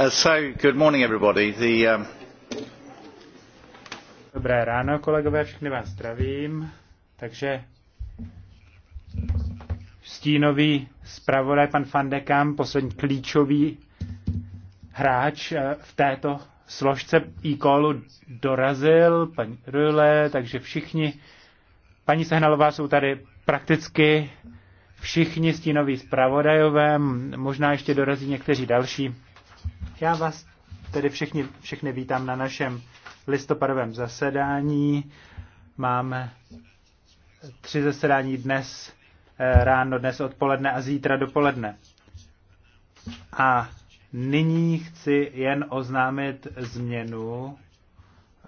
Uh, um, Dobré ráno, kolegové, všechny vás zdravím. Takže stínový zpravodaj pan Van de poslední klíčový hráč eh, v této složce e-callu dorazil, paní Rüle, takže všichni, paní Sehnalová jsou tady prakticky všichni stínoví zpravodajové, možná ještě dorazí někteří další. Já vás tedy všichni, všechny vítám na našem listopadovém zasedání. Máme tři zasedání dnes eh, ráno, dnes odpoledne a zítra dopoledne. A nyní chci jen oznámit změnu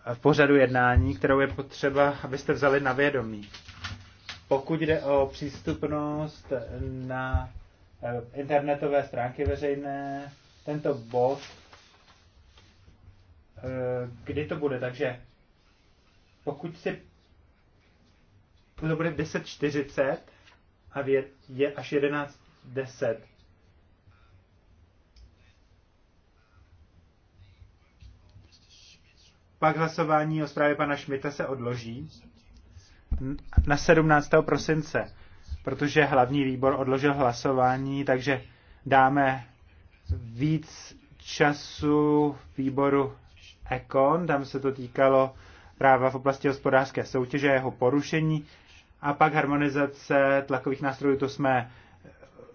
v eh, pořadu jednání, kterou je potřeba, abyste vzali na vědomí. Pokud jde o přístupnost na eh, internetové stránky veřejné, tento bod, eh, kdy to bude, takže pokud si to bude 10.40 a je, je až 11.10. Pak hlasování o zprávě pana Šmita se odloží na 17. prosince, protože hlavní výbor odložil hlasování, takže dáme víc času výboru Econ, tam se to týkalo práva v oblasti hospodářské soutěže, jeho porušení a pak harmonizace tlakových nástrojů, to jsme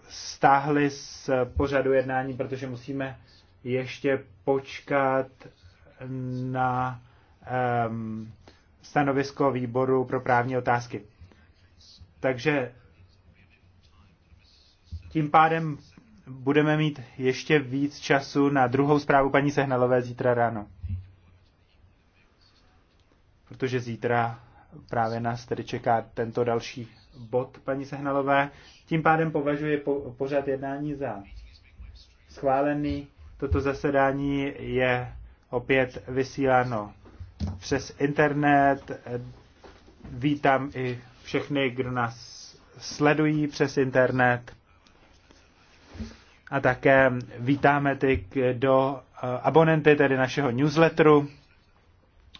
stáhli z pořadu jednání, protože musíme ještě počkat na um, stanovisko výboru pro právní otázky. Takže tím pádem budeme mít ještě víc času na druhou zprávu paní Sehnalové zítra ráno. Protože zítra právě nás tedy čeká tento další bod paní Sehnalové. Tím pádem považuji po, pořád jednání za schválený. Toto zasedání je opět vysíláno přes internet. Vítám i všechny, kdo nás sledují přes internet a také vítáme ty, do eh, abonenty tedy našeho newsletteru.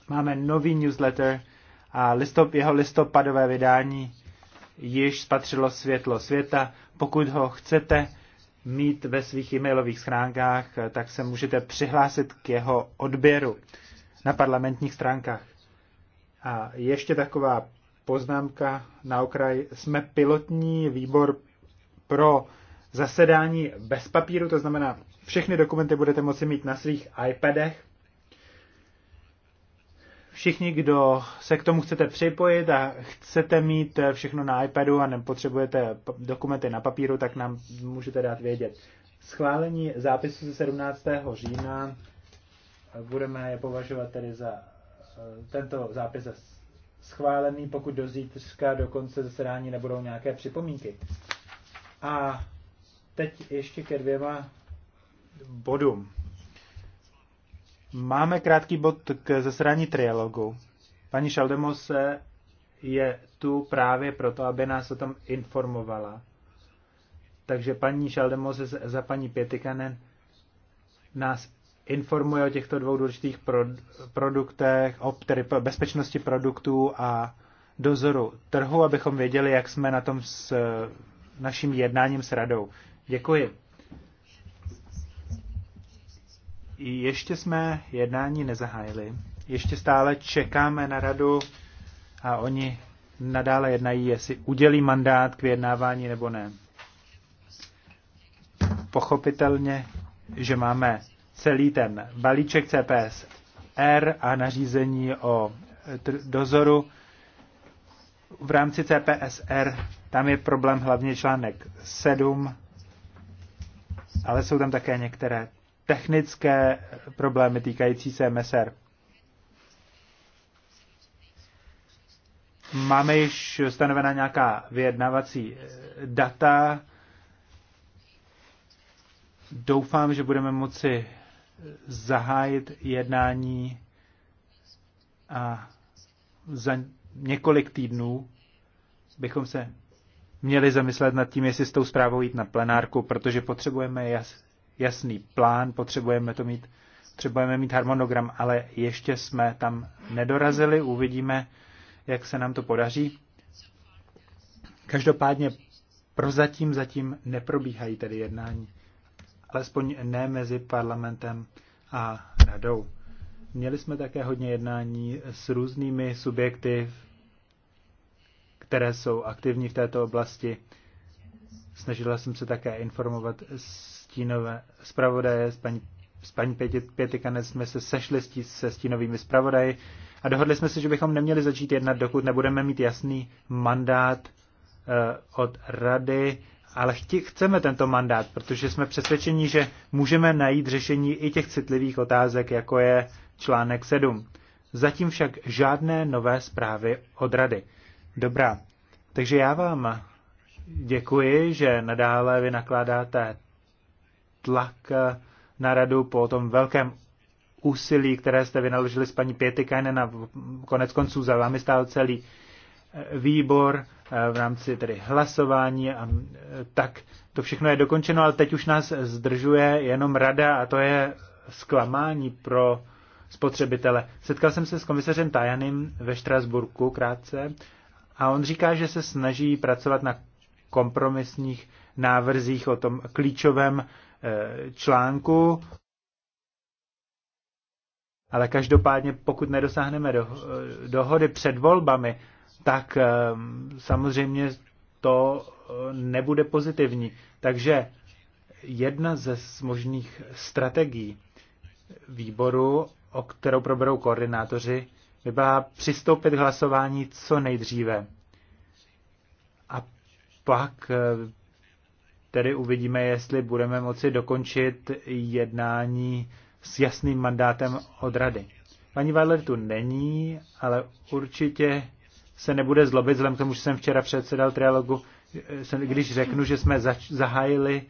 Máme nový newsletter a listop, jeho listopadové vydání již spatřilo světlo světa. Pokud ho chcete mít ve svých e-mailových schránkách, eh, tak se můžete přihlásit k jeho odběru na parlamentních stránkách. A ještě taková poznámka na okraj. Jsme pilotní výbor pro zasedání bez papíru, to znamená, všechny dokumenty budete moci mít na svých iPadech. Všichni, kdo se k tomu chcete připojit a chcete mít všechno na iPadu a nepotřebujete dokumenty na papíru, tak nám můžete dát vědět. Schválení zápisu ze 17. října budeme je považovat tedy za eh, tento zápis za schválený, pokud do zítřka do konce zasedání nebudou nějaké připomínky. A Teď ještě ke dvěma bodům. Máme krátký bod k zasedání trialogu. Paní Šaldemose je tu právě proto, aby nás o tom informovala. Takže paní Šaldemose za paní Pětikanen nás informuje o těchto dvou důležitých pro, produktech, o tedy bezpečnosti produktů a dozoru trhu, abychom věděli, jak jsme na tom s naším jednáním s radou. Děkuji. Ještě jsme jednání nezahájili. Ještě stále čekáme na radu a oni nadále jednají, jestli udělí mandát k vyjednávání nebo ne. Pochopitelně, že máme celý ten balíček CPS R a nařízení o e, dozoru. V rámci CPSR tam je problém hlavně článek 7 ale jsou tam také některé technické problémy týkající se MSR. Máme již stanovena nějaká vyjednávací eh, data. Doufám, že budeme moci eh, zahájit jednání a za několik týdnů bychom se měli zamyslet nad tím, jestli s tou zprávou jít na plenárku, protože potřebujeme jas, jasný plán, potřebujeme to mít, potřebujeme mít harmonogram, ale ještě jsme tam nedorazili, uvidíme, jak se nám to podaří. Každopádně prozatím zatím neprobíhají tedy jednání, alespoň ne mezi parlamentem a radou. Měli jsme také hodně jednání s různými subjekty které jsou aktivní v této oblasti. Snažila jsem se také informovat stínové zpravodaje, s paní, s paní pěti, Pětikanec jsme se sešli stí, se stínovými zpravodaji a dohodli jsme se, že bychom neměli začít jednat, dokud nebudeme mít jasný mandát uh, od rady, ale chtě, chceme tento mandát, protože jsme přesvědčeni, že můžeme najít řešení i těch citlivých otázek, jako je článek 7. Zatím však žádné nové zprávy od rady. Dobrá, takže já vám děkuji, že nadále vy nakládáte tlak na radu po tom velkém úsilí, které jste vynaložili s paní Pětikajnen a konec konců za vámi stál celý eh, výbor eh, v rámci tedy hlasování a eh, tak to všechno je dokončeno, ale teď už nás zdržuje jenom rada a to je zklamání pro spotřebitele. Setkal jsem se s komisařem Tajanem ve Štrasburku krátce a on říká, že se snaží pracovat na kompromisních návrzích o tom klíčovém e, článku. Ale každopádně, pokud nedosáhneme do, e, dohody před volbami, tak e, samozřejmě to nebude pozitivní. Takže jedna ze možných strategií výboru, o kterou proberou koordinátoři, by byla přistoupit k hlasování co nejdříve. A pak eh, tedy uvidíme, jestli budeme moci dokončit jednání s jasným mandátem od rady. Paní Weiler tu není, ale určitě se nebude zlobit, vzhledem k tomu, že jsem včera předsedal trialogu, eh, když řeknu, že jsme zač- zahájili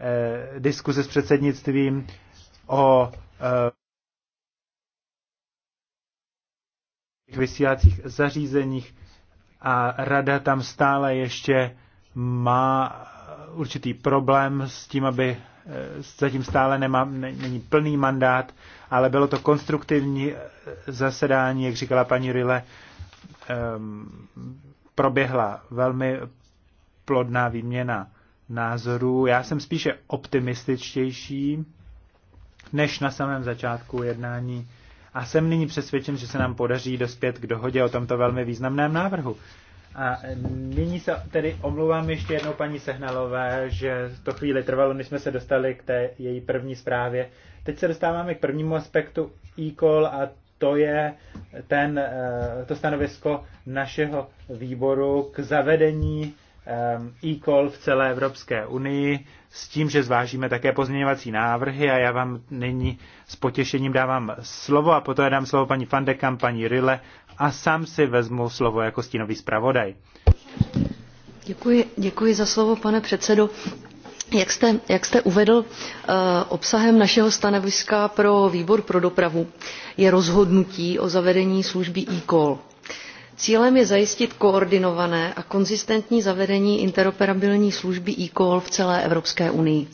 eh, diskuze s předsednictvím o eh, vysílacích zařízeních a rada tam stále ještě má určitý problém s tím, aby eh, zatím stále nemá, není plný mandát, ale bylo to konstruktivní eh, zasedání, jak říkala paní Rile, ehm, proběhla velmi plodná výměna názorů. Já jsem spíše optimističtější než na samém začátku jednání a jsem nyní přesvědčen, že se nám podaří dospět k dohodě o tomto velmi významném návrhu. A nyní se tedy omlouvám ještě jednou paní Sehnalové, že to chvíli trvalo, než jsme se dostali k té její první zprávě. Teď se dostáváme k prvnímu aspektu e-call a to je ten, eh, to stanovisko našeho výboru k zavedení e-call v celé Evropské unii s tím, že zvážíme také pozměňovací návrhy a já vám nyní s potěšením dávám slovo a poté dám slovo paní Fandekam, paní Rille a sám si vezmu slovo jako stínový zpravodaj. Děkuji, děkuji za slovo, pane předsedo. Jak jste, jak jste uvedl, eh, obsahem našeho stanoviska pro výbor pro dopravu je rozhodnutí o zavedení služby e-call Cílem je zajistit koordinované a konzistentní zavedení interoperabilní služby ECall v celé Evropské unii.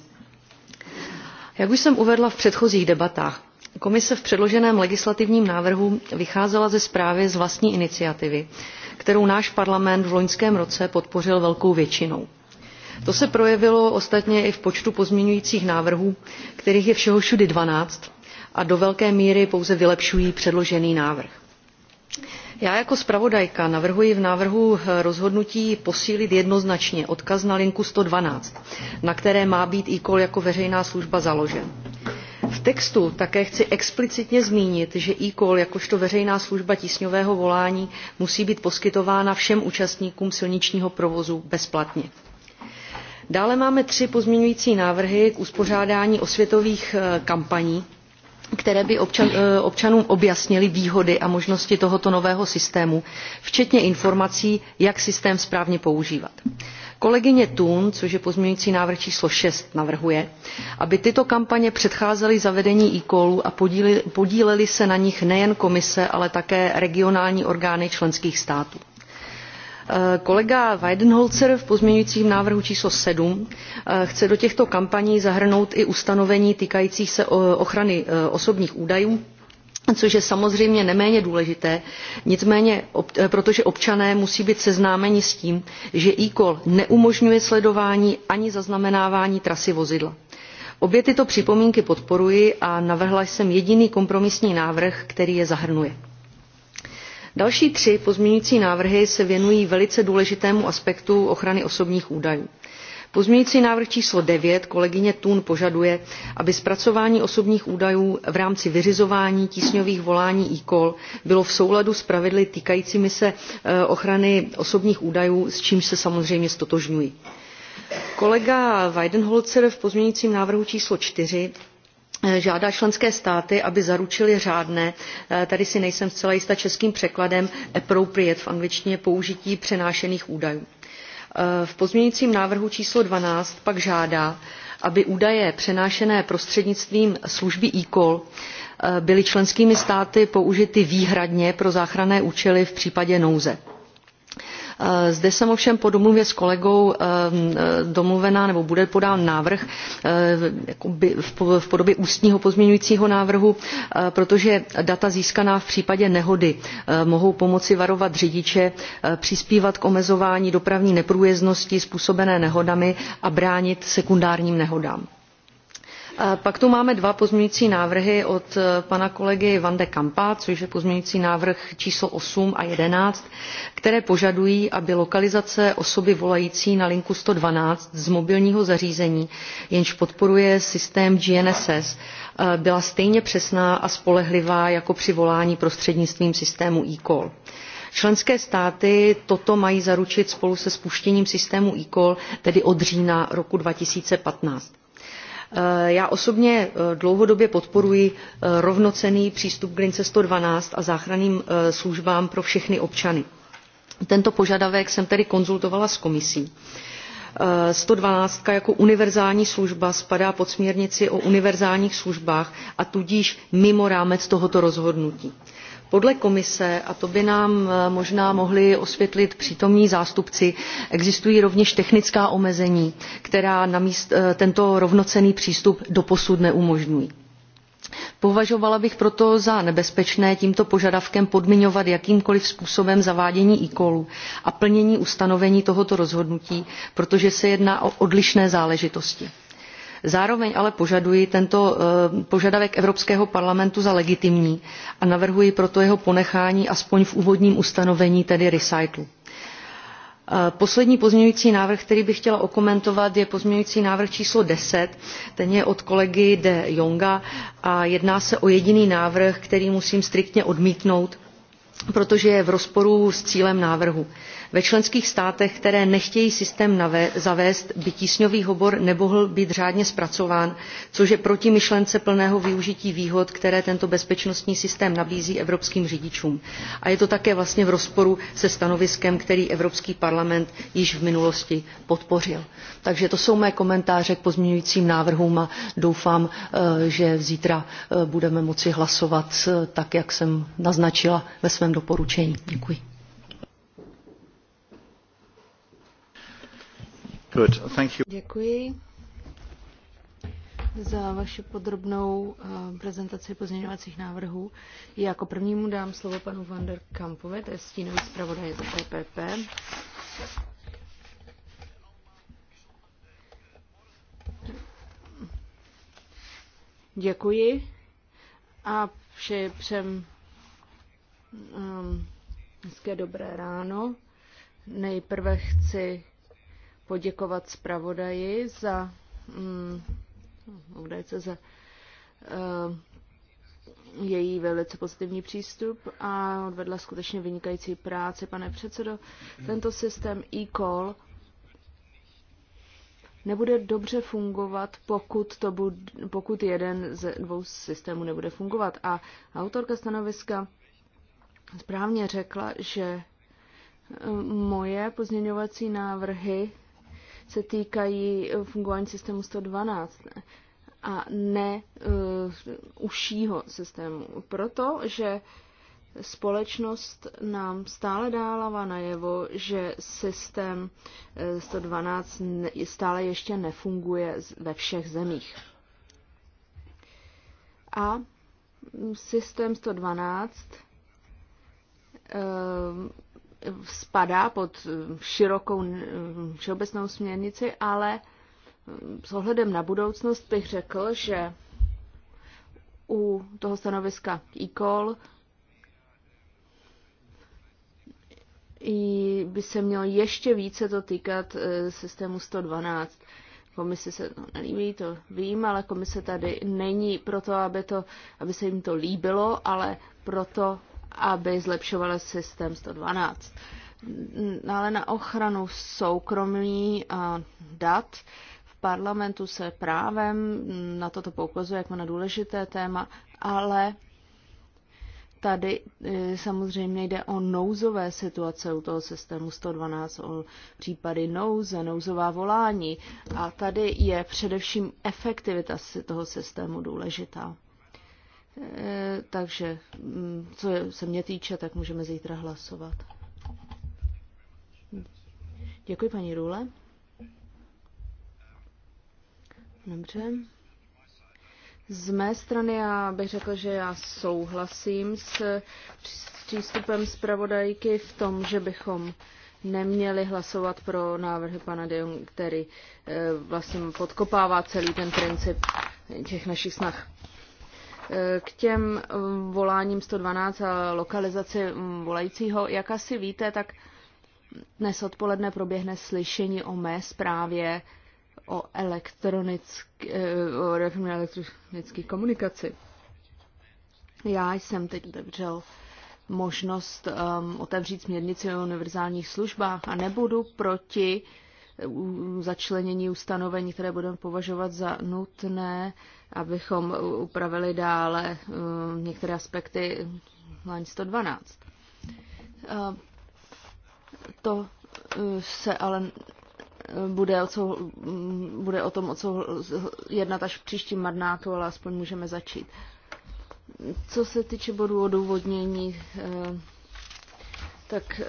Jak už jsem uvedla v předchozích debatách, komise v předloženém legislativním návrhu vycházela ze zprávy z vlastní iniciativy, kterou náš parlament v loňském roce podpořil velkou většinou. To se projevilo ostatně i v počtu pozměňujících návrhů, kterých je všeho všudy 12 a do velké míry pouze vylepšují předložený návrh já jako zpravodajka navrhuji v návrhu eh, rozhodnutí posílit jednoznačně odkaz na linku one hundred and twelve na které má být ecall jako veřejná služba založen. v textu také chci explicitně zmínit že ecall jakožto veřejná služba tísňového volání musí být poskytována všem účastníkům silničního provozu bezplatně dále máme tři pozměňující návrhy k uspořádání osvětových eh, kampaní které by občan, eh, občanům objasnily výhody a možnosti tohoto nového systému včetně informací jak systém správně používat. kolegyně thun což je pozměňující návrh číslo six navrhuje aby tyto kampaně předcházely zavedení ecallů a podílely se na nich nejen komise ale také regionální orgány členských států Eh, kolega weidenholzer v pozměňujícím návrhu číslo seven eh, chce do těchto kampaní zahrnout i ustanovení týkající se eh, ochrany osobních údajů což je samozřejmě neméně důležité protože občané musí být seznámeni s tím že ecall neumožňuje sledování ani zaznamenávání trasy vozidla. obě tyto připomínky podporuji a navrhla jsem jediný kompromisní návrh který je zahrnuje další tři pozměňující návrhy se věnují velice důležitému aspektu ochrany osobních údajů. pozměňující návrh číslo nine kolegyně thun požaduje aby zpracování osobních údajů v rámci vyřizování tísňových volání ecall bylo v souladu s pravidly týkajícími se eh, ochrany osobních údajů s čímž se samozřejmě ztotožňuji. kolega weidenholzer v pozměňujícím návrhu číslo four Eh, žádá členské státy aby zaručily řádné eh, tady si nejsem zcela jista českým překladem appropriate v angličtině použití přenášených údajů. Eh, v pozměňujícím návrhu číslo twelve pak žádá aby údaje přenášené prostřednictvím služby ecall byly členskými státy použity výhradně pro záchranné účely v případě nouze Eh, zde jsem ovšem po domluvě s kolegou eh, eh, domluvena nebo bude podán návrh v podobě ústního pozměňujícího návrhu, protože data získaná v případě nehody mohou pomoci varovat řidiče, přispívat k omezování dopravní neprůjezdnosti způsobené nehodami a bránit sekundárním nehodám pak tu máme dva pozměňující návrhy od eh, pana kolegy Van de campa což je pozměňující návrh číslo 8 a 11, které požadují, aby lokalizace osoby volající na linku 112 z mobilního zařízení, jenž podporuje systém GNSS, eh, byla stejně přesná a spolehlivá jako při volání prostřednictvím systému eCall členské státy toto mají zaručit spolu se spuštěním systému ecall tedy od října roku two thousand and fifteen Eh, já osobně eh, dlouhodobě podporuji eh, rovnocenný přístup k lince one hundred and twelve a záchranným službám pro všechny občany. tento požadavek jsem tedy konzultovala s komisí. one hundred and twelve jako univerzální služba spadá pod směrnici o univerzálních službách a tudíž mimo rámec tohoto rozhodnutí podle komise a to by nám eh, možná mohli osvětlit přítomní zástupci existují rovněž technická omezení která eh, tento rovnocenný přístup doposud neumožňují považovala bych proto za nebezpečné tímto požadavkem podmiňovat jakýmkoliv způsobem zavádění ecall a plnění ustanovení tohoto rozhodnutí protože se jedná o odlišné záležitosti zároveň ale považuji tento eh, požadavek evropského parlamentu za legitimní a navrhuji proto jeho ponechání aspoň v úvodním ustanovení tedy recital. Eh, poslední pozměňující návrh který bych chtěla okomentovat je pozměňující návrh číslo ten ten je od kolegy de jonga a jedná se o jediný návrh který musím striktně odmítnout protože je v rozporu s cílem návrhu ve členských státech které nechtějí systém zavést by tísňový obor nemohl být řádně zpracován což je proti myšlence plného využití výhod které tento bezpečnostní systém nabízí evropským řidičům a je to také vlastně v rozporu se stanoviskem které evropský parlament již v minulosti podpořil. takže to jsou mé komentáře k pozměňujícím návrhům a doufám eh, že zítra eh, budeme moci hlasovat eh, tak jak jsem naznačila ve svém doporučení. děkuji. Děkuji za vaši podrobnou eh, prezentaci pozměňovacích návrhů. Jako prvnímu dám slovo panu Van der Kampové, to je stínový zpravodaj za PPP. E Děkuji a přeji přem um, ehm, hezké dobré ráno. Nejprve chci poděkovat zpravodaji za mm, údajce za uh, její velice pozitivní přístup a odvedla skutečně vynikající práci, pane předsedo. Tento systém e-call nebude dobře fungovat, pokud, to bud, pokud jeden ze dvou systémů nebude fungovat. A autorka stanoviska správně řekla, že eh, moje pozměňovací návrhy se týkají eh, fungování systému 112 a ne uh, užšího systému. Protože společnost nám stále dává najevo, že systém 112 eh, stále ještě nefunguje ve všech zemích. A systém 112 spadá pod eh, širokou eh, všeobecnou směrnici, ale eh, s ohledem na budoucnost bych řekl, že u toho stanoviska e-call by se mělo ještě více to týkat systému 112. Komise se to nelíbí, to vím, ale komise tady není proto, aby, to, aby se jim to líbilo, ale proto, aby zlepšovala systém 112. Ale na ochranu soukromí dat v parlamentu se právem na toto poukazuje jako na důležité téma, ale tady e, samozřejmě jde o nouzové situace u toho systému 112, o případy nouze, nouzová volání. A tady je především efektivita toho systému důležitá. Eh, takže mm, co se mě týče, tak můžeme zítra hlasovat. Děkuji, paní Růle. Dobře. Z mé strany já bych řekl, že já souhlasím s přístupem zpravodajky v tom, že bychom neměli hlasovat pro návrhy pana de Jong, který eh, vlastně podkopává celý ten princip těch našich snah k těm um, voláním 112 a lokalizaci um, volajícího, jak asi víte, tak dnes odpoledne proběhne slyšení o mé zprávě o elektronické, eh, o elektronické komunikaci. Já jsem teď otevřel možnost um, otevřít směrnici o univerzálních službách a nebudu proti eh, začlenění ustanovení, které budeme považovat za nutné abychom upravili dále eh, některé aspekty line 112. Eh, to eh, se ale bude o, co, mm, bude o tom o co jednat až v příštím madnátu, ale aspoň můžeme začít. Co se týče bodu odůvodnění, tak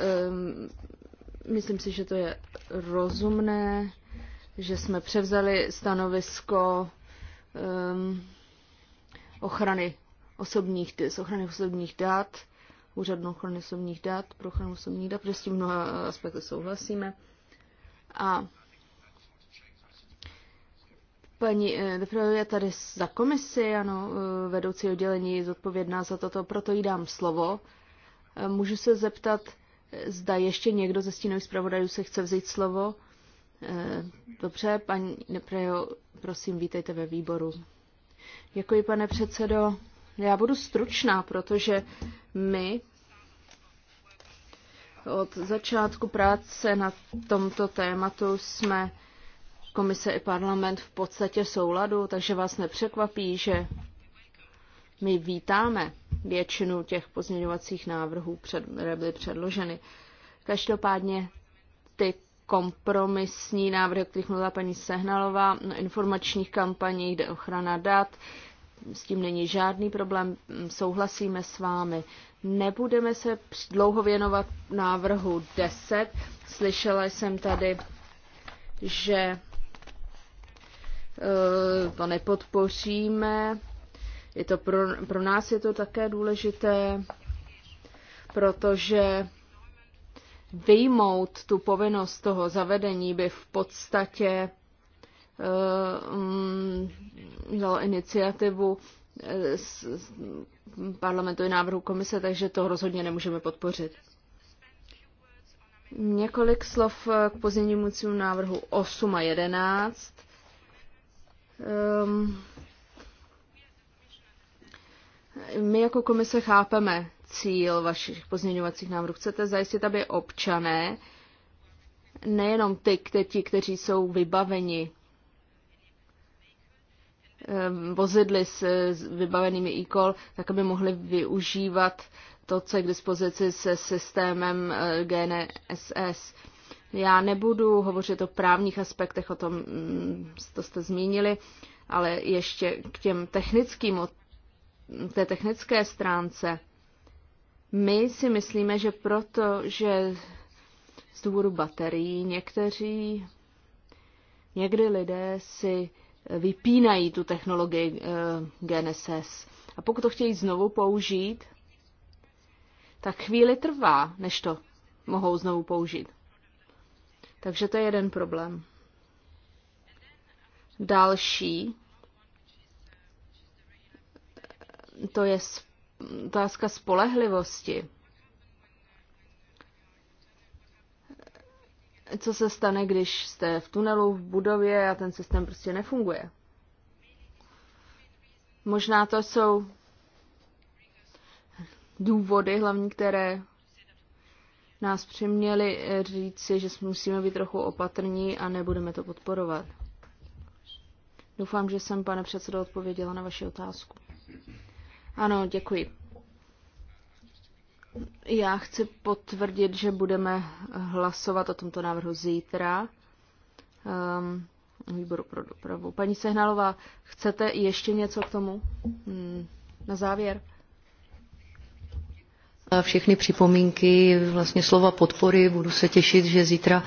myslím si, že to je rozumné, že jsme převzali stanovisko um, ochrany osobních, z ochrany osobních dat, úřadnou ochrany osobních dat, pro ochranu osobních dat, protože s tím mnoha eh, aspekty souhlasíme. A paní eh, je tady za komisi, ano, eh, vedoucí oddělení je zodpovědná za toto, proto jí dám slovo. Můžu se zeptat, zda ještě někdo ze stínových zpravodajů se chce vzít slovo? Eh, dobře, paní Neprejo, prosím, vítejte ve výboru. Děkuji, pane předsedo. Já budu stručná, protože my od začátku práce na tomto tématu jsme komise i parlament v podstatě souladu, takže vás nepřekvapí, že my vítáme většinu těch pozměňovacích návrhů, které byly předloženy. Každopádně ty kompromisní návrhy, o kterých mluvila paní Sehnalová, na informačních kampaních, jde ochrana dat, s tím není žádný problém, souhlasíme s vámi. Nebudeme se dlouho věnovat návrhu 10. Slyšela jsem tady, že e, to nepodpoříme. Je to pro, pro nás je to také důležité, protože vyjmout tu povinnost toho zavedení by v podstatě eh, mm, dalo iniciativu z eh, parlamentu i návrhu komise, takže to rozhodně nemůžeme podpořit. Několik slov eh, k pozměňujícímu návrhu 8 a 11. Um, ehm, my jako komise chápeme cíl vašich pozměňovacích návrhů. Chcete zajistit, aby občané, nejenom ty, kteří, kteří jsou vybaveni ehm, vozidly s vybavenými e-call, tak aby mohli využívat to, co je k dispozici se systémem eh, GNSS. Já nebudu hovořit o právních aspektech, o tom mm, to jste zmínili, ale ještě k těm technickým, té technické stránce. My si myslíme, že proto, že z důvodu baterií někteří, někdy lidé si vypínají tu technologii eh, GNSS. A pokud to chtějí znovu použít, tak chvíli trvá, než to mohou znovu použít. Takže to je jeden problém. Další, to je otázka spolehlivosti. Co se stane, když jste v tunelu, v budově a ten systém prostě nefunguje? Možná to jsou důvody hlavní, které nás přiměli říci, že musíme být trochu opatrní a nebudeme to podporovat. Doufám, že jsem, pane předsedo, odpověděla na vaši otázku. Ano, děkuji. Já chci potvrdit, že budeme hlasovat o tomto návrhu zítra. Um, výboru pro dopravu. Paní Sehnalová, chcete ještě něco k tomu? Hmm, na závěr. Všechny připomínky, vlastně slova podpory, budu se těšit, že zítra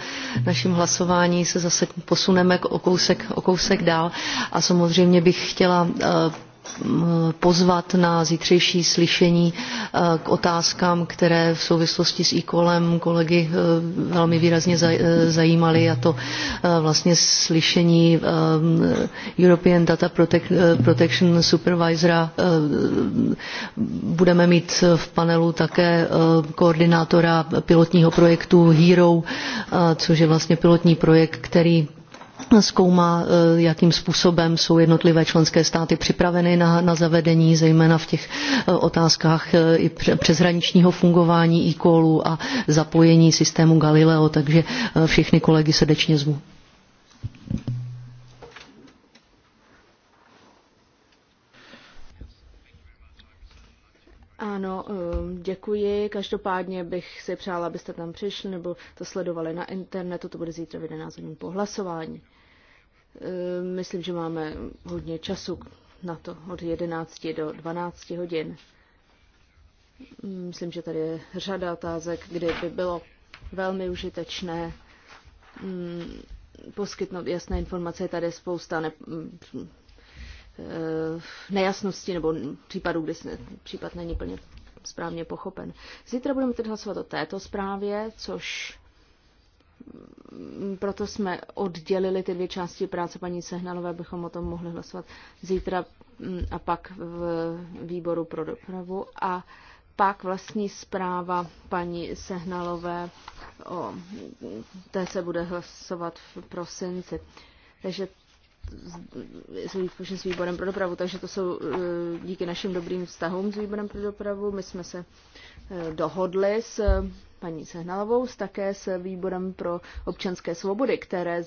naším hlasování se zase posuneme o kousek, o kousek dál. A samozřejmě bych chtěla eh, pozvat na zítřejší slyšení eh, k otázkám, které v souvislosti s e-kolem kolegy eh, velmi výrazně eh, zajímaly a to vlastně slyšení European Data Protection Supervisora. Budeme mít v panelu také koordinátora pilotního projektu HERO, což je vlastně pilotní projekt, který zkoumá, eh, jakým způsobem jsou jednotlivé členské státy připraveny na, na zavedení, zejména v těch eh, otázkách eh, i přeshraničního fungování e-callu a zapojení systému Galileo, takže všechny kolegy srdečně zvu. Ano, ehm, děkuji. Každopádně bych si přála, abyste tam přišli nebo to sledovali na internetu. To bude zítra v 11 hodin po hlasování. Ehm, myslím, že máme hodně času na to od 11 do 12 hodin. Myslím, že tady je řada otázek, kdy by bylo velmi užitečné ehm, poskytnout jasné informace. Tady je spousta ne- Eh, nejasnosti nebo případů, kdy případ není plně správně pochopen. Zítra budeme tedy hlasovat o této zprávě, což mm, proto jsme oddělili ty dvě části práce paní Sehnalové, abychom o tom mohli hlasovat zítra mm, a pak v výboru pro dopravu. A pak vlastní zpráva paní Sehnalové, o té se bude hlasovat v prosinci. Takže s výborem pro dopravu, takže to jsou eh, díky našim dobrým vztahům s výborem pro dopravu. My jsme se eh, dohodli s eh, paní Sehnalovou, s také s výborem pro občanské svobody, které,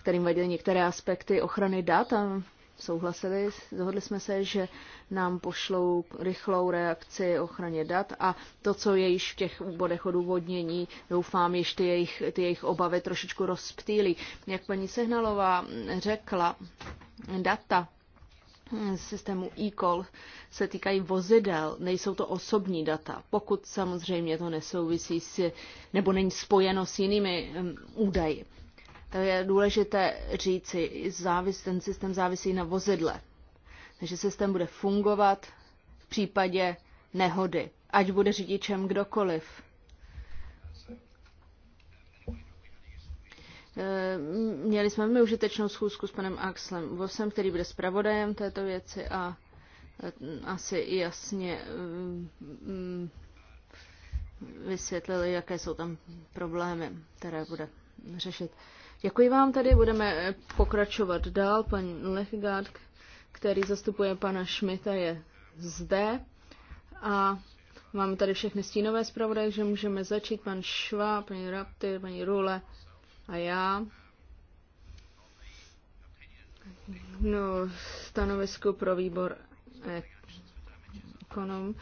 kterým vedly některé aspekty ochrany dat a souhlasili, dohodli jsme se, že nám pošlou rychlou reakci ochraně dat a to, co je již v těch bodech odůvodnění, doufám, ještě ty jejich, ty jejich obavy trošičku rozptýlí. Jak paní Sehnalová řekla, data systému e-call se týkají vozidel, nejsou to osobní data, pokud samozřejmě to nesouvisí s, nebo není spojeno s jinými um, údaji. To je důležité říci, závis, ten systém závisí na vozidle. Takže systém bude fungovat v případě nehody, ať bude řidičem kdokoliv. E, měli jsme mi užitečnou schůzku s panem Axlem Vosem, který bude zpravodajem této věci a e, asi jasně e, vysvětlili, jaké jsou tam problémy, které bude řešit. Děkuji vám tady budeme eh, pokračovat dál. Pan Lechgard, který zastupuje pana Šmita, je zde. A máme tady všechny stínové zpravodaje, že můžeme začít. Pan Šva, paní Rapty, paní Rule a já. No, stanovisko pro výbor ekonom,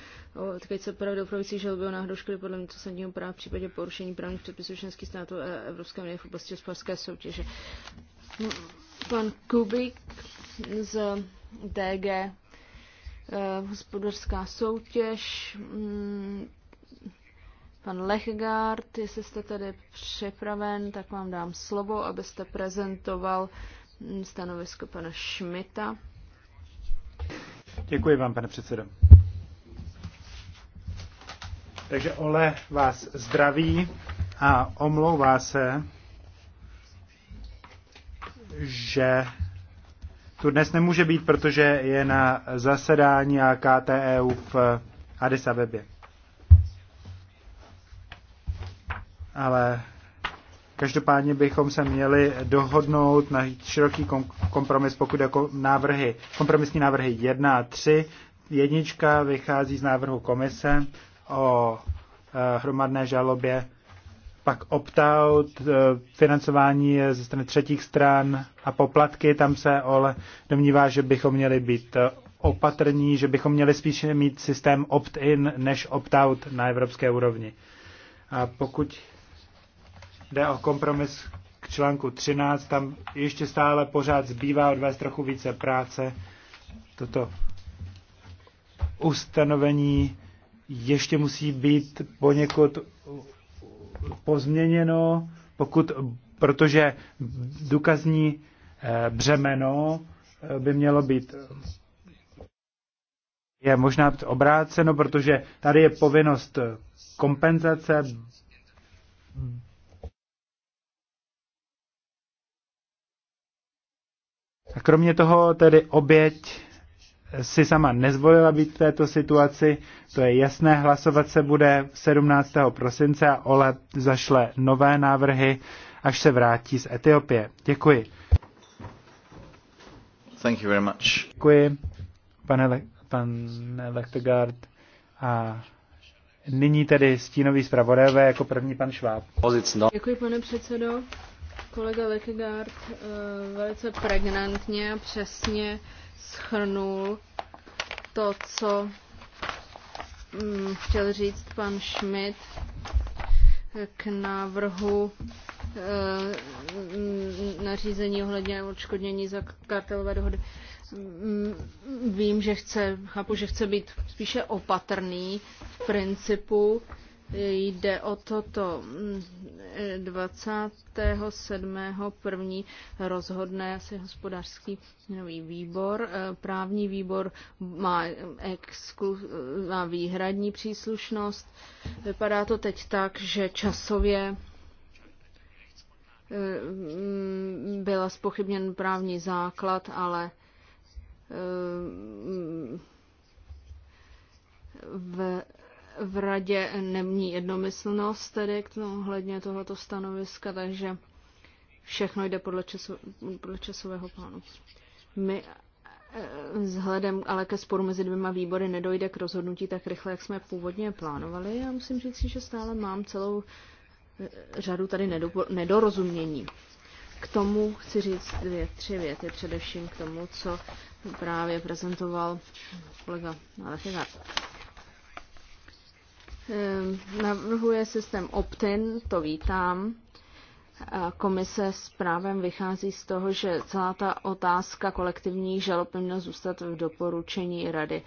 tak se pravidel provící žaloby o náhodou škody podle vnitrostátního práva v případě porušení právních předpisů členských států a Evropské unie v oblasti hospodářské soutěže. Pan Kubik z DG eh, hospodářská soutěž, mm, pan Lechgard, jestli jste tady připraven, tak vám dám slovo, abyste prezentoval mm, stanovisko pana Šmita. Děkuji vám, pane předsedo. Takže Ole vás zdraví a omlouvá se, že tu dnes nemůže být, protože je na zasedání a KTEU v Addis Abebě. Ale každopádně bychom se měli dohodnout na široký kompromis, pokud jako návrhy, kompromisní návrhy 1 a 3. Jednička vychází z návrhu komise o e, hromadné žalobě, pak opt-out, e, financování ze strany třetích stran a poplatky, tam se ale domnívá, že bychom měli být e, opatrní, že bychom měli spíše mít systém opt-in než opt-out na evropské úrovni. A pokud jde o kompromis k článku 13, tam ještě stále pořád zbývá odvést trochu více práce. Toto ustanovení ještě musí být poněkud pozměněno, pokud, protože důkazní eh, břemeno eh, by mělo být je možná obráceno, protože tady je povinnost kompenzace a kromě toho tedy oběť si sama nezvolila být v této situaci, to je jasné, hlasovat se bude 17. prosince a Ole zašle nové návrhy, až se vrátí z Etiopie. Děkuji. Thank you very much. Děkuji, pane, Le- pane Lechtegaard. A nyní tedy stínový zpravodajové jako první pan Šváb. Děkuji, pane předsedo. Kolega Lechtegaard eh, velice pregnantně a přesně schrnul to, co mm, chtěl říct pan Schmidt k návrhu eh, nařízení ohledně odškodnění za kartelové dohody. Mm, vím, že chce, chápu, že chce být spíše opatrný v principu. Jde o toto 27.1. Mm, rozhodne asi hospodářský nový výbor. Eh, právní výbor má, exklu, má výhradní příslušnost. Vypadá to teď tak, že časově eh, mm, byla spochybněn právní základ, ale eh, mm, v v radě nemní jednomyslnost tedy k tomu hledně tohoto stanoviska, takže všechno jde podle, času, podle časového plánu. My eh, vzhledem ale ke sporu mezi dvěma výbory nedojde k rozhodnutí tak rychle, jak jsme původně plánovali. Já musím říct, že stále mám celou eh, řadu tady nedorozumění. K tomu chci říct dvě, tři věty, především k tomu, co právě prezentoval kolega Alechegard Ehm, navrhuje systém opt-in, to vítám. Komise s právem vychází z toho, že celá ta otázka kolektivních žalob měla zůstat v doporučení rady.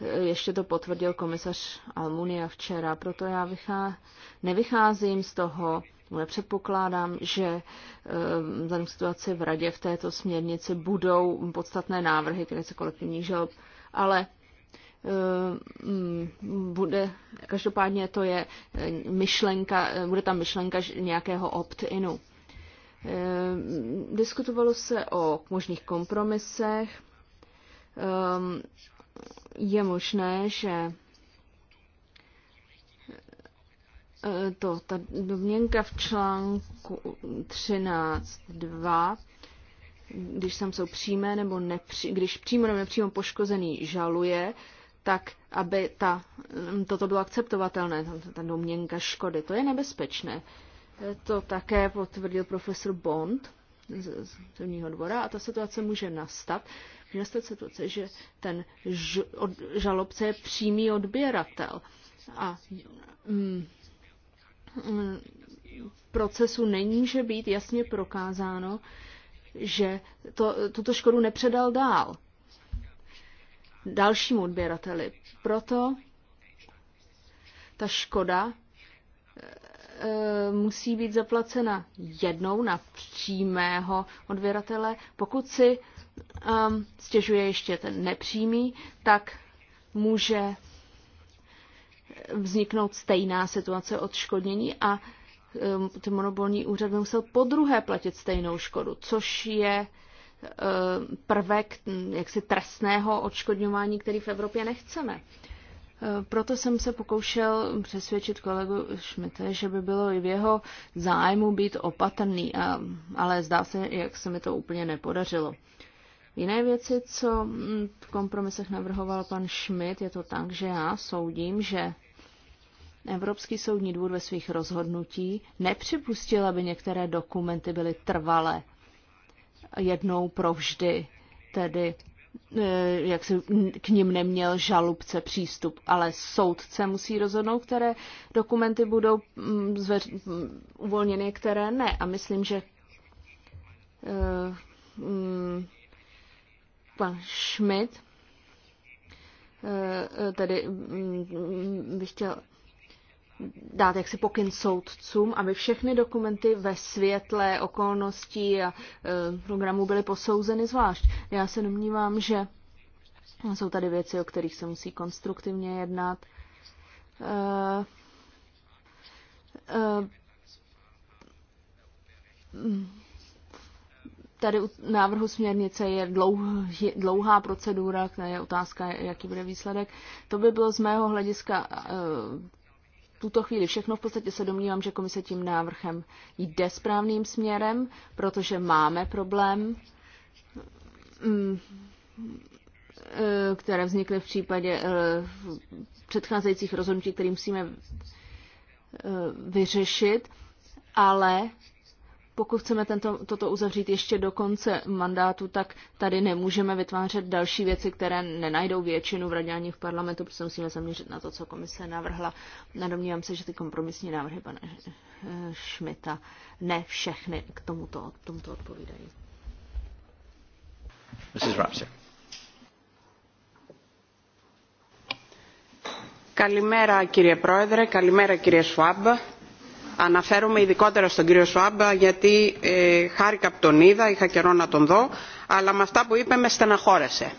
E, ještě to potvrdil komisař Almunia včera, proto já vychá... nevycházím z toho, nepředpokládám, že ehm, za situaci v radě v této směrnici budou podstatné návrhy, které se kolektivních žalob, ale Eh, mm, bude, každopádně to je eh, myšlenka, eh, bude tam myšlenka nějakého opt-inu. Diskutovalo se o možných kompromisech. Je možné, že to, ta domněnka v článku 13.2, když tam jsou přímé nebo nepří, když přímo nebo nepřímo poškozený žaluje, tak aby ta, mm, toto bylo akceptovatelné, ta domněnka škody. To je nebezpečné. E, to také potvrdil profesor Bond z zemního dvora a ta situace může nastat. Může nastat situace, že ten ž, od, žalobce je přímý odběratel a mm, mm, procesu není, že být jasně prokázáno, že to, tuto škodu nepředal dál dalšímu odběrateli. Proto ta škoda e, musí být zaplacena jednou na přímého odběratele. Pokud si um, stěžuje ještě ten nepřímý, tak může vzniknout stejná situace odškodnění a um, ten monopolní úřad by musel po druhé platit stejnou škodu, což je prvek jaksi trestného odškodňování, který v Evropě nechceme. Proto jsem se pokoušel přesvědčit kolegu Šmite, že by bylo i v jeho zájmu být opatrný, a, ale zdá se, jak se mi to úplně nepodařilo. Jiné věci, co v kompromisech navrhoval pan Schmidt, je to tak, že já soudím, že Evropský soudní dvůr ve svých rozhodnutí nepřipustil, aby některé dokumenty byly trvale jednou provždy, tedy eh, jak si k ním neměl žalubce přístup, ale soudce musí rozhodnout, které dokumenty budou mm, zveř- mm, uvolněny, které ne. A myslím, že eh, mm, pan Schmidt eh, tedy bych chtěl dát jaksi pokyn soudcům, aby všechny dokumenty ve světle okolností a e, programu byly posouzeny zvlášť. Já se domnívám, že jsou tady věci, o kterých se musí konstruktivně jednat. E, e, tady u návrhu směrnice je dlouhá procedura, která je otázka, jaký bude výsledek. To by bylo z mého hlediska tuto chvíli všechno. V podstatě se domnívám, že komise tím návrhem jde správným směrem, protože máme problém, mm, eh, které vznikly v případě eh, předcházejících rozhodnutí, které musíme eh, vyřešit, ale pokud chceme tento, toto uzavřít ještě do konce mandátu, tak tady nemůžeme vytvářet další věci, které nenajdou většinu v radě ani v parlamentu, protože musíme zaměřit na to, co komise navrhla. Nadomnívám se, že ty kompromisní návrhy pana eh, Šmita ne všechny k tomuto, k tomuto odpovídají. Mrs. Rapsik. Kalimera, kyrie proedre, kalimera, kyrie Schwab. Αναφέρομαι ειδικότερα στον κύριο Σουάμπ γιατί ε, χάρηκα που τον είδα, είχα καιρό να τον δω, αλλά με αυτά που είπε με στεναχώρεσε.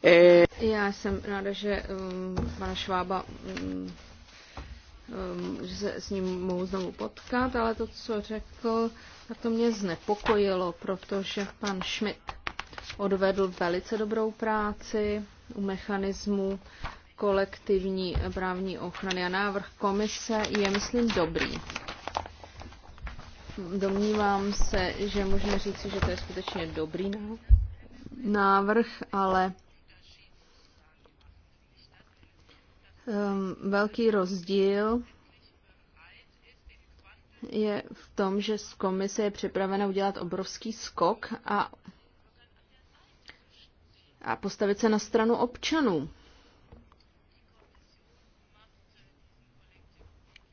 Ε... Já jsem ráda, že um, pana Švába um, um že se s ním mohu znovu potkat, ale to, co řekl, a to mě znepokojilo, protože pan Schmidt odvedl velice dobrou práci u mechanismu kolektivní právní ochrany a návrh komise je, myslím, dobrý. Domnívám se, že můžeme říci, že to je skutečně dobrý návrh, ale ehm, velký rozdíl je v tom, že z komise je připravena udělat obrovský skok a, a postavit se na stranu občanů.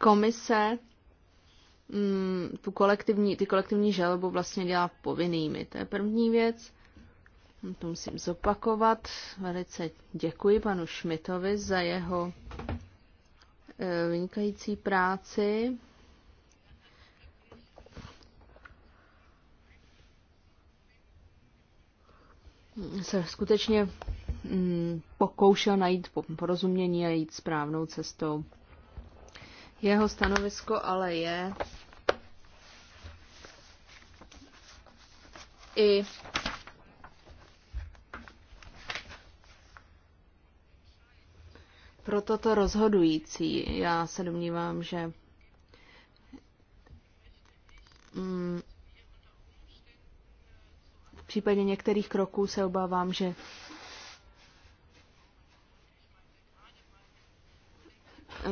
komise mm, tu kolektivní, ty kolektivní žalobu vlastně dělá povinnými. To je první věc. To musím zopakovat. Velice děkuji panu Šmitovi za jeho e, vynikající práci. Se skutečně mm, pokoušel najít porozumění a jít správnou cestou. Jeho stanovisko ale je i pro toto rozhodující. Já se domnívám, že mm, v případě některých kroků se obávám, že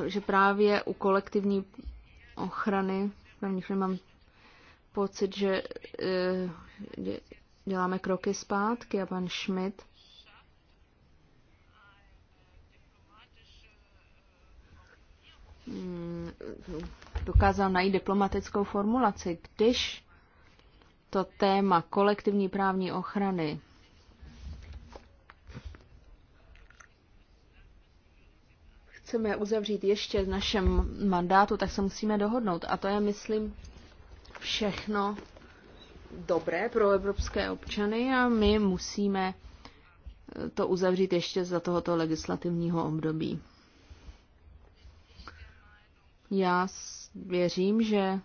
že právě u kolektivní ochrany, právních mám pocit, eh, že děláme kroky zpátky a pan Schmidt hmm, dokázal najít diplomatickou formulaci, když to téma kolektivní právní ochrany chceme uzavřít ještě v našem mandátu, tak se musíme dohodnout. A to je, myslím, všechno dobré pro evropské občany a my musíme to uzavřít ještě za tohoto legislativního období. Já věřím, že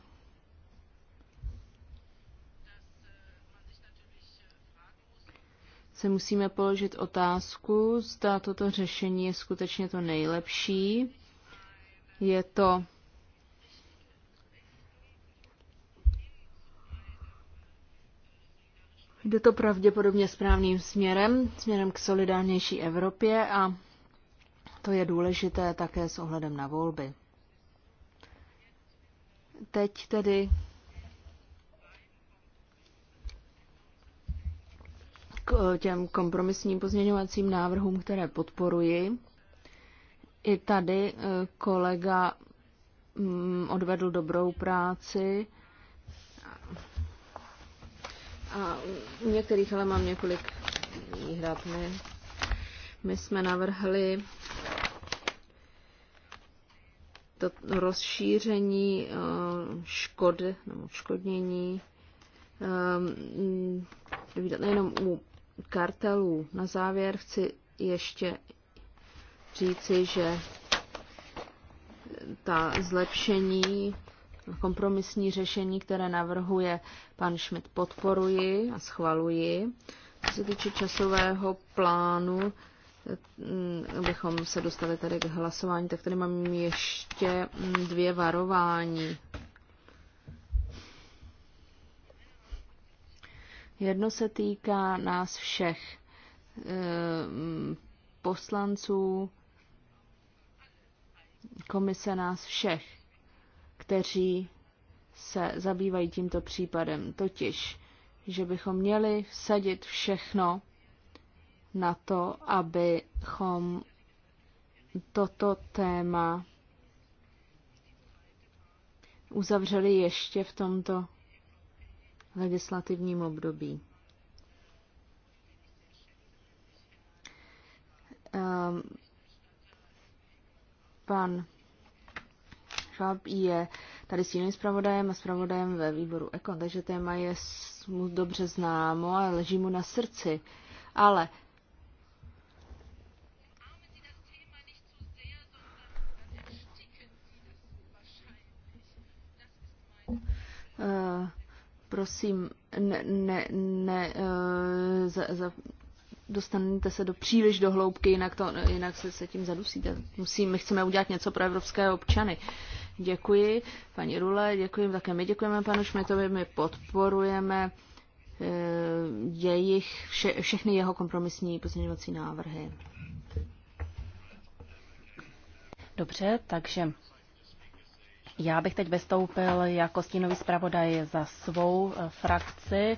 se musíme položit otázku, zda toto řešení je skutečně to nejlepší. Je to Jde to pravděpodobně správným směrem, směrem k solidárnější Evropě a to je důležité také s ohledem na volby. Teď tedy k eh, těm kompromisním pozměňovacím návrhům, které podporuji. I tady eh, kolega mm, odvedl dobrou práci. A u některých ale mám několik výhrad. My, my jsme navrhli to rozšíření eh, škod nebo škodnění ehm, mm, nejenom u kartelů. Na závěr chci ještě říci, že ta zlepšení, kompromisní řešení, které navrhuje pan Schmidt, podporuji a schvaluji. Co se týče časového plánu, eh, abychom se dostali tady k hlasování, tak tady mám ještě mm, dvě varování. Jedno se týká nás všech, ehm, poslanců, komise nás všech, kteří se zabývají tímto případem, totiž, že bychom měli vsadit všechno na to, abychom toto téma uzavřeli ještě v tomto legislativním období. Ehm, pan Schwab je tady s jiným zpravodajem a zpravodajem ve výboru Eko, takže téma je mu dobře známo a leží mu na srdci. Ale Uh, Prosím, ne, ne, ne eh, za, za, dostanete se do příliš do hloubky, jinak, to, jinak se, se tím zadusíte. Musím, my chceme udělat něco pro evropské občany. Děkuji, paní Rule, děkuji, také my děkujeme panu Šmitovi, my podporujeme eh, jejich, vše, všechny jeho kompromisní pozměňovací návrhy. Dobře, takže já bych teď vystoupil jako stínový zpravodaj za svou eh, frakci.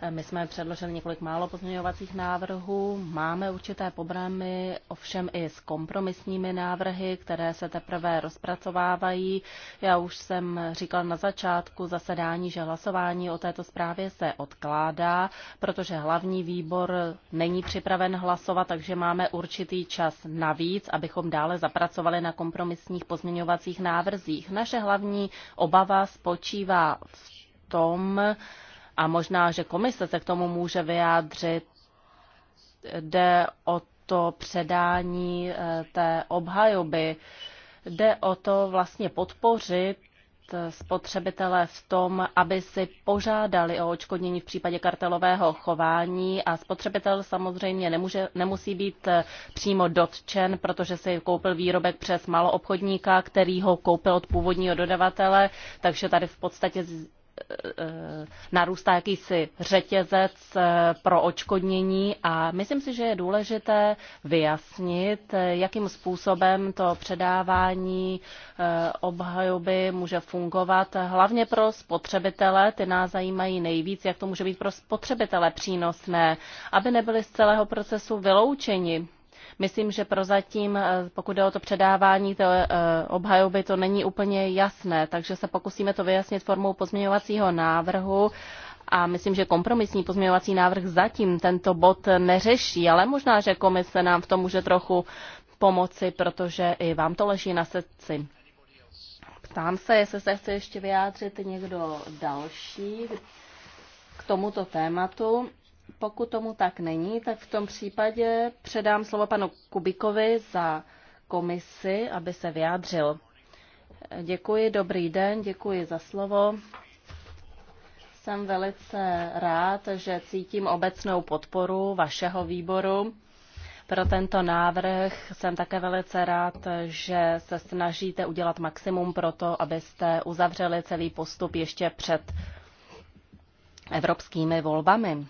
Eh, my jsme předložili několik málo pozměňovacích návrhů. Máme určité problémy, ovšem i s kompromisními návrhy, které se teprve rozpracovávají. Já už jsem říkal na začátku zasedání, že hlasování o této zprávě se odkládá, protože hlavní výbor není připraven hlasovat, takže máme určitý čas navíc, abychom dále zapracovali na kompromisních pozměňovacích návrzích. Naše hlavní obava spočívá v tom, a možná, že komise se k tomu může vyjádřit, jde o to předání eh, té obhajoby, jde o to vlastně podpořit spotřebitele v tom, aby si požádali o očkodnění v případě kartelového chování a spotřebitel samozřejmě nemůže, nemusí být eh, přímo dotčen, protože si koupil výrobek přes maloobchodníka, který ho koupil od původního dodavatele, takže tady v podstatě Eh, narůstá jakýsi řetězec eh, pro očkodnění a myslím si, že je důležité vyjasnit, eh, jakým způsobem to předávání obhajoby může fungovat, hlavně pro spotřebitele, ty nás zajímají nejvíc, jak to může být pro spotřebitele přínosné, aby nebyli z celého procesu vyloučeni Myslím, že prozatím, eh, pokud jde o to předávání to eh, obhajoby, to není úplně jasné, takže se pokusíme to vyjasnit formou pozměňovacího návrhu a myslím, že kompromisní pozměňovací návrh zatím tento bod neřeší, ale možná, že komise nám v tom může trochu pomoci, protože i vám to leží na srdci. Ptám se, jestli se chce ještě vyjádřit někdo další k tomuto tématu. Pokud tomu tak není, tak v tom případě předám slovo panu Kubikovi za komisi, aby se vyjádřil. Děkuji, dobrý den, děkuji za slovo. Jsem velice rád, že cítím obecnou podporu vašeho výboru pro tento návrh. Jsem také velice rád, že se snažíte udělat maximum pro to, abyste uzavřeli celý postup ještě před evropskými volbami.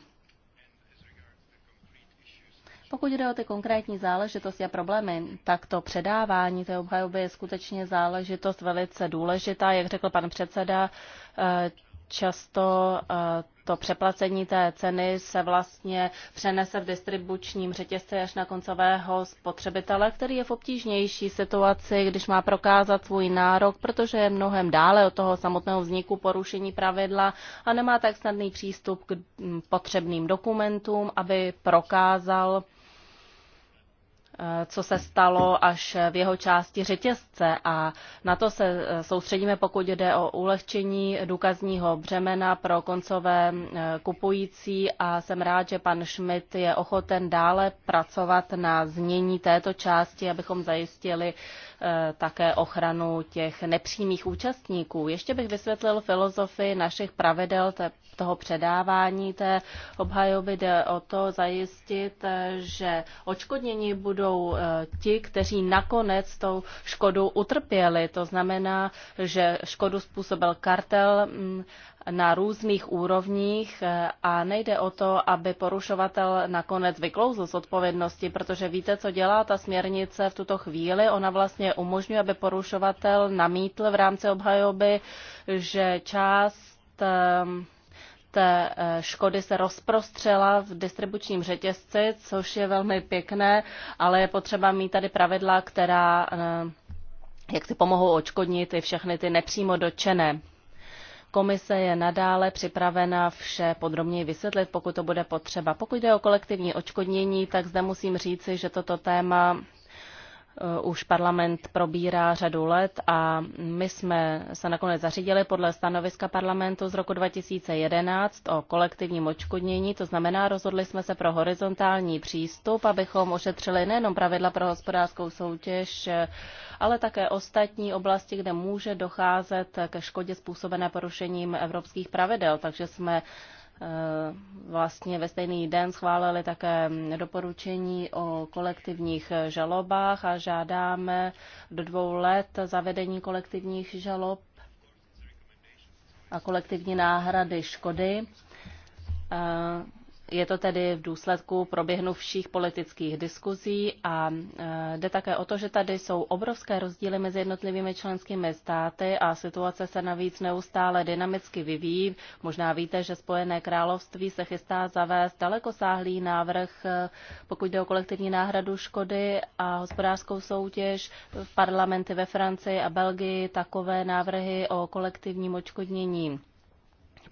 Pokud jde o ty konkrétní záležitosti a problémy, tak to předávání té obhajoby je skutečně záležitost velice důležitá. Jak řekl pan předseda, eh, často eh, to přeplacení té ceny se vlastně přenese v distribučním řetězci až na koncového spotřebitele, který je v obtížnější situaci, když má prokázat svůj nárok, protože je mnohem dále od toho samotného vzniku porušení pravidla a nemá tak snadný přístup k mm, potřebným dokumentům, aby prokázal Eh, co se stalo až v jeho části řetězce a na to se eh, soustředíme, pokud jde o ulehčení důkazního břemena pro koncové eh, kupující a jsem rád, že pan Schmidt je ochoten dále pracovat na znění této části, abychom zajistili Eh, také ochranu těch nepřímých účastníků. Ještě bych vysvětlil filozofii našich pravidel toho předávání té obhajoby. Jde o to zajistit, eh, že očkodnění budou eh, ti, kteří nakonec tou škodu utrpěli. To znamená, že škodu způsobil kartel, mm, na různých úrovních eh, a nejde o to, aby porušovatel nakonec vyklouzl z odpovědnosti, protože víte, co dělá ta směrnice v tuto chvíli. Ona vlastně umožňuje, aby porušovatel namítl v rámci obhajoby, že část eh, té eh, škody se rozprostřela v distribučním řetězci, což je velmi pěkné, ale je potřeba mít tady pravidla, která jak si pomohou očkodnit i všechny ty nepřímo dotčené. Komise je nadále připravena vše podrobněji vysvětlit, pokud to bude potřeba. Pokud jde o kolektivní očkodnění, tak zde musím říci, že toto téma Eh, už parlament probírá řadu let a my jsme se nakonec zařídili podle stanoviska parlamentu z roku 2011 o kolektivním očkodnění, to znamená, rozhodli jsme se pro horizontální přístup, abychom ošetřili nejenom pravidla pro hospodářskou soutěž, ale také ostatní oblasti, kde může docházet ke škodě způsobené porušením evropských pravidel. Takže jsme Eh, vlastně ve stejný den schválili také doporučení o kolektivních žalobách a žádáme do dvou let zavedení kolektivních žalob a kolektivní náhrady škody. Eh, je to tedy v důsledku proběhnuvších politických diskuzí a e, jde také o to, že tady jsou obrovské rozdíly mezi jednotlivými členskými státy a situace se navíc neustále dynamicky vyvíjí. Možná víte, že Spojené království se chystá zavést dalekosáhlý návrh, e, pokud jde o kolektivní náhradu škody a hospodářskou soutěž. V parlamenty ve Francii a Belgii takové návrhy o kolektivním očkodnění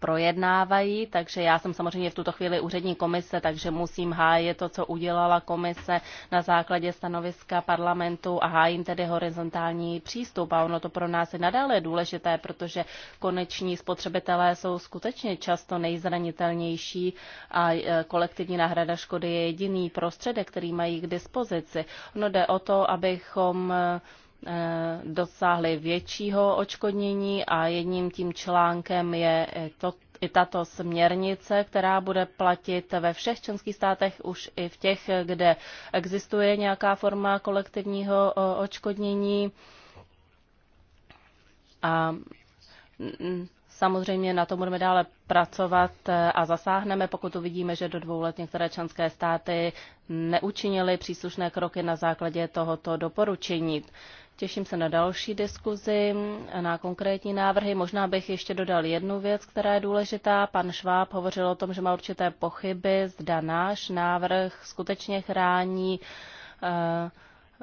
projednávají, takže já jsem samozřejmě v tuto chvíli úřední komise, takže musím hájit to, co udělala komise na základě stanoviska parlamentu a hájím tedy horizontální přístup. A ono to pro nás je nadále důležité, protože koneční spotřebitelé jsou skutečně často nejzranitelnější a e, kolektivní náhrada škody je jediný prostředek, který mají k dispozici. No jde o to, abychom Eh, dosáhli většího očkodnění a jedním tím článkem je eh, to, i tato směrnice, která bude platit ve všech členských státech, už i v těch, kde existuje nějaká forma kolektivního eh, očkodnění. A Samozřejmě na tom budeme dále pracovat eh, a zasáhneme, pokud uvidíme, že do dvou let některé členské státy neučinily příslušné kroky na základě tohoto doporučení. Těším se na další diskuzi, na konkrétní návrhy. Možná bych ještě dodal jednu věc, která je důležitá. Pan Šváb hovořil o tom, že má určité pochyby, zda náš návrh skutečně chrání uh,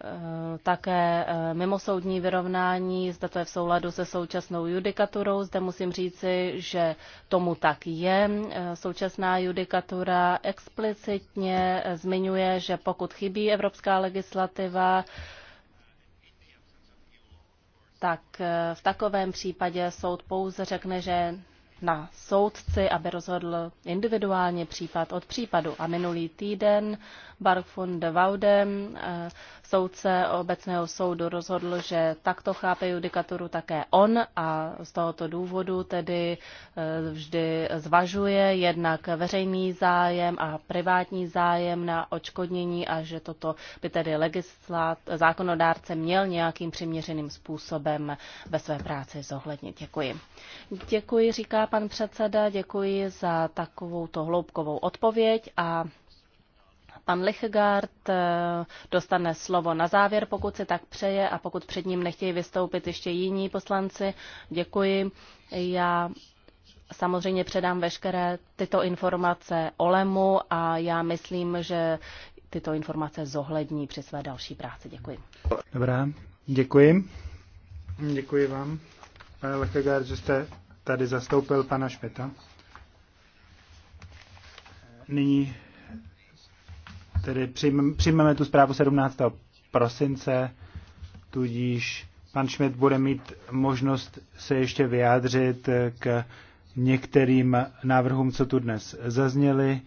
Eh, také eh, mimosoudní vyrovnání, zda to je v souladu se současnou judikaturou. Zde musím říci, že tomu tak je. Eh, současná judikatura explicitně zmiňuje, že pokud chybí evropská legislativa, tak v takovém případě soud pouze řekne, že na soudci, aby rozhodl individuálně případ od případu. A minulý týden Barfund von de Waudem soudce obecného soudu rozhodl, že takto chápe judikaturu také on a z tohoto důvodu tedy e, vždy zvažuje jednak veřejný zájem a privátní zájem na očkodnění a že toto by tedy legislát, zákonodárce měl nějakým přiměřeným způsobem ve své práci zohlednit. Děkuji. Děkuji, říká pan předseda, děkuji za takovou to hloubkovou odpověď a Pan Lichgard eh, dostane slovo na závěr, pokud si tak přeje a pokud před ním nechtějí vystoupit ještě jiní poslanci. Děkuji. Já samozřejmě předám veškeré tyto informace Olemu a já myslím, že tyto informace zohlední při své další práci. Děkuji. Dobrá, děkuji. Děkuji vám, pane Lechegard, že jste tady zastoupil pana Špeta. Nyní tedy přijmeme tu zprávu 17. prosince, tudíž pan Schmidt bude mít možnost se ještě vyjádřit k některým návrhům, co tu dnes zazněly.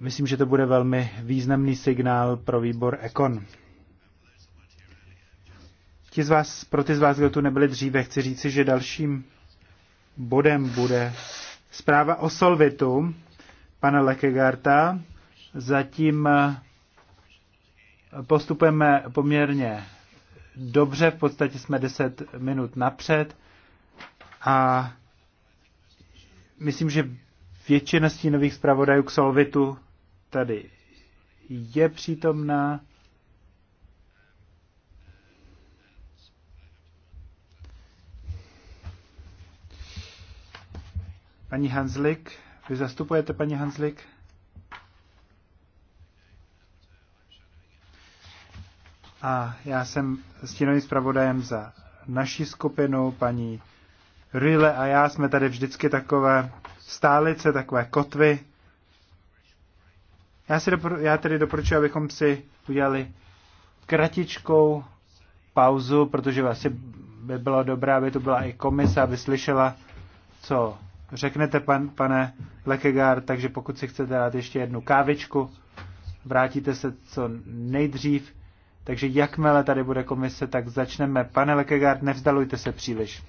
Myslím, že to bude velmi významný signál pro výbor Ekon. Ti z vás, pro ty z vás, kdo tu nebyli dříve, chci říci, že dalším bodem bude zpráva o Solvitu pana Lekegarta. Zatím eh, postupujeme poměrně dobře, v podstatě jsme 10 minut napřed a myslím, že většina stínových zpravodajů k Solvitu tady je přítomná. Pani Hanslik. Vy zastupujete paní Hanslik? A já jsem stínovým zpravodajem za naší skupinu, paní Rile a já jsme tady vždycky takové stálice, takové kotvy. Já, si dopor- já tedy doporučuji, abychom si udělali kratičkou pauzu, protože asi by bylo dobré, aby to byla i komise, aby slyšela, co řeknete, pan, pane Lekegár, takže pokud si chcete dát ještě jednu kávičku, vrátíte se co nejdřív. Takže jakmile tady bude komise, tak začneme. Pane Lekegard, nevzdalujte se příliš.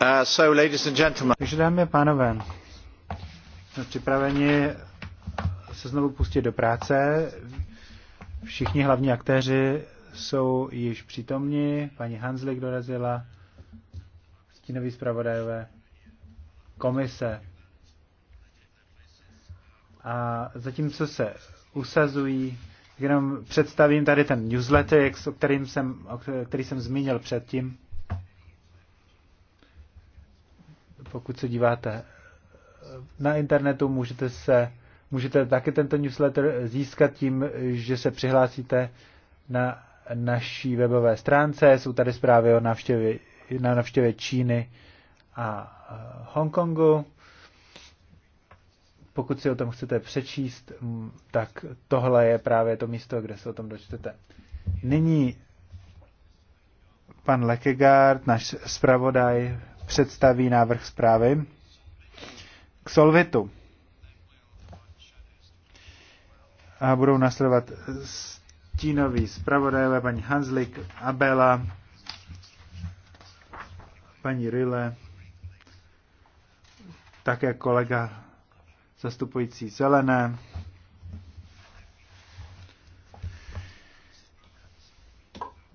Uh, dámy a pánové, jsme připraveni se znovu pustit do práce. Všichni hlavní aktéři jsou již přítomni. Paní Hanslik dorazila, stínoví zpravodajové, komise. A zatímco se usazují, jenom představím tady ten newsletter, o kterým jsem, o který jsem zmínil předtím. pokud se díváte eh, na internetu, můžete se můžete taky tento newsletter získat tím, že se přihlásíte na naší webové stránce. Jsou tady zprávy o návštěvě, na návštěvě Číny a eh, Hongkongu. Pokud si o tom chcete přečíst, mm, tak tohle je právě to místo, kde se o tom dočtete. Nyní pan Lekegard, náš zpravodaj, představí návrh zprávy k Solvitu. A budou následovat stínoví zpravodajové paní Hanslik, Abela, paní Rille, také kolega zastupující zelené.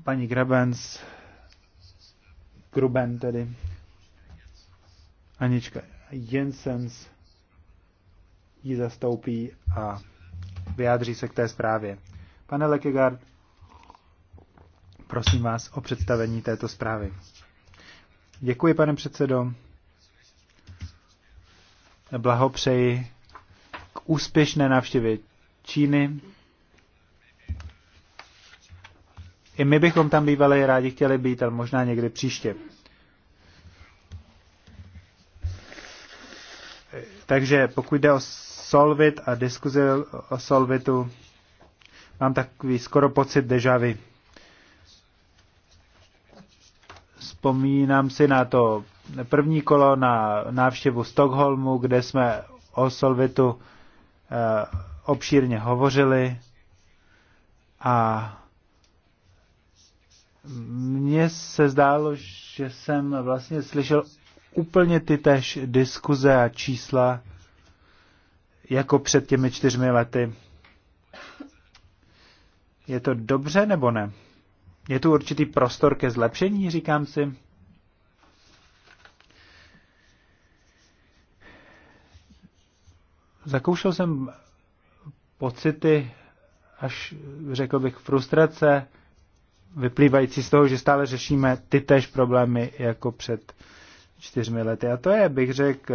Paní Grabens, Gruben tedy. Anička Jensens ji zastoupí a vyjádří se k té zprávě. Pane Lekegard, prosím vás o představení této zprávy. Děkuji, pane předsedo. Blahopřeji k úspěšné návštěvě Číny. I my bychom tam bývali rádi chtěli být, ale možná někdy příště. Takže pokud jde o Solvit a diskuzi o Solvitu, mám takový skoro pocit deja vu. Vzpomínám si na to první kolo na návštěvu Stockholmu, kde jsme o Solvitu eh, obšírně hovořili a mně se zdálo, že jsem vlastně slyšel úplně ty tež diskuze a čísla jako před těmi čtyřmi lety. Je to dobře nebo ne? Je tu určitý prostor ke zlepšení, říkám si. Zakoušel jsem pocity, až řekl bych frustrace, vyplývající z toho, že stále řešíme ty též problémy jako před čtyřmi lety. A to je, bych řekl,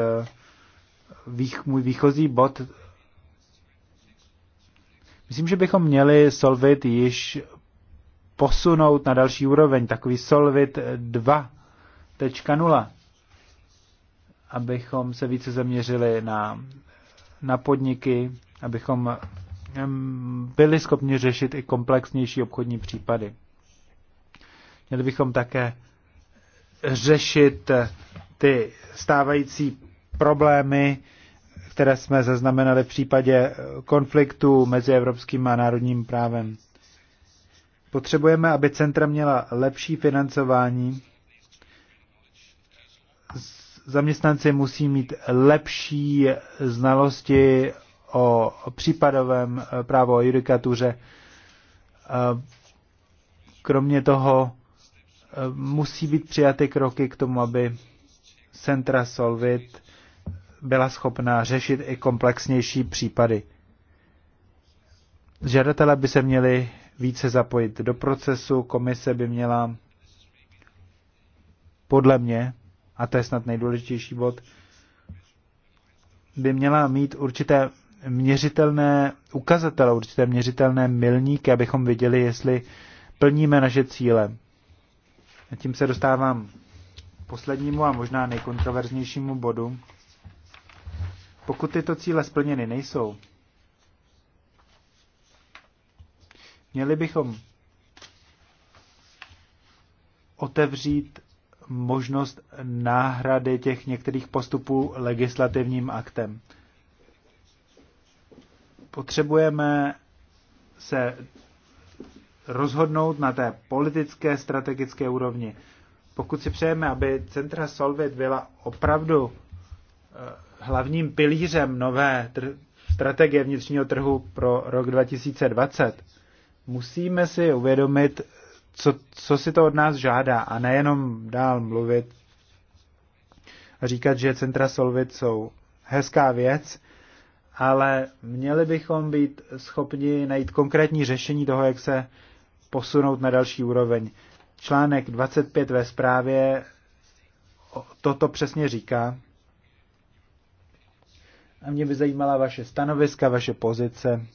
vých, můj výchozí bod. Myslím, že bychom měli Solvit již posunout na další úroveň, takový Solvit 2.0, abychom se více zaměřili na, na podniky, abychom byli schopni řešit i komplexnější obchodní případy. Měli bychom také řešit ty stávající problémy, které jsme zaznamenali v případě konfliktu mezi evropským a národním právem. Potřebujeme, aby centra měla lepší financování. Zaměstnanci musí mít lepší znalosti o případovém právu o judikatuře. Kromě toho musí být přijaty kroky k tomu, aby centra Solvit byla schopná řešit i komplexnější případy. Žadatelé by se měli více zapojit do procesu, komise by měla podle mě, a to je snad nejdůležitější bod, by měla mít určité měřitelné ukazatele, určité měřitelné milníky, abychom viděli, jestli plníme naše cíle. A tím se dostávám k poslednímu a možná nejkontroverznějšímu bodu. Pokud tyto cíle splněny nejsou, měli bychom otevřít možnost náhrady těch některých postupů legislativním aktem. Potřebujeme se rozhodnout na té politické, strategické úrovni. Pokud si přejeme, aby centra Solvit byla opravdu eh, hlavním pilířem nové strategie vnitřního trhu pro rok 2020, musíme si uvědomit, co, co si to od nás žádá a nejenom dál mluvit a říkat, že centra Solvit jsou hezká věc, ale měli bychom být schopni najít konkrétní řešení toho, jak se posunout na další úroveň. Článek 25 ve zprávě toto přesně říká. A mě by zajímala vaše stanoviska, vaše pozice.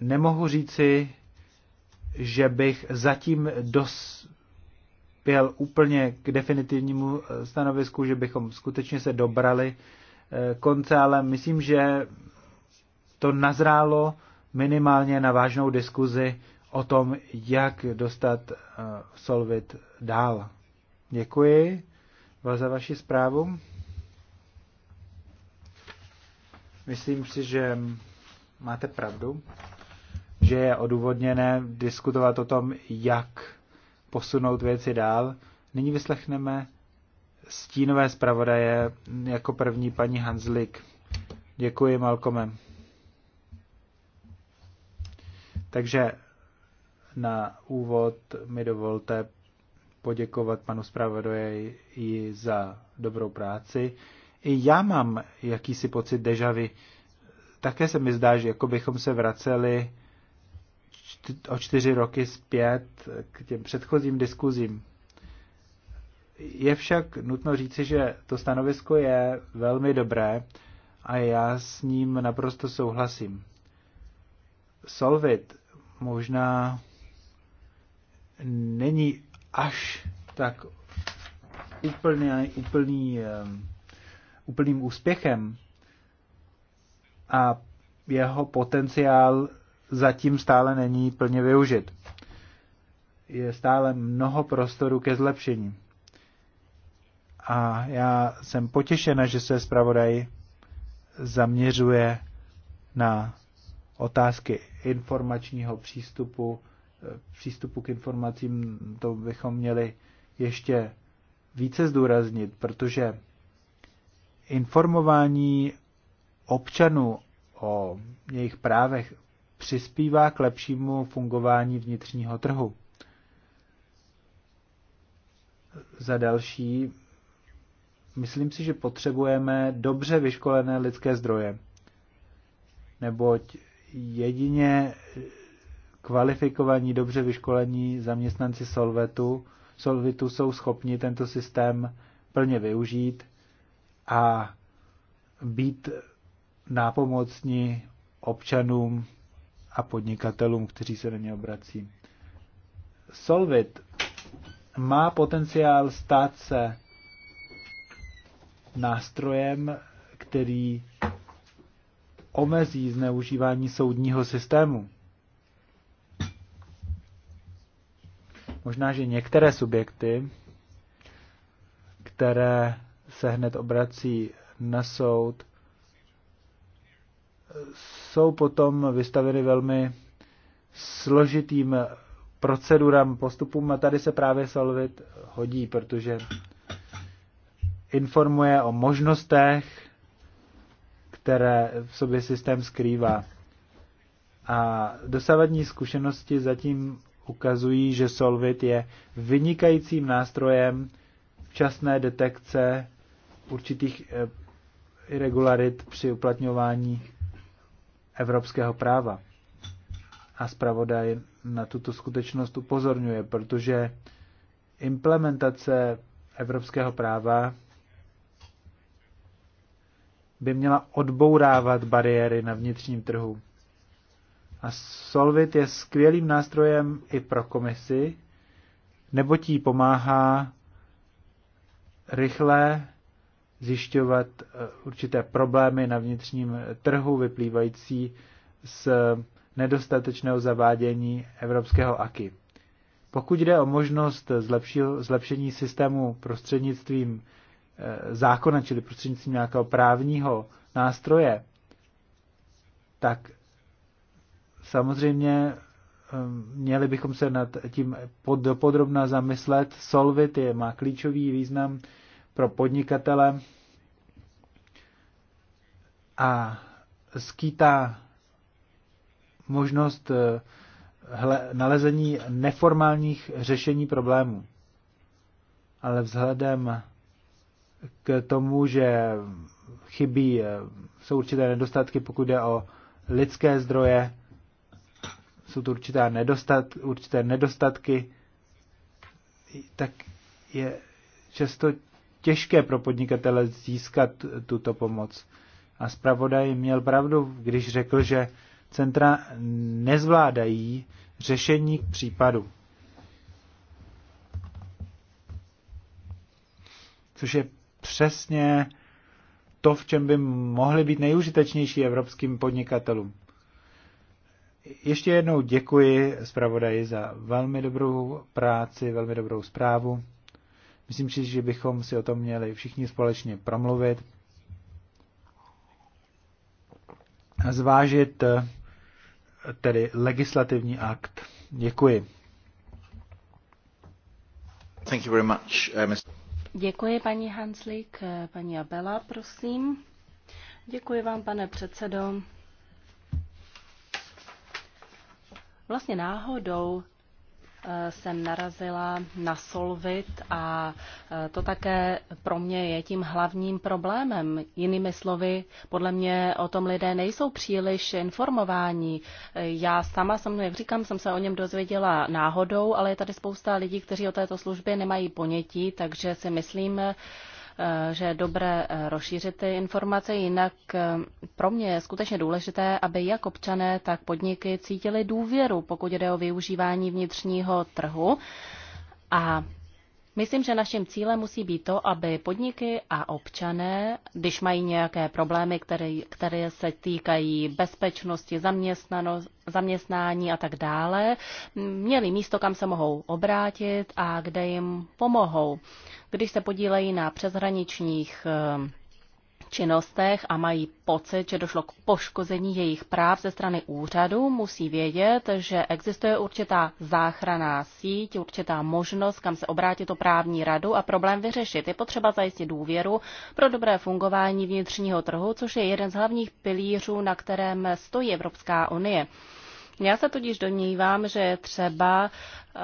Nemohu říci, že bych zatím dospěl úplně k definitivnímu eh, stanovisku, že bychom skutečně se dobrali eh, konce, ale myslím, že to nazrálo minimálně na vážnou diskuzi o tom, jak dostat eh, Solvit dál. Děkuji za vaši zprávu. Myslím si, že máte pravdu, že je odůvodněné diskutovat o tom, jak posunout věci dál. Nyní vyslechneme stínové zpravodaje jako první paní Hanslik. Děkuji, Malcolme. Takže na úvod mi dovolte poděkovat panu zpravodaji za dobrou práci. I já mám jakýsi pocit dežavy. Také se mi zdá, že jako bychom se vraceli o čtyři roky zpět k těm předchozím diskuzím. Je však nutno říci, že to stanovisko je velmi dobré a já s ním naprosto souhlasím. Solvit možná není až tak úplně, úplný, úplným úspěchem a jeho potenciál zatím stále není plně využit. Je stále mnoho prostoru ke zlepšení. A já jsem potěšena, že se zpravodaj zaměřuje na otázky informačního přístupu, eh, přístupu k informacím, to bychom měli ještě více zdůraznit, protože informování občanů o jejich právech přispívá k lepšímu fungování vnitřního trhu. Za další, myslím si, že potřebujeme dobře vyškolené lidské zdroje, neboť jedině kvalifikovaní, dobře vyškolení zaměstnanci Solvetu, Solvitu jsou schopni tento systém plně využít a být nápomocní občanům a podnikatelům, kteří se na ně obrací. Solvit má potenciál stát se nástrojem, který omezí zneužívání soudního systému. Možná, že některé subjekty, které se hned obrací na soud, jsou potom vystaveny velmi složitým procedurám, postupům a tady se právě Solvit hodí, protože informuje o možnostech, které v sobě systém skrývá. A dosavadní zkušenosti zatím ukazují, že Solvit je vynikajícím nástrojem včasné detekce určitých eh, irregularit při uplatňování evropského práva. A zpravodaj na tuto skutečnost upozorňuje, protože implementace evropského práva by měla odbourávat bariéry na vnitřním trhu. A Solvit je skvělým nástrojem i pro komisi, neboť jí pomáhá rychle zjišťovat eh, určité problémy na vnitřním trhu vyplývající z nedostatečného zavádění evropského AKI. Pokud jde o možnost zlepšení systému prostřednictvím Eh, zákona, čili prostřednictvím nějakého právního nástroje, tak samozřejmě eh, měli bychom se nad tím podrobně zamyslet. Solvit je, má klíčový význam pro podnikatele a skýtá možnost eh, hle, nalezení neformálních řešení problémů. Ale vzhledem k tomu, že chybí, eh, jsou určité nedostatky, pokud jde o lidské zdroje, jsou tu určité, nedostat, určité nedostatky, tak je často těžké pro podnikatele získat tuto pomoc. A zpravodaj měl pravdu, když řekl, že centra nezvládají řešení k případu. Což je přesně to, v čem by mohly být nejužitečnější evropským podnikatelům. Ještě jednou děkuji zpravodaji za velmi dobrou práci, velmi dobrou zprávu. Myslím si, že bychom si o tom měli všichni společně promluvit a zvážit tedy legislativní akt. Děkuji. Thank you very much, uh, Mr. Děkuji, paní Hanslík. Paní Abela, prosím. Děkuji vám, pane předsedo. Vlastně náhodou Eh, jsem narazila na Solvit a eh, to také pro mě je tím hlavním problémem. Jinými slovy, podle mě o tom lidé nejsou příliš informováni. Eh, já sama jsem, jak říkám, jsem se o něm dozvěděla náhodou, ale je tady spousta lidí, kteří o této službě nemají ponětí, takže si myslím, Eh, že je dobré eh, rozšířit ty informace, jinak eh, pro mě je skutečně důležité, aby jak občané, tak podniky cítili důvěru, pokud jde o využívání vnitřního trhu. A Myslím, že naším cílem musí být to, aby podniky a občané, když mají nějaké problémy, které, které se týkají bezpečnosti, zaměstnání a tak dále, měli místo, kam se mohou obrátit a kde jim pomohou když se podílejí na přeshraničních eh, činnostech a mají pocit, že došlo k poškození jejich práv ze strany úřadu, musí vědět, že existuje určitá záchraná síť, určitá možnost, kam se obrátit o právní radu a problém vyřešit. Je potřeba zajistit důvěru pro dobré fungování vnitřního trhu, což je jeden z hlavních pilířů, na kterém stojí Evropská unie. Já se tudíž domnívám, že třeba eh,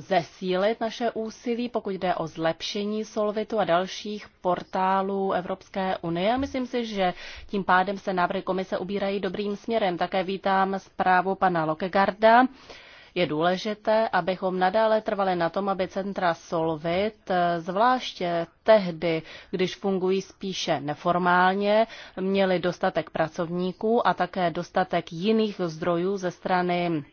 zesílit naše úsilí, pokud jde o zlepšení Solvitu a dalších portálů Evropské unie. Myslím si, že tím pádem se návrhy komise ubírají dobrým směrem. Také vítám zprávu pana Lokegarda. Je důležité, abychom nadále trvali na tom, aby centra Solvit, zvláště tehdy, když fungují spíše neformálně, měli dostatek pracovníků a také dostatek jiných zdrojů ze strany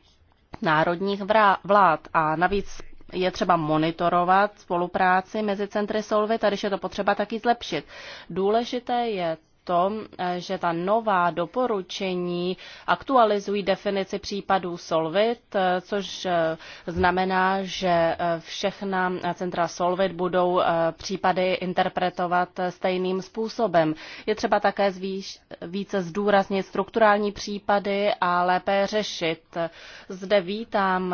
národních vlád. A navíc je třeba monitorovat spolupráci mezi centry Solvit a když je to potřeba, taky zlepšit. Důležité je to, eh, že ta nová doporučení aktualizují definici případů Solvit, eh, což eh, znamená, že všechna centra Solvit budou případy interpretovat stejným způsobem. Je třeba také zvíš, více zdůraznit strukturální případy a lépe řešit. Zde vítám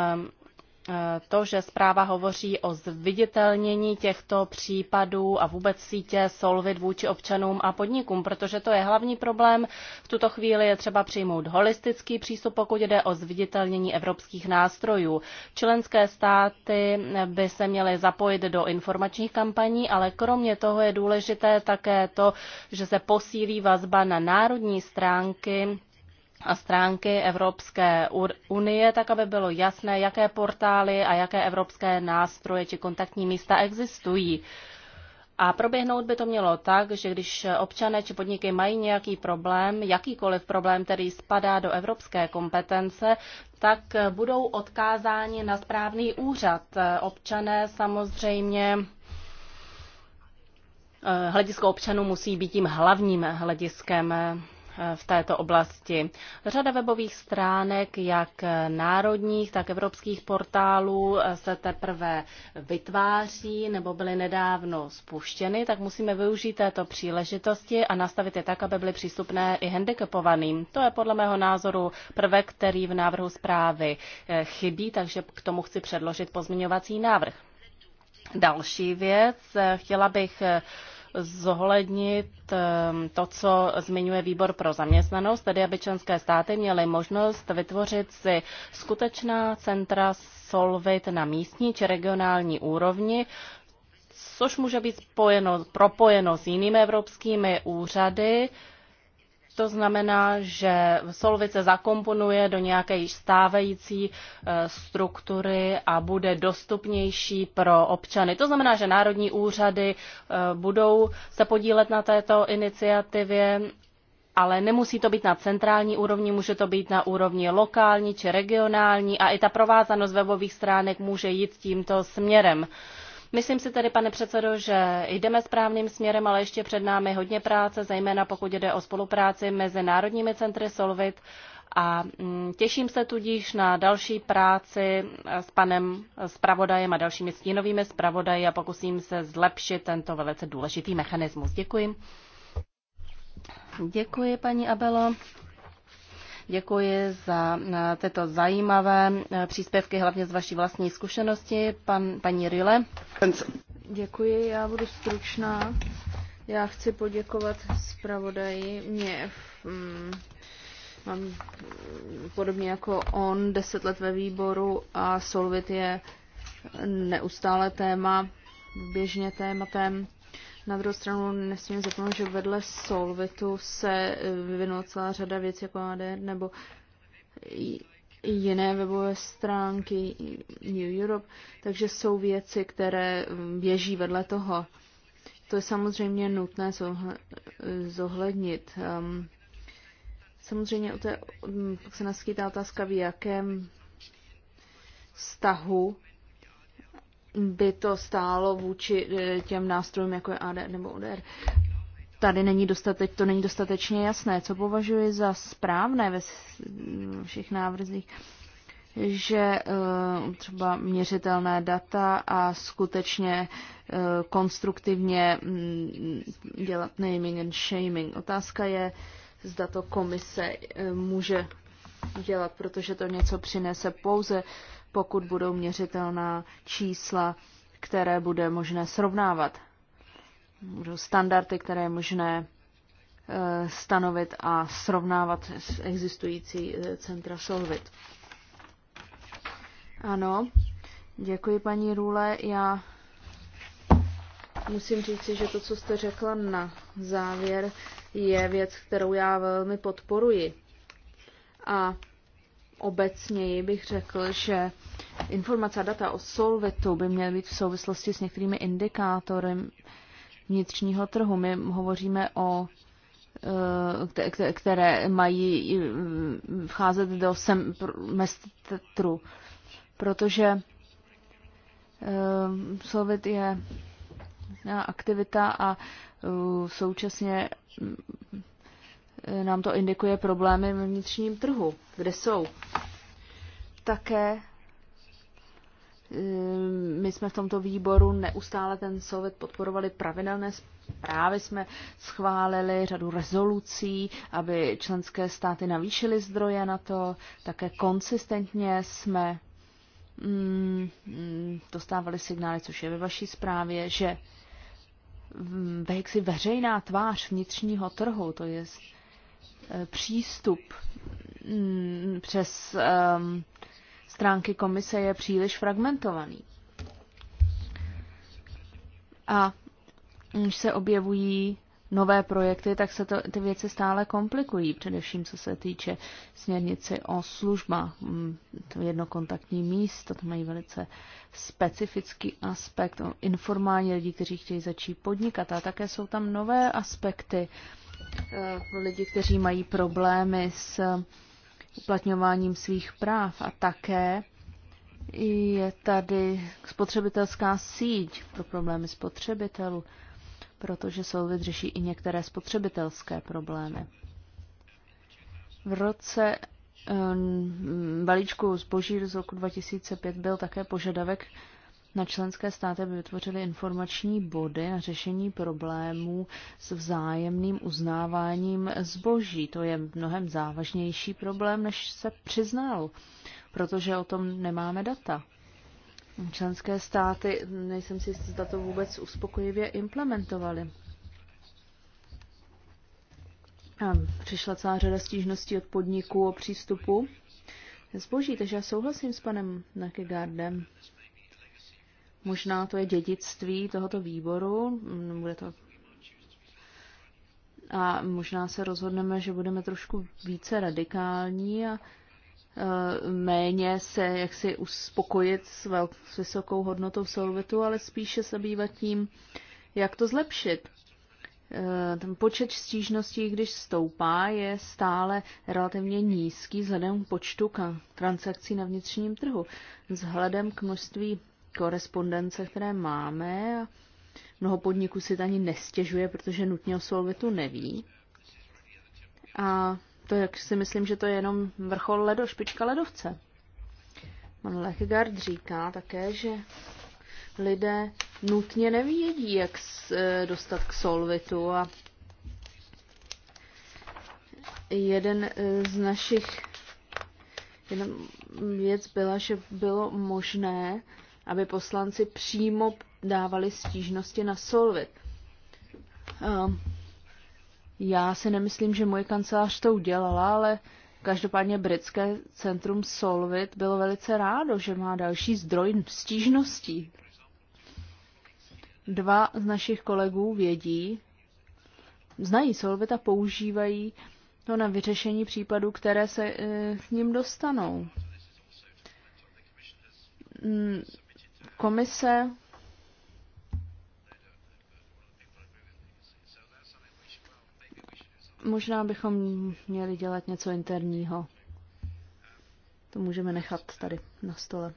Eh, to, že zpráva hovoří o zviditelnění těchto případů a vůbec sítě Solvit vůči občanům a podnikům, protože to je hlavní problém. V tuto chvíli je třeba přijmout holistický přístup, pokud jde o zviditelnění evropských nástrojů. Členské státy by se měly zapojit do informačních kampaní, ale kromě toho je důležité také to, že se posílí vazba na národní stránky a stránky Evropské unie, tak aby bylo jasné, jaké portály a jaké evropské nástroje či kontaktní místa existují. A proběhnout by to mělo tak, že když občané či podniky mají nějaký problém, jakýkoliv problém, který spadá do evropské kompetence, tak budou odkázáni na správný úřad. Občané samozřejmě eh, hledisko občanů musí být tím hlavním hlediskem v této oblasti. Řada webových stránek, jak národních, tak evropských portálů se teprve vytváří nebo byly nedávno spuštěny, tak musíme využít této příležitosti a nastavit je tak, aby byly přístupné i handicapovaným. To je podle mého názoru prvek, který v návrhu zprávy eh, chybí, takže k tomu chci předložit pozměňovací návrh. Další věc, eh, chtěla bych eh, zohlednit ehm, to, co zmiňuje výbor pro zaměstnanost, tedy aby členské státy měly možnost vytvořit si skutečná centra solvit na místní či regionální úrovni, což může být spojeno, propojeno s jinými evropskými úřady, to znamená, že Solvice zakomponuje do nějaké již stávající e, struktury a bude dostupnější pro občany. To znamená, že národní úřady e, budou se podílet na této iniciativě ale nemusí to být na centrální úrovni, může to být na úrovni lokální či regionální a i ta provázanost webových stránek může jít tímto směrem. Myslím si tedy, pane předsedo, že jdeme správným směrem, ale ještě před námi hodně práce, zejména pokud jde o spolupráci mezi národními centry Solvit a mm, těším se tudíž na další práci s panem zpravodajem a dalšími stínovými zpravodaji a pokusím se zlepšit tento velice důležitý mechanismus. Děkuji. Děkuji, paní Abelo. Děkuji za eh, tyto zajímavé eh, příspěvky, hlavně z vaší vlastní zkušenosti. Pan, paní Rile. Děkuji, já budu stručná. Já chci poděkovat zpravodaji. Mě mm, mám podobně jako on deset let ve výboru a Solvit je neustále téma, běžně tématem na druhou stranu nesmím zapomenout, že vedle Solvitu se eh, vyvinula celá řada věcí jako AD nebo jiné webové stránky New Europe, takže jsou věci, které mm, běží vedle toho. To je samozřejmě nutné zohlednit. Ehm, samozřejmě o té, mm, pak se naskytá otázka, v jakém vztahu by to stálo vůči eh, těm nástrojům, jako je ADR nebo ODR. Tady není dostateč, to není dostatečně jasné. Co považuji za správné ve všech návrzích, že eh, třeba měřitelné data a skutečně eh, konstruktivně mm, dělat naming and shaming. Otázka je, zda to komise může dělat, protože to něco přinese pouze pokud budou měřitelná čísla, které bude možné srovnávat. Budou standardy, které je možné e, stanovit a srovnávat s existující e, centra Solvit. Ano, děkuji paní Růle. Já musím říci, že to, co jste řekla na závěr, je věc, kterou já velmi podporuji. A obecněji bych řekl, že informace a data o solvitu by měly být v souvislosti s některými indikátory vnitřního trhu. My hovoříme o eh, které mají eh, vcházet do semestru, protože eh, Solvit je aktivita a současně E, nám to indikuje problémy ve vnitřním trhu, kde jsou. Také e, my jsme v tomto výboru neustále ten sovět podporovali pravidelné zprávy, jsme schválili řadu rezolucí, aby členské státy navýšily zdroje na to, také konsistentně jsme mm, mm, dostávali signály, což je ve vaší zprávě, že jaksi veřejná tvář vnitřního trhu, to je Eh, přístup mm, přes ehm, stránky komise je příliš fragmentovaný. A když se objevují nové projekty, tak se to, ty věci stále komplikují, především co se týče směrnici o službách. Mm, to jednokontaktní místo, to mají velice specifický aspekt o informální lidí, kteří chtějí začít podnikat. A také jsou tam nové aspekty, pro lidi, kteří mají problémy s uplatňováním svých práv. A také je tady spotřebitelská síť pro problémy spotřebitelů, protože Solvit řeší i některé spotřebitelské problémy. V roce eh, balíčku zboží z roku 2005 byl také požadavek na členské státy, aby vytvořily informační body na řešení problémů s vzájemným uznáváním zboží. To je mnohem závažnější problém, než se přiznal, protože o tom nemáme data. Členské státy, nejsem si jistý, zda to vůbec uspokojivě implementovaly. přišla celá řada stížností od podniků o přístupu zboží, takže já souhlasím s panem Nakegardem. Možná to je dědictví tohoto výboru, mm, bude to a možná se rozhodneme, že budeme trošku více radikální a e, méně se jaksi uspokojit s, vel, s vysokou hodnotou solvitu, ale spíše se bývat tím, jak to zlepšit. E, ten počet stížností, když stoupá, je stále relativně nízký vzhledem k počtu transakcí na vnitřním trhu. Vzhledem k množství korespondence, které máme. Mnoho podniků si to ani nestěžuje, protože nutně o solvitu neví. A to, jak si myslím, že to je jenom vrchol ledo, špička ledovce. Pan Lechgard říká také, že lidé nutně nevědí, jak e, dostat k solvitu a jeden e, z našich jedna věc byla, že bylo možné aby poslanci přímo dávali stížnosti na Solvit. Ehm, já si nemyslím, že moje kancelář to udělala, ale každopádně britské centrum Solvit bylo velice rádo, že má další zdroj stížností. Dva z našich kolegů vědí, znají Solvit a používají to na vyřešení případů, které se e, k ním dostanou mm, komise. Možná bychom měli dělat něco interního. To můžeme nechat tady na stole.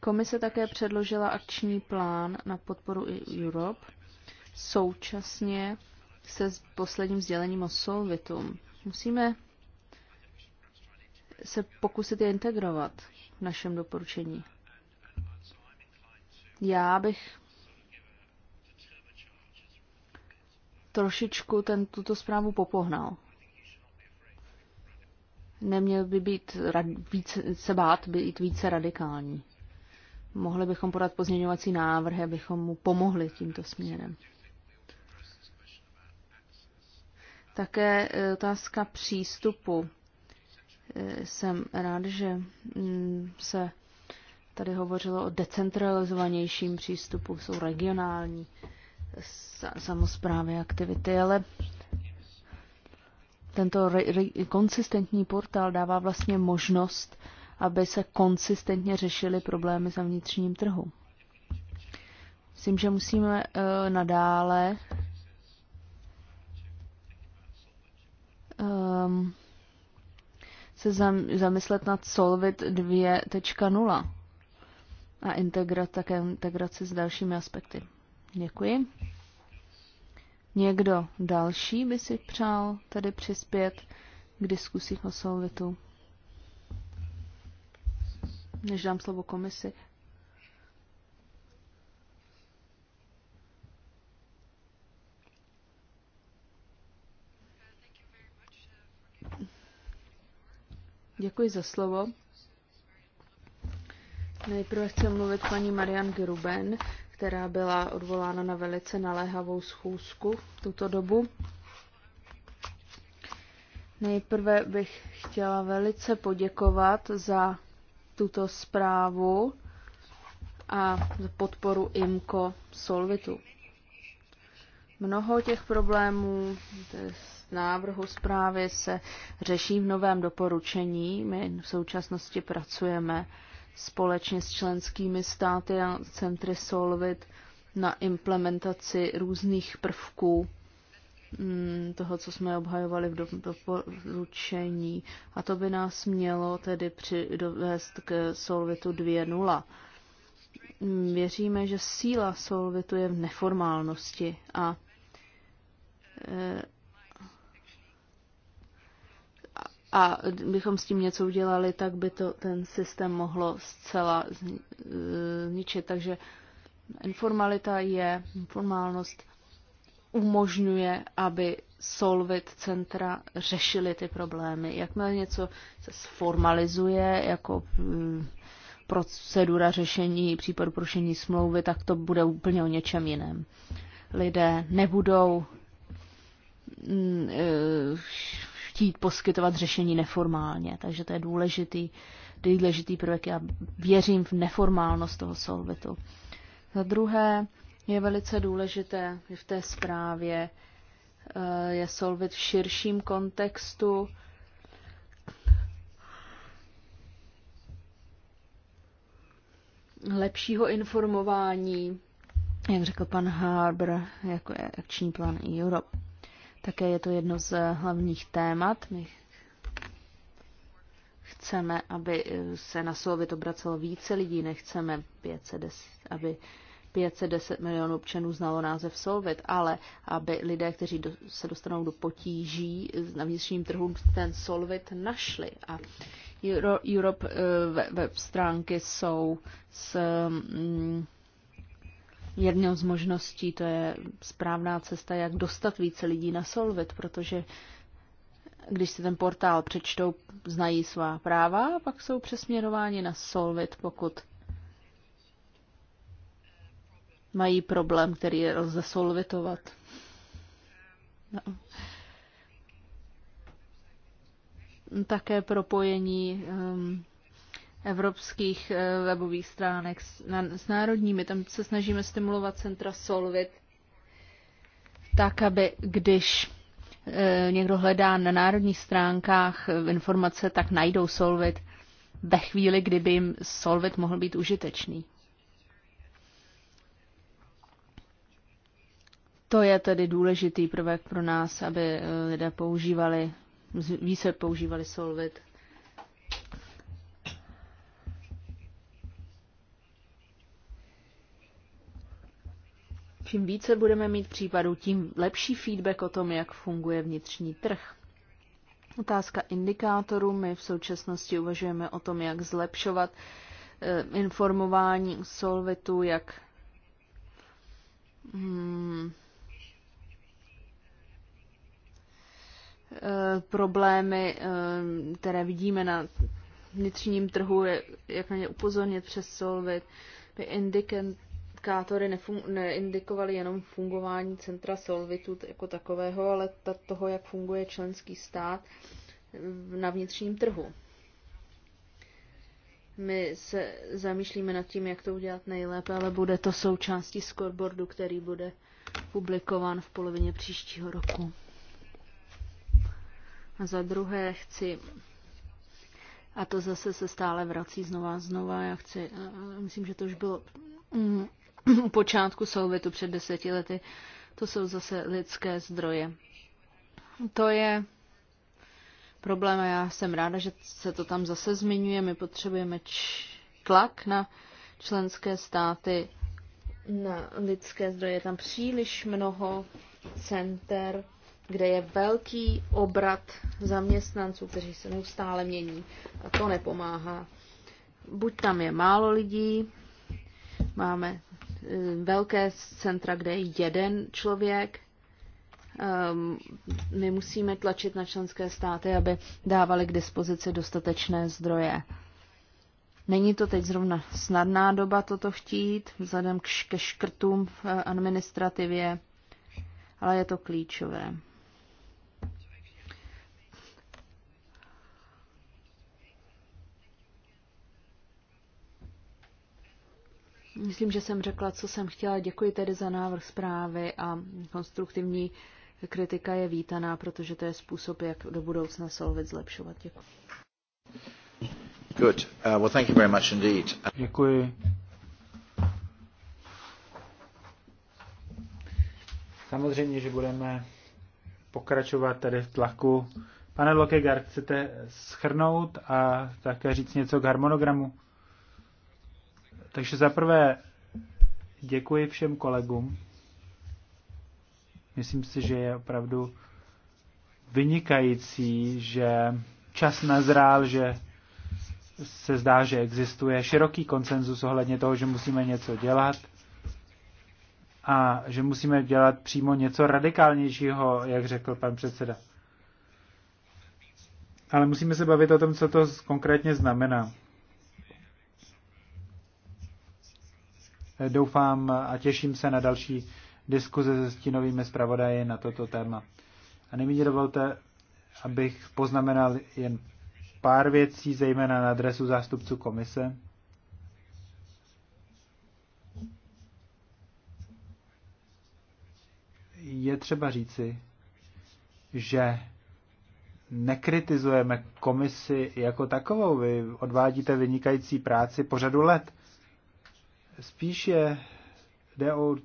Komise také předložila akční plán na podporu Europe současně se s posledním sdělením o Solvitum. Musíme se pokusit je integrovat v našem doporučení. Já bych trošičku ten, tuto zprávu popohnal. Neměl by být rad, více, se bát být více radikální. Mohli bychom podat pozměňovací návrhy, abychom mu pomohli tímto směrem. Také e, otázka přístupu. E, jsem rád, že mm, se tady hovořilo o decentralizovanějším přístupu, jsou regionální samozprávy aktivity, ale tento re, re, konsistentní portál dává vlastně možnost, aby se konsistentně řešily problémy za vnitřním trhu. Myslím, že musíme uh, nadále um, se zam, zamyslet nad Solvit 2.0 a integrat, také integraci s dalšími aspekty. Děkuji. Někdo další by si přál tady přispět k diskusích o Solvitu? Než dám slovo komisi. Děkuji za slovo. Nejprve chci mluvit paní Marian Gruben, která byla odvolána na velice naléhavou schůzku v tuto dobu. Nejprve bych chtěla velice poděkovat za tuto zprávu a za podporu IMCO Solvitu. Mnoho těch problémů z návrhu zprávy se řeší v novém doporučení. My v současnosti pracujeme společně s členskými státy a centry Solvit na implementaci různých prvků mm, toho, co jsme obhajovali v doporučení. A to by nás mělo tedy při, dovést k Solvitu 2.0. Věříme, že síla Solvitu je v neformálnosti a e, a bychom s tím něco udělali, tak by to ten systém mohlo zcela eh, zničit. Takže informalita je, informálnost umožňuje, aby solvit centra řešili ty problémy. Jakmile něco se sformalizuje jako eh, procedura řešení případu porušení smlouvy, tak to bude úplně o něčem jiném. Lidé nebudou mm, eh, chtít poskytovat řešení neformálně. Takže to je důležitý, důležitý prvek. Já věřím v neformálnost toho solvitu. Za druhé je velice důležité, že v té zprávě eh, je solvit v širším kontextu lepšího informování, jak řekl pan Harber, jako je akční plán Europe. Také je to jedno z eh, hlavních témat. My chceme, aby eh, se na Solvit obracelo více lidí, nechceme, 510, aby 510 milionů občanů znalo název Solvit, ale aby lidé, kteří do, se dostanou do potíží na vnitřním trhu, ten Solvit našli. A Euro, Europe eh, web, web stránky jsou s mm, jednou z možností, to je správná cesta, jak dostat více lidí na Solvit, protože když si ten portál přečtou, znají svá práva a pak jsou přesměrováni na Solvit, pokud mají problém, který je lze solvitovat. No. Také propojení um, evropských eh, webových stránek s národními. Tam se snažíme stimulovat centra Solvit tak, aby když eh, někdo hledá na národních stránkách eh, informace, tak najdou Solvit ve chvíli, kdyby jim Solvit mohl být užitečný. To je tedy důležitý prvek pro nás, aby lidé používali, více používali Solvit. Čím více budeme mít případů, tím lepší feedback o tom, jak funguje vnitřní trh. Otázka indikátorů. My v současnosti uvažujeme o tom, jak zlepšovat eh, informování solvitu, jak hmm, eh, problémy, eh, které vidíme na vnitřním trhu, jak na ně upozornit přes solvit, by indikátory neindikovaly jenom fungování centra Solvitu jako takového, ale ta, toho, jak funguje členský stát na vnitřním trhu. My se zamýšlíme nad tím, jak to udělat nejlépe, ale bude to součástí scoreboardu, který bude publikován v polovině příštího roku. A za druhé chci, a to zase se stále vrací znova a znova, já chci, myslím, že to už bylo mm, u počátku souvitu před deseti lety, to jsou zase lidské zdroje. To je problém a já jsem ráda, že se to tam zase zmiňuje. My potřebujeme tlak na členské státy, na lidské zdroje. Je tam příliš mnoho center, kde je velký obrat zaměstnanců, kteří se neustále mění. A to nepomáhá. Buď tam je málo lidí, máme velké centra, kde je jeden člověk. Ehm, my musíme tlačit na členské státy, aby dávali k dispozici dostatečné zdroje. Není to teď zrovna snadná doba toto chtít, vzhledem ke škrtům v administrativě, ale je to klíčové. Myslím, že jsem řekla, co jsem chtěla. Děkuji tedy za návrh zprávy a konstruktivní kritika je vítaná, protože to je způsob, jak do budoucna Solvit zlepšovat. Děkuji. Good. Uh, well, thank you very much indeed. Děkuji. Samozřejmě, že budeme pokračovat tady v tlaku. Pane Lokegar, chcete schrnout a také říct něco k harmonogramu? Takže zaprvé děkuji všem kolegům. Myslím si, že je opravdu vynikající, že čas nazrál, že se zdá, že existuje široký konsenzus ohledně toho, že musíme něco dělat a že musíme dělat přímo něco radikálnějšího, jak řekl pan předseda. Ale musíme se bavit o tom, co to konkrétně znamená. doufám a těším se na další diskuze se stínovými zpravodaji na toto téma. A nyní dovolte, abych poznamenal jen pár věcí, zejména na adresu zástupců komise. Je třeba říci, že nekritizujeme komisi jako takovou. Vy odvádíte vynikající práci po řadu let. Spíše jde o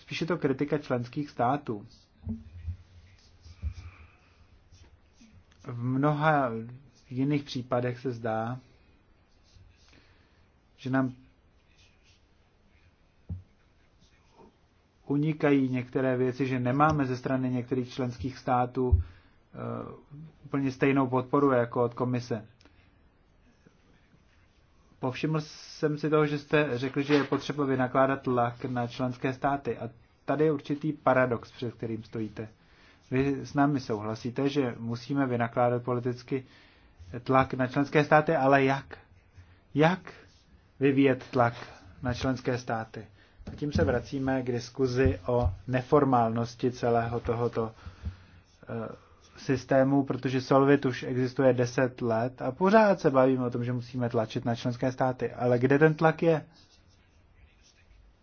spíše to kritika členských států. V mnoha jiných případech se zdá, že nám unikají některé věci, že nemáme ze strany některých členských států uh, úplně stejnou podporu jako od komise. Povšiml jsem si toho, že jste řekli, že je potřeba vynakládat tlak na členské státy. A tady je určitý paradox, před kterým stojíte. Vy s námi souhlasíte, že musíme vynakládat politicky tlak na členské státy, ale jak? Jak vyvíjet tlak na členské státy? A tím se vracíme k diskuzi o neformálnosti celého tohoto eh, systému, protože Solvit už existuje 10 let a pořád se bavíme o tom, že musíme tlačit na členské státy. Ale kde ten tlak je?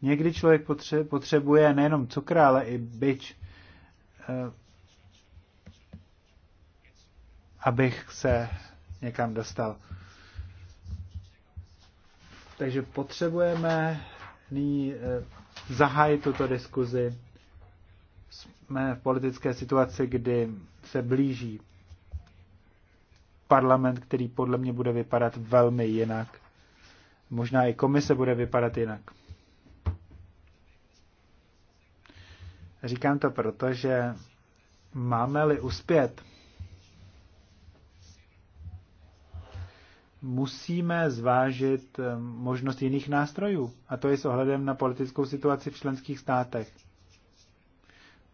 Někdy člověk potřebuje nejenom cukr, ale i byč, eh, abych se někam dostal. Takže potřebujeme nyní eh, zahájit tuto diskuzi. Jsme v politické situaci, kdy se blíží parlament, který podle mě bude vypadat velmi jinak. Možná i komise bude vypadat jinak. Říkám to proto, že máme-li uspět, musíme zvážit eh, možnost jiných nástrojů, a to je s ohledem na politickou situaci v členských státech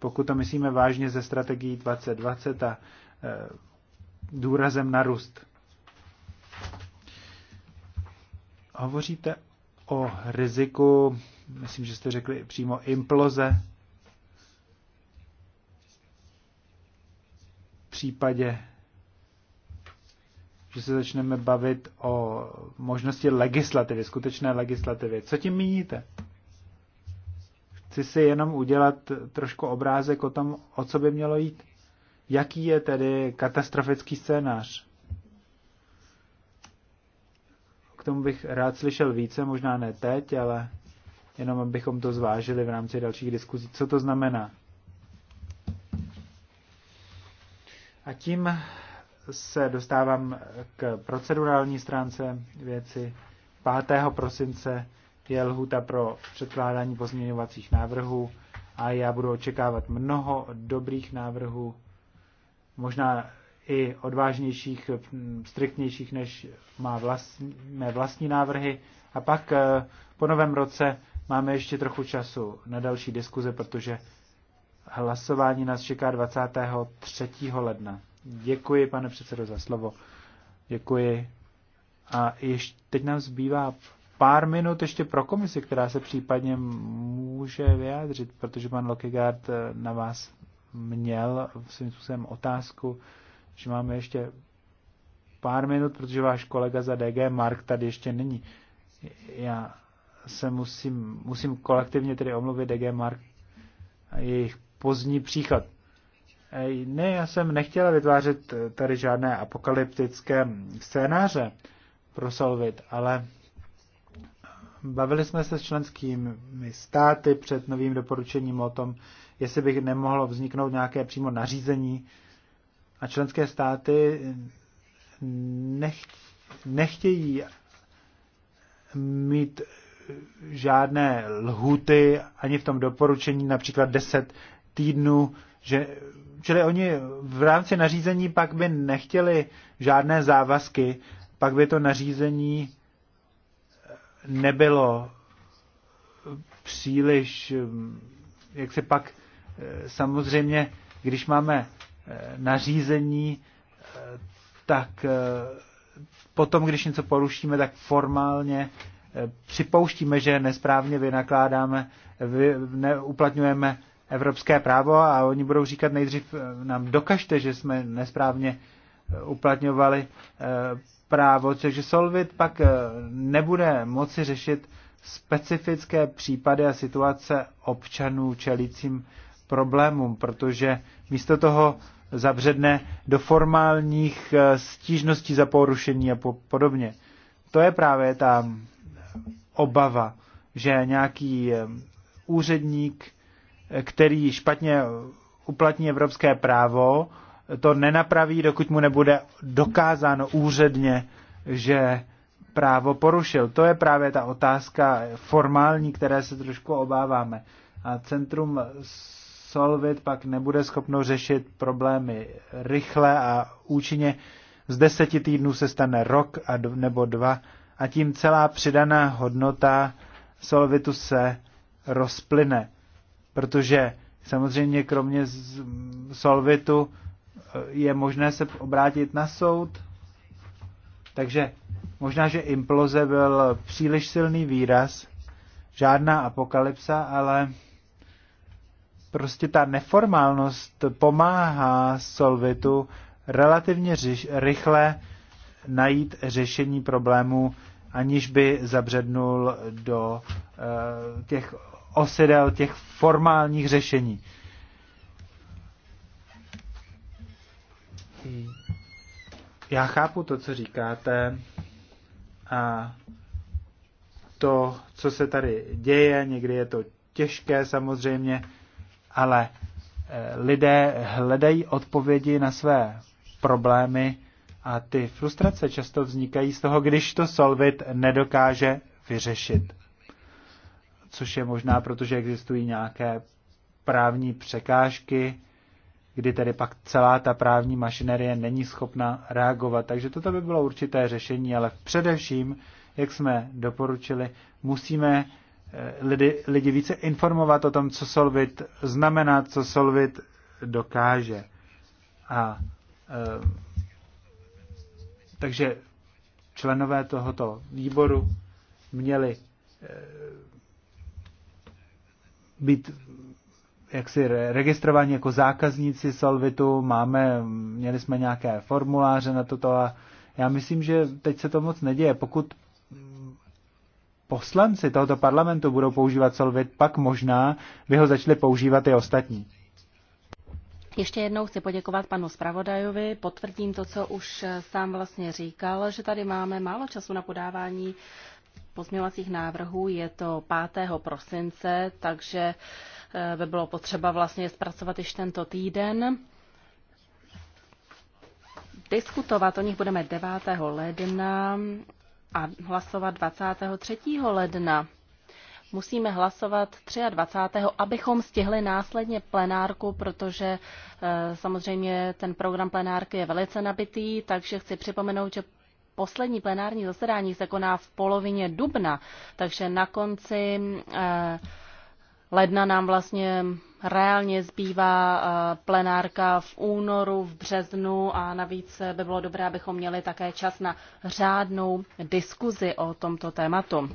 pokud to myslíme vážně ze strategií 2020 a e, důrazem na růst. Hovoříte o riziku, myslím, že jste řekli přímo imploze, v případě, že se začneme bavit o možnosti legislativy, skutečné legislativy. Co tím míníte? Chci si jenom udělat trošku obrázek o tom, o co by mělo jít. Jaký je tedy katastrofický scénář? K tomu bych rád slyšel více, možná ne teď, ale jenom abychom to zvážili v rámci dalších diskuzí. Co to znamená? A tím se dostávám k procedurální stránce věci. 5. prosince je lhuta pro předkládání pozměňovacích návrhů a já budu očekávat mnoho dobrých návrhů, možná i odvážnějších, striktnějších, než má vlastní, mé vlastní návrhy. A pak eh, po novém roce máme ještě trochu času na další diskuze, protože hlasování nás čeká 23. ledna. Děkuji, pane předsedo, za slovo. Děkuji. A ještě teď nám zbývá pár minut ještě pro komisi, která se případně může vyjádřit, protože pan Lockigard eh, na vás měl v svým způsobem otázku, že máme ještě pár minut, protože váš kolega za DG Mark tady ještě není. Já se musím, musím kolektivně tedy omluvit DG Mark a jejich pozdní příchod. Ne, já jsem nechtěla vytvářet tady žádné apokalyptické scénáře pro Solvit, ale Bavili jsme se s členskými státy před novým doporučením o tom, jestli by nemohlo vzniknout nějaké přímo nařízení. A členské státy nech, nechtějí mít žádné lhuty ani v tom doporučení, například 10 týdnů, že, čili oni v rámci nařízení pak by nechtěli žádné závazky, pak by to nařízení nebylo příliš, jak se pak samozřejmě, když máme eh, nařízení, eh, tak eh, potom, když něco porušíme, tak formálně připouštíme, že nesprávně vynakládáme, neuplatňujeme evropské právo a oni budou říkat nejdřív nám dokažte, že jsme nesprávně uplatňovali eh, právo, takže Solvit pak eh, nebude moci řešit specifické případy a situace občanů čelícím problémům, protože místo toho zabředne do formálních eh, stížností za porušení a podobně. To je právě ta obava, že nějaký úředník, který špatně uplatní evropské právo, to nenapraví, dokud mu nebude dokázáno úředně, že právo porušil. To je právě ta otázka formální, které se trošku obáváme. A centrum Solvit pak nebude schopno řešit problémy rychle a účinně. Z deseti týdnů se stane rok a d- nebo dva a tím celá přidaná hodnota Solvitu se rozplyne. Protože samozřejmě kromě Solvitu je možné se obrátit na soud. Takže možná, že imploze byl příliš silný výraz, žádná apokalypsa, ale prostě ta neformálnost pomáhá Solvitu relativně řiš, rychle najít řešení problému, aniž by zabřednul do uh, těch osidel, těch formálních řešení. Hm. Já chápu to, co říkáte a to, co se tady děje, někdy je to těžké samozřejmě, ale eh, lidé hledají odpovědi na své problémy a ty frustrace často vznikají z toho, když to Solvit nedokáže vyřešit. Což je možná, protože existují nějaké právní překážky, kdy tedy pak celá ta právní mašinerie není schopna reagovat. Takže toto by bylo určité řešení, ale především, jak jsme doporučili, musíme eh, lidi, lidi více informovat o tom, co Solvit znamená, co Solvit dokáže. A e, takže členové tohoto výboru měli e, být jaksi registrovaní jako zákazníci Solvitu, máme, měli jsme nějaké formuláře na toto a já myslím, že teď se to moc neděje. Pokud poslanci tohoto parlamentu budou používat Solvit, pak možná by ho začali používat i ostatní. Ještě jednou chci poděkovat panu zpravodajovi. Potvrdím to, co už sám vlastně říkal, že tady máme málo času na podávání pozměňovacích návrhů. Je to 5. prosince, takže Eh, by bylo potřeba vlastně zpracovat již tento týden. Diskutovat o nich budeme 9. ledna a hlasovat 23. ledna. Musíme hlasovat 23. abychom stihli následně plenárku, protože eh, samozřejmě ten program plenárky je velice nabitý, takže chci připomenout, že poslední plenární zasedání se koná v polovině dubna, takže na konci eh, ledna nám vlastně reálně zbývá eh, plenárka v únoru, v březnu a navíc eh, by bylo dobré, abychom měli také čas na řádnou diskuzi o tomto tématu.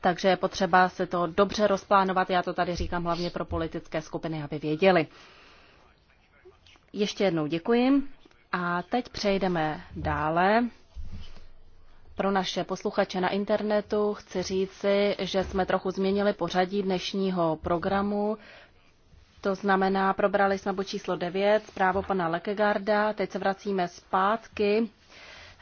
Takže je potřeba se to dobře rozplánovat. Já to tady říkám hlavně pro politické skupiny, aby věděli. Ještě jednou děkuji. A teď přejdeme dále pro naše posluchače na internetu chci říci, že jsme trochu změnili pořadí dnešního programu. To znamená, probrali jsme bod číslo 9, zprávu pana Lekegarda, teď se vracíme zpátky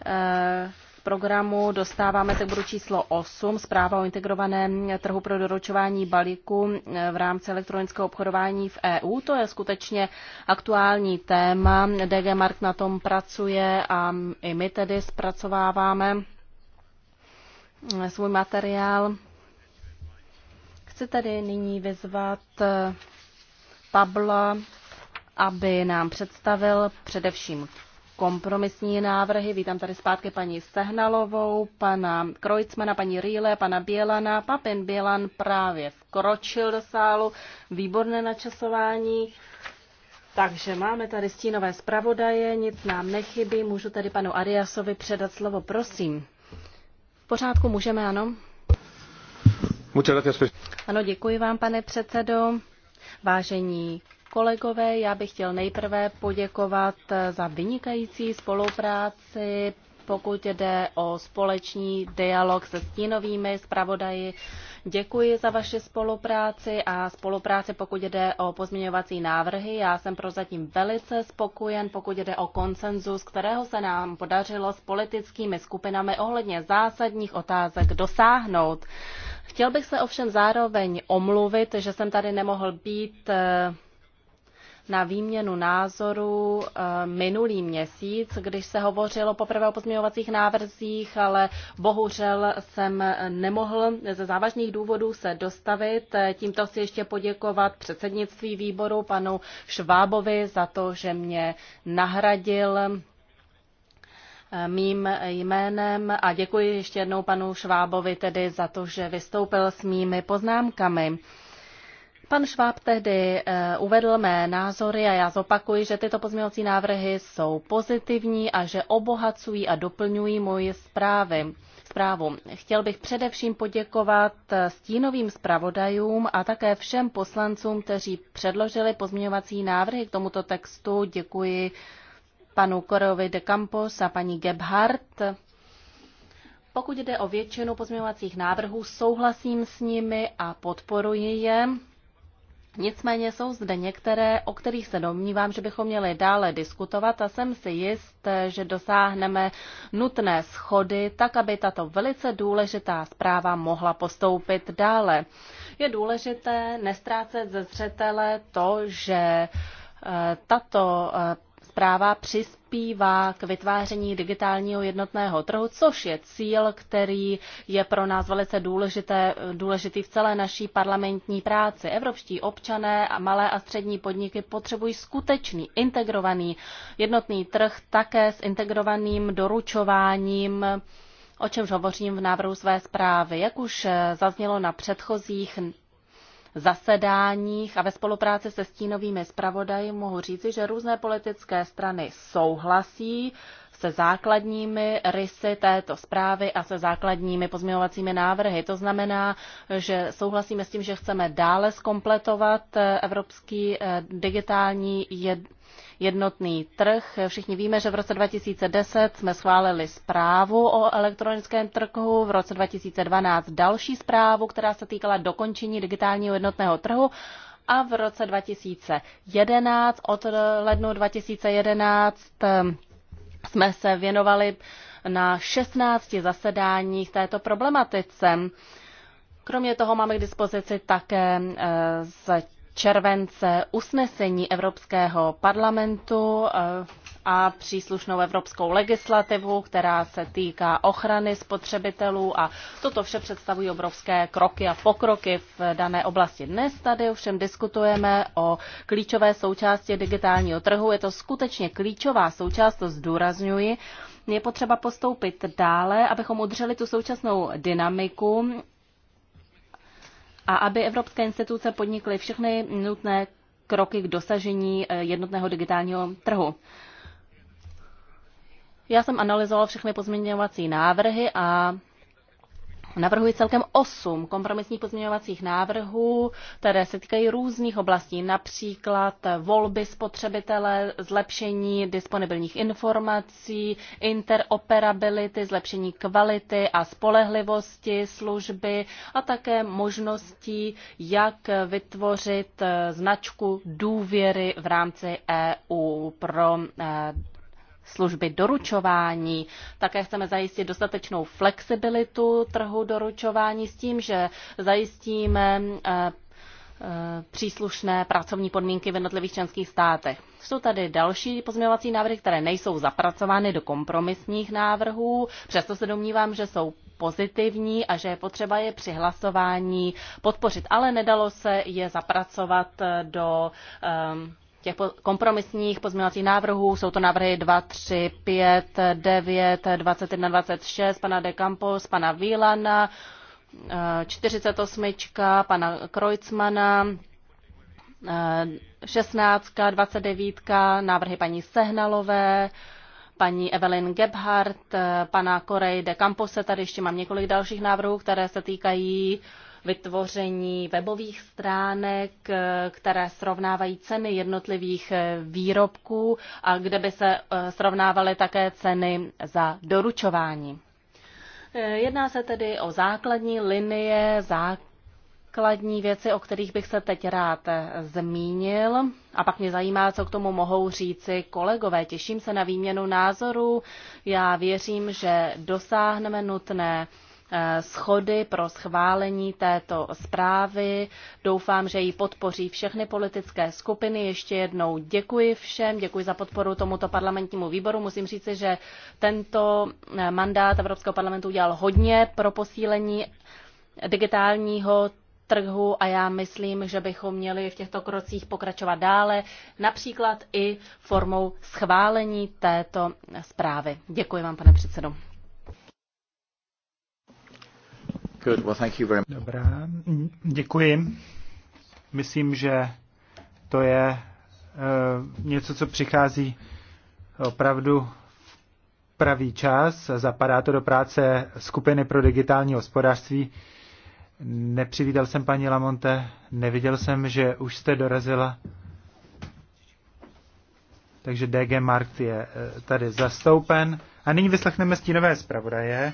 eh, v programu dostáváme se k bodu číslo 8, zpráva o integrovaném trhu pro doručování balíku eh, v rámci elektronického obchodování v EU. To je skutečně aktuální téma. DG Mark na tom pracuje a i my tedy zpracováváme svůj materiál. Chci tady nyní vyzvat eh, Pabla, aby nám představil především kompromisní návrhy. Vítám tady zpátky paní Sehnalovou, pana Krojcmana, paní Rýle, pana Bělana. Papin Bělan právě vkročil do sálu. Výborné načasování. Takže máme tady stínové zpravodaje, nic nám nechybí. Můžu tady panu Ariasovi předat slovo, prosím pořádku, můžeme, ano? Ano, děkuji vám, pane předsedo. Vážení kolegové, já bych chtěl nejprve poděkovat za vynikající spolupráci, pokud jde o společný dialog se stínovými zpravodaji Děkuji za vaši spolupráci a spolupráci, pokud jde o pozměňovací návrhy. Já jsem prozatím velice spokojen, pokud jde o konsenzus, kterého se nám podařilo s politickými skupinami ohledně zásadních otázek dosáhnout. Chtěl bych se ovšem zároveň omluvit, že jsem tady nemohl být eh, na výměnu názoru eh, minulý měsíc, když se hovořilo poprvé o pozměňovacích návrzích, ale bohužel jsem nemohl ze závažných důvodů se dostavit. Tímto si ještě poděkovat předsednictví výboru panu Švábovi za to, že mě nahradil eh, mým jménem a děkuji ještě jednou panu Švábovi tedy za to, že vystoupil s mými poznámkami. Pan Šváb tehdy eh, uvedl mé názory a já zopakuji, že tyto pozměňovací návrhy jsou pozitivní a že obohacují a doplňují moji zprávy. Zprávu. Chtěl bych především poděkovat eh, stínovým zpravodajům a také všem poslancům, kteří předložili pozměňovací návrhy k tomuto textu. Děkuji panu Korovi de Campos a paní Gebhardt. Pokud jde o většinu pozměňovacích návrhů, souhlasím s nimi a podporuji je. Nicméně jsou zde některé, o kterých se domnívám, že bychom měli dále diskutovat a jsem si jist, že dosáhneme nutné schody, tak aby tato velice důležitá zpráva mohla postoupit dále. Je důležité nestrácet ze zřetele to, že eh, tato eh, zpráva přispívá k vytváření digitálního jednotného trhu, což je cíl, který je pro nás velice důležité, důležitý v celé naší parlamentní práci. Evropští občané a malé a střední podniky potřebují skutečný integrovaný jednotný trh také s integrovaným doručováním o čemž hovořím v návrhu své zprávy. Jak už zaznělo na předchozích zasedáních a ve spolupráci se stínovými zpravodaji mohu říci, že různé politické strany souhlasí se základními rysy této zprávy a se základními pozměňovacími návrhy. To znamená, že souhlasíme s tím, že chceme dále zkompletovat eh, evropský eh, digitální jed jednotný trh. Všichni víme, že v roce 2010 jsme schválili zprávu o elektronickém trhu, v roce 2012 další zprávu, která se týkala dokončení digitálního jednotného trhu a v roce 2011, od lednu 2011 jsme se věnovali na 16 zasedáních této problematice. Kromě toho máme k dispozici také eh, z července usnesení Evropského parlamentu, eh, a příslušnou evropskou legislativu, která se týká ochrany spotřebitelů a toto vše představují obrovské kroky a pokroky v dané oblasti. Dnes tady ovšem diskutujeme o klíčové součásti digitálního trhu. Je to skutečně klíčová součást, to zdůrazňuji. Je potřeba postoupit dále, abychom udrželi tu současnou dynamiku a aby evropské instituce podnikly všechny nutné kroky k dosažení jednotného digitálního trhu. Já jsem analyzoval všechny pozměňovací návrhy a Navrhuji celkem osm kompromisních pozměňovacích návrhů, které se týkají různých oblastí, například volby spotřebitele, zlepšení disponibilních informací, interoperability, zlepšení kvality a spolehlivosti služby a také možností, jak vytvořit značku důvěry v rámci EU pro eh, služby doručování. Také chceme zajistit dostatečnou flexibilitu trhu doručování s tím, že zajistíme eh, eh, příslušné pracovní podmínky v jednotlivých členských státech. Jsou tady další pozměňovací návrhy, které nejsou zapracovány do kompromisních návrhů, přesto se domnívám, že jsou pozitivní a že je potřeba je při hlasování podpořit, ale nedalo se je zapracovat eh, do um, těch kompromisních pozměňovacích návrhů. Jsou to návrhy 2, 3, 5, 9, 21, 26, pana De Campos, pana Vílana, 48, eh, pana Kreuzmana, 16, 29, návrhy paní Sehnalové, paní Evelyn Gebhardt, eh, pana Korej de Campose, tady ještě mám několik dalších návrhů, které se týkají uh, vytvoření webových stránek, eh, které srovnávají ceny jednotlivých eh, výrobků a kde by se eh, srovnávaly také ceny za doručování. Jedná se tedy o základní linie, základní věci, o kterých bych se teď rád zmínil. A pak mě zajímá, co k tomu mohou říci kolegové. Těším se na výměnu názorů. Já věřím, že dosáhneme nutné Eh, schody pro schválení této zprávy. Doufám, že ji podpoří všechny politické skupiny. Ještě jednou děkuji všem, děkuji za podporu tomuto parlamentnímu výboru. Musím říci, že tento eh, mandát Evropského parlamentu udělal hodně pro posílení digitálního trhu a já myslím, že bychom měli v těchto krocích pokračovat dále, například i formou schválení této zprávy. Děkuji vám, pane předsedo. Good, well, thank you very much. Dobrá, děkuji. Myslím, že to je eh, něco, co přichází opravdu v pravý čas. Zapadá to do práce skupiny pro digitální hospodářství. Nepřivítal jsem paní Lamonte, neviděl jsem, že už jste dorazila. Takže DG Markt je eh, tady zastoupen. A nyní vyslechneme stínové zpravodaje.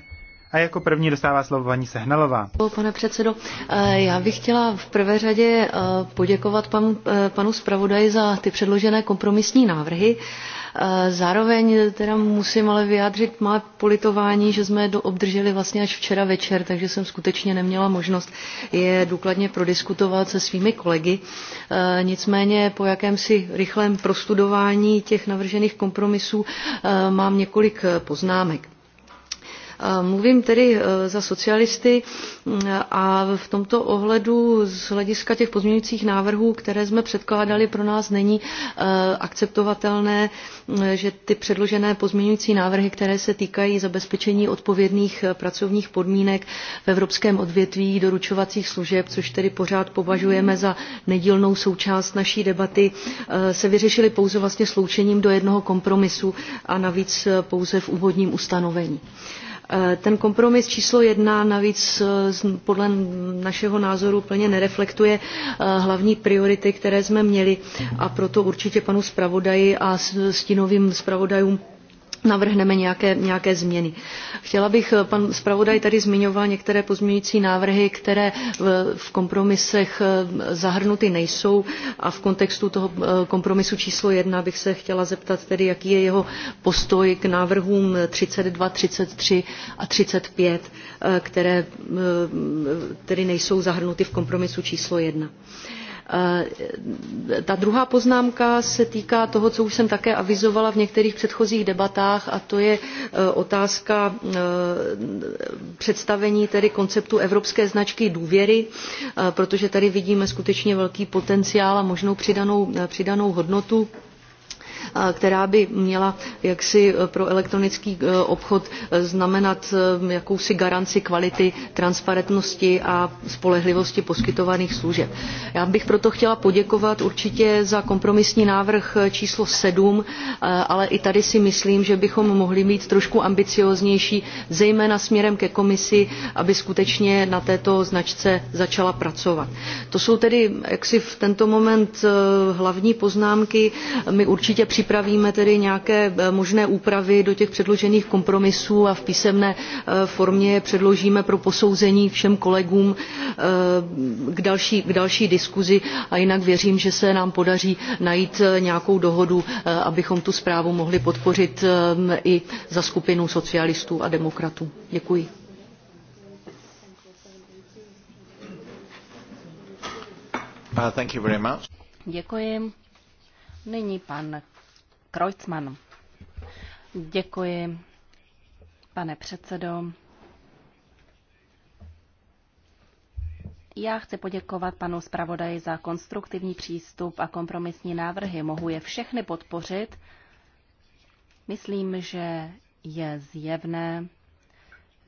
A jako první dostává slovo paní Sehnalová. Pane předsedo, eh, já bych chtěla v prvé řadě eh, poděkovat panu, eh, panu zpravodaji za ty předložené kompromisní návrhy. Zároveň teda musím ale vyjádřit má politování, že jsme do obdrželi vlastně až včera večer, takže jsem skutečně neměla možnost je důkladně prodiskutovat se svými kolegy. Nicméně po jakémsi rychlém prostudování těch navržených kompromisů mám několik poznámek. Mluvím tedy e, za socialisty a v tomto ohledu z hlediska těch pozměňujících návrhů, které jsme předkládali, pro nás není e, akceptovatelné, že ty předložené pozměňující návrhy, které se týkají zabezpečení odpovědných e, pracovních podmínek v evropském odvětví doručovacích služeb, což tedy pořád považujeme za nedílnou součást naší debaty, se vyřešily pouze vlastně sloučením do jednoho kompromisu a navíc pouze v úvodním ustanovení. Eh, ten kompromis číslo jedna navíc eh, podle našeho názoru plně nereflektuje eh, hlavní priority, které jsme měli a proto určitě panu zpravodaji a stínovým zpravodajům navrhneme nějaké, nějaké změny. Chtěla bych, eh, pan zpravodaj tady zmiňoval některé pozměňující návrhy, které v, v kompromisech eh, zahrnuty nejsou a v kontextu toho eh, kompromisu číslo jedna bych se chtěla zeptat tedy, jaký je jeho postoj k návrhům 32, 33 a 35, které tedy nejsou zahrnuty v kompromisu číslo jedna. Eh, ta druhá poznámka se týká toho, co už jsem také avizovala v některých předchozích debatách, a to je eh, otázka eh, představení tedy konceptu evropské značky důvěry, protože tady vidíme skutečně velký potenciál a možnou přidanou, přidanou hodnotu která by měla jaksi eh, pro elektronický eh, obchod eh, znamenat jakousi garanci kvality, transparentnosti a spolehlivosti poskytovaných služeb. Já bych proto chtěla poděkovat určitě za kompromisní návrh číslo 7, ale i tady si myslím, že bychom mohli být trošku ambicióznější, zejména směrem ke komisi, aby skutečně na této značce začala pracovat. To jsou tedy jaksi v tento moment hlavní poznámky. My určitě připravíme tedy nějaké eh, možné úpravy do těch předložených kompromisů a v písemné eh, formě je předložíme pro posouzení všem kolegům eh, k další, k další diskuzi a jinak věřím, že se nám podaří najít nějakou dohodu, abychom tu zprávu mohli podpořit i za skupinu socialistů a demokratů. Děkuji. Uh, Děkuji. Nyní pan Kreutzmann. Děkuji, pane předsedo. Já chci poděkovat panu zpravodaji za konstruktivní přístup a kompromisní návrhy. Mohu je všechny podpořit. Myslím, že je zjevné,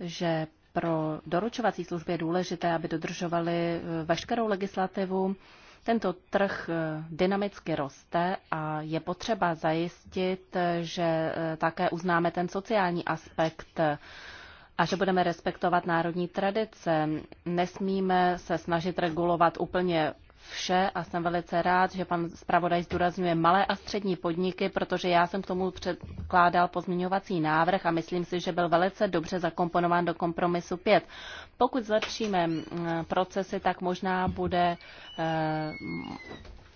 že pro doručovací služby je důležité, aby dodržovali veškerou legislativu tento trh eh, dynamicky roste a je potřeba zajistit, eh, že eh, také uznáme ten sociální aspekt a že budeme respektovat národní tradice. Nesmíme se snažit regulovat úplně vše a jsem velice rád, že pan zpravodaj zdůrazňuje malé a střední podniky, protože já jsem k tomu předkládal pozměňovací návrh a myslím si, že byl velice dobře zakomponován do kompromisu 5. Pokud zlepšíme mm, procesy, tak možná bude eh,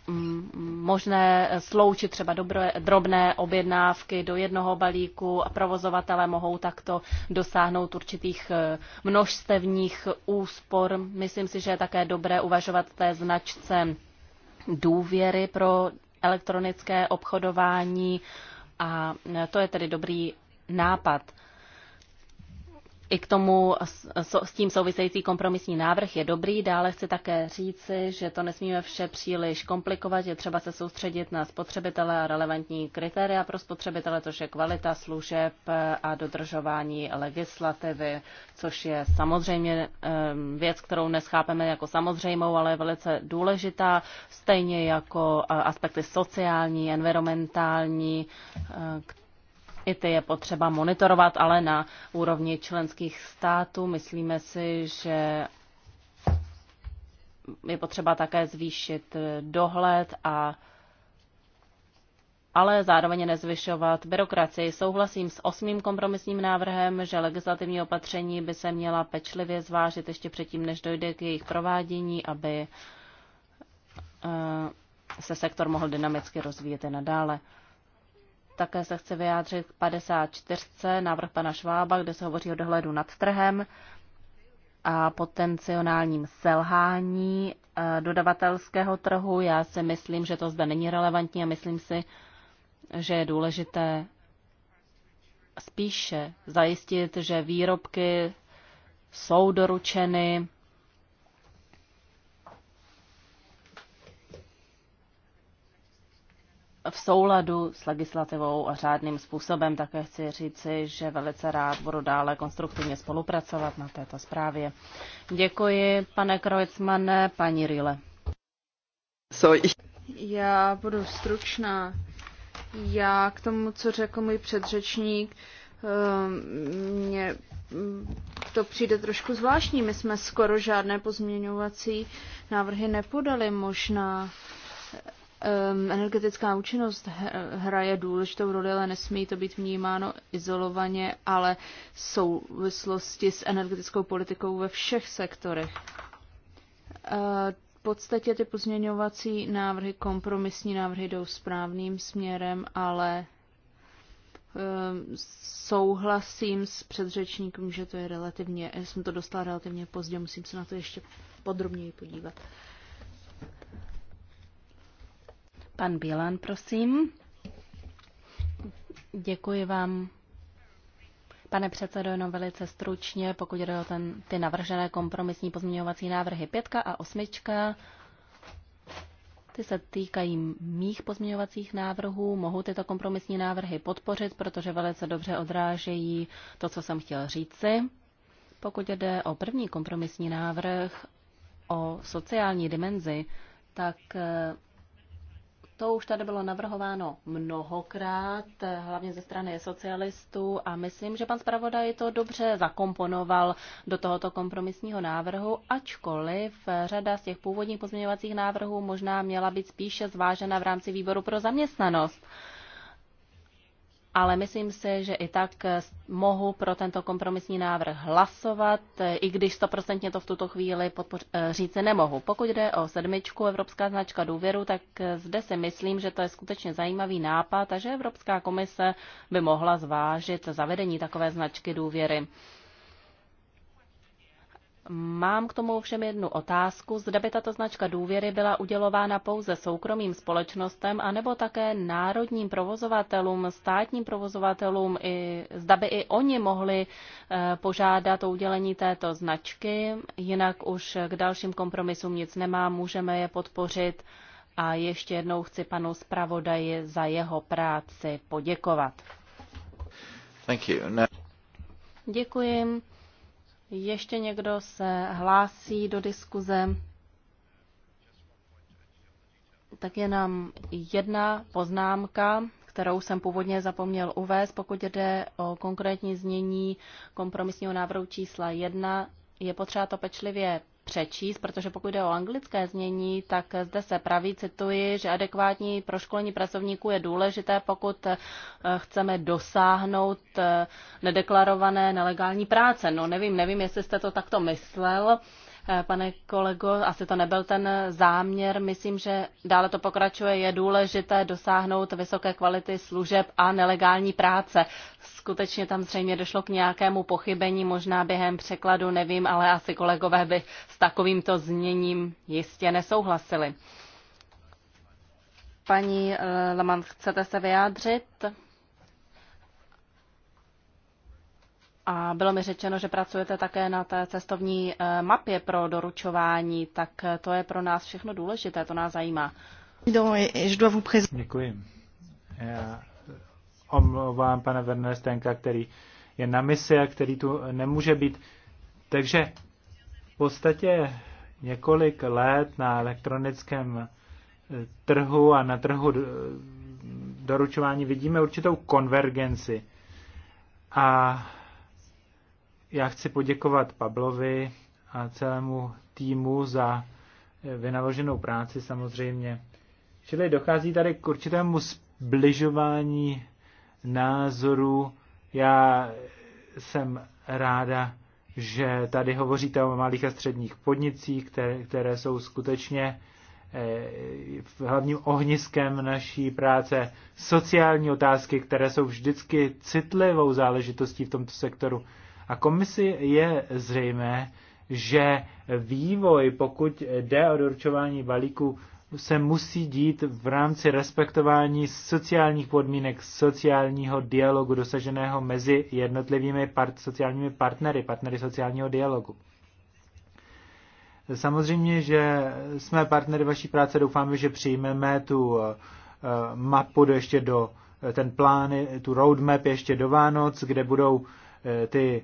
možné sloučit třeba dobré, drobné objednávky do jednoho balíku a provozovatele mohou takto dosáhnout určitých eh, množstevních úspor. Myslím si, že je také dobré uvažovat té značce důvěry pro elektronické obchodování a eh, to je tedy dobrý nápad i k tomu s tím související kompromisní návrh je dobrý. Dále chci také říci, že to nesmíme vše příliš komplikovat, je třeba se soustředit na spotřebitele a relevantní kritéria pro spotřebitele, což je kvalita služeb a dodržování legislativy, což je samozřejmě věc, kterou neschápeme jako samozřejmou, ale je velice důležitá, stejně jako aspekty sociální, environmentální, které eh, i ty je potřeba monitorovat, ale na úrovni členských států. Myslíme si, že je potřeba také zvýšit dohled a ale zároveň nezvyšovat byrokracii. Souhlasím s osmým kompromisním návrhem, že legislativní opatření by se měla pečlivě zvážit ještě předtím, než dojde k jejich provádění, aby eh, se sektor mohl dynamicky rozvíjet i nadále. Také se chci vyjádřit k 54. návrh pana Švába, kde se hovoří o dohledu nad trhem a potenciálním selhání eh, dodavatelského trhu. Já si myslím, že to zde není relevantní a myslím si, že je důležité spíše zajistit, že výrobky jsou doručeny v souladu s legislativou a řádným způsobem. Také chci říci, že velice rád budu dále konstruktivně spolupracovat na této zprávě. Děkuji, pane Krojcmane, paní Rile. Já budu stručná. Já k tomu, co řekl můj předřečník, mně ehm, to přijde trošku zvláštní. My jsme skoro žádné pozměňovací návrhy nepodali. Možná Ehm, energetická účinnost hraje důležitou roli, ale nesmí to být vnímáno izolovaně, ale v souvislosti s energetickou politikou ve všech sektorech. Ehm, v podstatě ty pozměňovací návrhy, kompromisní návrhy jdou správným směrem, ale ehm, souhlasím s předřečníkem, že to je relativně, jsem to dostala relativně pozdě, musím se na to ještě podrobněji podívat. Pan Bělan, prosím. Děkuji vám. Pane předsedo, jenom velice stručně, pokud jde o ten, ty navržené kompromisní pozměňovací návrhy pětka a osmička, ty se týkají mých pozměňovacích návrhů. Mohu tyto kompromisní návrhy podpořit, protože velice dobře odrážejí to, co jsem chtěl říci. Pokud jde o první kompromisní návrh o sociální dimenzi, tak eh, to už tady bylo navrhováno mnohokrát, hlavně ze strany socialistů a myslím, že pan zpravodaj to dobře zakomponoval do tohoto kompromisního návrhu, ačkoliv řada z těch původních pozměňovacích návrhů možná měla být spíše zvážena v rámci výboru pro zaměstnanost ale myslím si, že i tak eh, mohu pro tento kompromisní návrh hlasovat, eh, i když stoprocentně to v tuto chvíli podpoř- eh, říci nemohu. Pokud jde o sedmičku Evropská značka důvěru, tak zde si myslím, že to je skutečně zajímavý nápad a že Evropská komise by mohla zvážit zavedení takové značky důvěry. Mám k tomu ovšem jednu otázku. Zda by tato značka důvěry byla udělována pouze soukromým společnostem anebo také národním provozovatelům, státním provozovatelům, i, zda by i oni mohli eh, požádat o udělení této značky. Jinak už k dalším kompromisům nic nemám, můžeme je podpořit. A ještě jednou chci panu zpravodaji za jeho práci poděkovat. Thank you. No. Děkuji. Ještě někdo se hlásí do diskuze? Tak je nám jedna poznámka, kterou jsem původně zapomněl uvést. Pokud jde o konkrétní znění kompromisního návrhu čísla 1, je potřeba to pečlivě přečíst, protože pokud jde o anglické znění, tak zde se praví, cituji, že adekvátní proškolení pracovníků je důležité, pokud eh, chceme dosáhnout eh, nedeklarované nelegální práce. No nevím, nevím, jestli jste to takto myslel. Eh, pane kolego, asi to nebyl ten záměr. Myslím, že dále to pokračuje. Je důležité dosáhnout vysoké kvality služeb a nelegální práce. Skutečně tam zřejmě došlo k nějakému pochybení, možná během překladu, nevím, ale asi kolegové by s takovýmto zněním jistě nesouhlasili. Paní eh, Leman, chcete se vyjádřit? A bylo mi řečeno, že pracujete také na té cestovní eh, mapě pro doručování, tak eh, to je pro nás všechno důležité, to nás zajímá. Děkuji. Já omlouvám pana Wernerstenka, který je na misi a který tu nemůže být. Takže v podstatě několik let na elektronickém eh, trhu a na trhu doručování vidíme určitou konvergenci. A já chci poděkovat Pablovi a celému týmu za eh, vynaloženou práci samozřejmě. Čili dochází tady k určitému zbližování názoru. Já jsem ráda, že tady hovoříte o malých a středních podnicích, které, které jsou skutečně eh, hlavním ohniskem naší práce. Sociální otázky, které jsou vždycky citlivou záležitostí v tomto sektoru. A komisi je zřejmé, že vývoj, pokud jde o doručování balíku, se musí dít v rámci respektování sociálních podmínek, sociálního dialogu dosaženého mezi jednotlivými part, sociálními partnery, partnery sociálního dialogu. Samozřejmě, že jsme partnery vaší práce, doufáme, že přijmeme tu eh, mapu do ještě do ten plán, tu roadmap ještě do Vánoc, kde budou eh, ty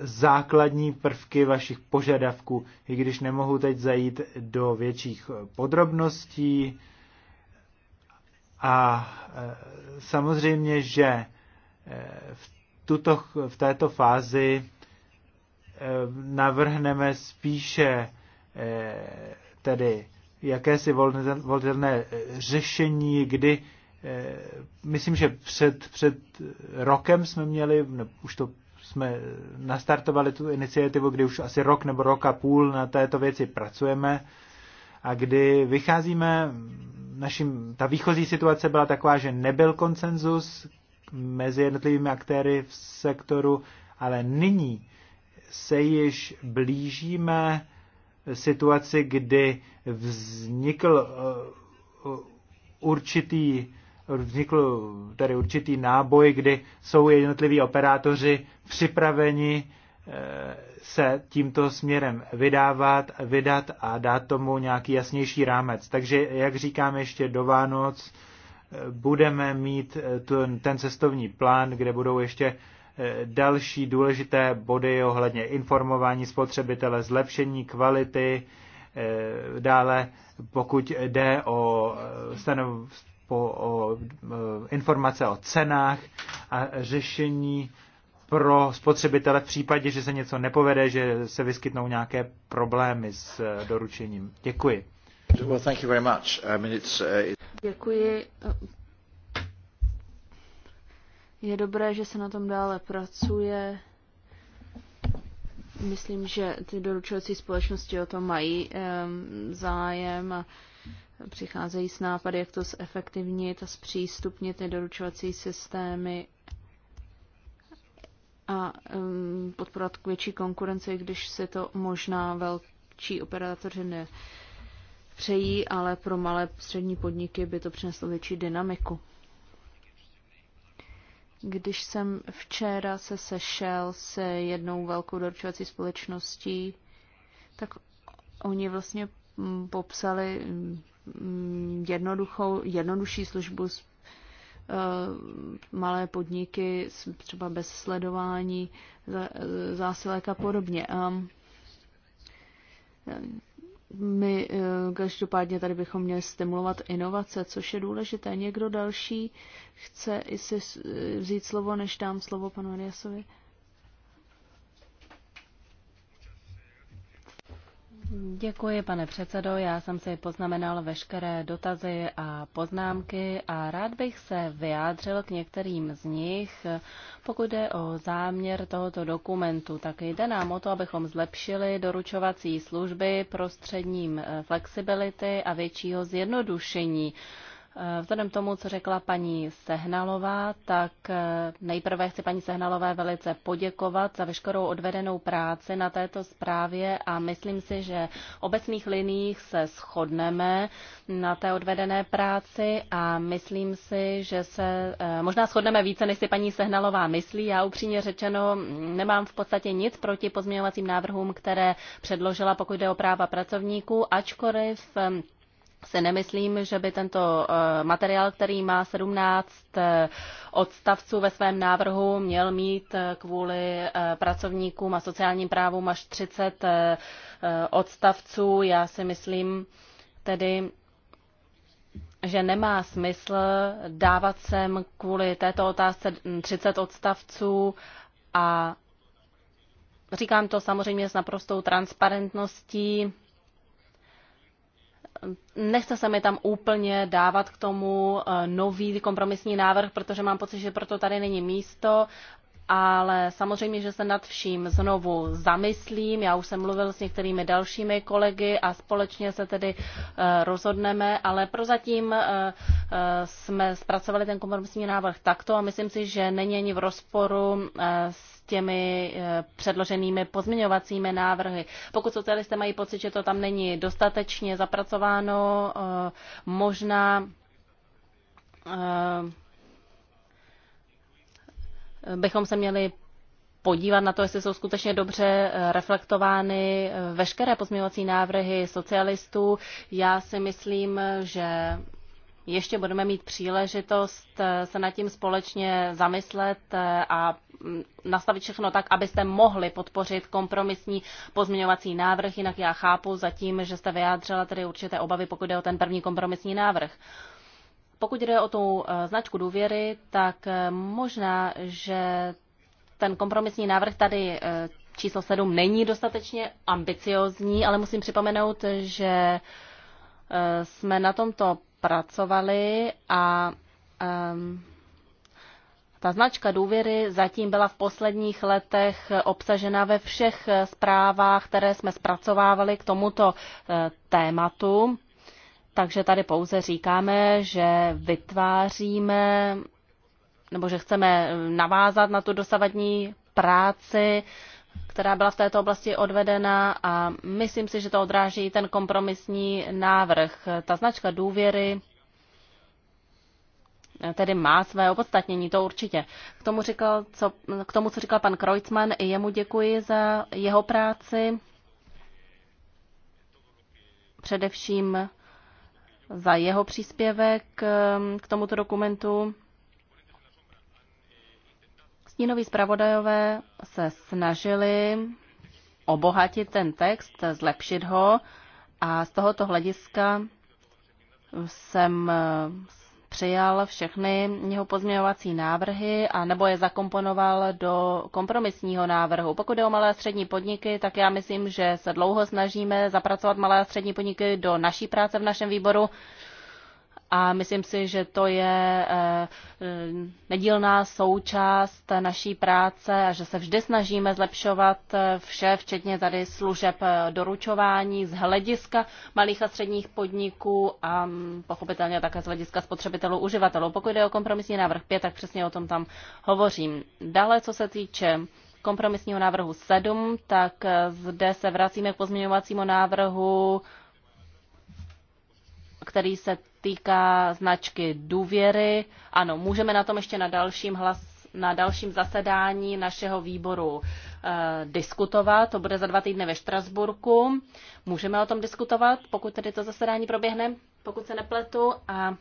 základní prvky vašich požadavků, i když nemohu teď zajít do větších podrobností. A e, samozřejmě, že e, v, tuto, v této fázi e, navrhneme spíše tedy jakési volitelné řešení, kdy myslím, že před, před rokem jsme měli, ne, už to jsme nastartovali tu iniciativu, kdy už asi rok nebo rok a půl na této věci pracujeme a kdy vycházíme, naším, ta výchozí situace byla taková, že nebyl konsenzus mezi jednotlivými aktéry v sektoru, ale nyní se již blížíme situaci, kdy vznikl eh, eh, určitý vznikl tady určitý náboj, kdy jsou jednotliví operátoři připraveni eh, se tímto směrem vydávat, vydat a dát tomu nějaký jasnější rámec. Takže, jak říkám, ještě do Vánoc eh, budeme mít eh, ten cestovní plán, kde budou ještě další důležité body ohledně informování spotřebitele, zlepšení kvality, dále pokud jde o stanov, po, o, e, informace o cenách a řešení pro spotřebitele v případě, že se něco nepovede, že se vyskytnou nějaké problémy s e, doručením. Děkuji. Well, thank you very much. I mean, it's, uh, it... Děkuji. Je dobré, že se na tom dále pracuje. Myslím, že ty doručovací společnosti o tom mají um, zájem a Přicházejí s nápady, jak to zefektivnit a zpřístupnit ty doručovací systémy a um, podporovat k větší konkurenci, když si to možná velčí operátoři ne přejí, ale pro malé střední podniky by to přineslo větší dynamiku. Když jsem včera se sešel se jednou velkou doručovací společností, tak oni vlastně popsali Mm, jednoduchou, jednodušší službu eh, malé podniky, třeba bez sledování zásilek a podobně. Eh, my eh, každopádně tady bychom měli stimulovat inovace, což je důležité. Někdo další chce i si vzít slovo, než dám slovo panu Ariasovi? Děkuji, pane předsedo. Já jsem si poznamenal veškeré dotazy a poznámky a rád bych se vyjádřil k některým z nich. Pokud jde o záměr tohoto dokumentu, tak jde nám o to, abychom zlepšili doručovací služby prostředním eh, flexibility a většího zjednodušení. Eh, vzhledem k tomu, co řekla paní Sehnalová, tak eh, nejprve chci paní Sehnalové velice poděkovat za veškerou odvedenou práci na této zprávě a myslím si, že v obecných liních se shodneme na té odvedené práci a myslím si, že se eh, možná shodneme více, než si paní Sehnalová myslí. Já upřímně řečeno mm, nemám v podstatě nic proti pozměňovacím návrhům, které předložila, pokud jde o práva pracovníků, ačkoliv mm, si nemyslím, že by tento eh, materiál, který má 17 eh, odstavců ve svém návrhu, měl mít eh, kvůli pracovníkům a sociálním právům až 30 odstavců. Já si myslím tedy, že nemá smysl dávat sem kvůli této otázce 30 odstavců a říkám to samozřejmě s naprostou transparentností nechce se mi tam úplně dávat k tomu eh, nový kompromisní návrh, protože mám pocit, že proto tady není místo, ale samozřejmě, že se nad vším znovu zamyslím. Já už jsem mluvil s některými dalšími kolegy a společně se tedy eh, rozhodneme, ale prozatím eh, jsme zpracovali ten kompromisní návrh takto a myslím si, že není ani v rozporu s těmi eh, předloženými pozměňovacími návrhy. Pokud socialisté mají pocit, že to tam není dostatečně zapracováno, eh, možná eh, bychom se měli podívat na to, jestli jsou skutečně dobře reflektovány veškeré pozměňovací návrhy socialistů. Já si myslím, že ještě budeme mít příležitost eh, se nad tím společně zamyslet eh, a mm, nastavit všechno tak, abyste mohli podpořit kompromisní pozměňovací návrh, jinak já chápu zatím, že jste vyjádřila tedy určité obavy, pokud jde o ten první kompromisní návrh. Pokud jde o tu eh, značku důvěry, tak možná, že ten kompromisní návrh tady číslo 7 není dostatečně ambiciozní, ale musím připomenout, že jsme na tomto pracovali a um, ta značka důvěry zatím byla v posledních letech obsažena ve všech eh, zprávách, které jsme zpracovávali k tomuto eh, tématu. Takže tady pouze říkáme, že vytváříme nebo že chceme eh, navázat na tu dosavadní práci která byla v této oblasti odvedena a myslím si, že to odráží ten kompromisní návrh. Ta značka důvěry tedy má své opodstatnění, to určitě. K tomu, říkal, co, k tomu, co říkal pan Kreutzmann, i jemu děkuji za jeho práci, především za jeho příspěvek ehm, k tomuto dokumentu. Stínoví zpravodajové se snažili obohatit ten text, zlepšit ho a z tohoto hlediska jsem přijal všechny jeho pozměňovací návrhy a nebo je zakomponoval do kompromisního návrhu. Pokud jde o malé a střední podniky, tak já myslím, že se dlouho snažíme zapracovat malé a střední podniky do naší práce v našem výboru a myslím si, že to je eh, nedílná součást naší práce a že se vždy snažíme zlepšovat eh, vše, včetně tady služeb eh, doručování z hlediska malých a středních podniků a mm, pochopitelně také z hlediska spotřebitelů uživatelů. Pokud jde o kompromisní návrh 5, tak přesně o tom tam hovořím. Dále, co se týče kompromisního návrhu 7, tak zde se vracíme k pozměňovacímu návrhu, který se týká značky důvěry. Ano, můžeme na tom ještě na dalším hlas na dalším zasedání našeho výboru eh, diskutovat. To bude za dva týdny ve Štrasburku. Můžeme o tom diskutovat, pokud tedy to zasedání proběhne, pokud se nepletu. A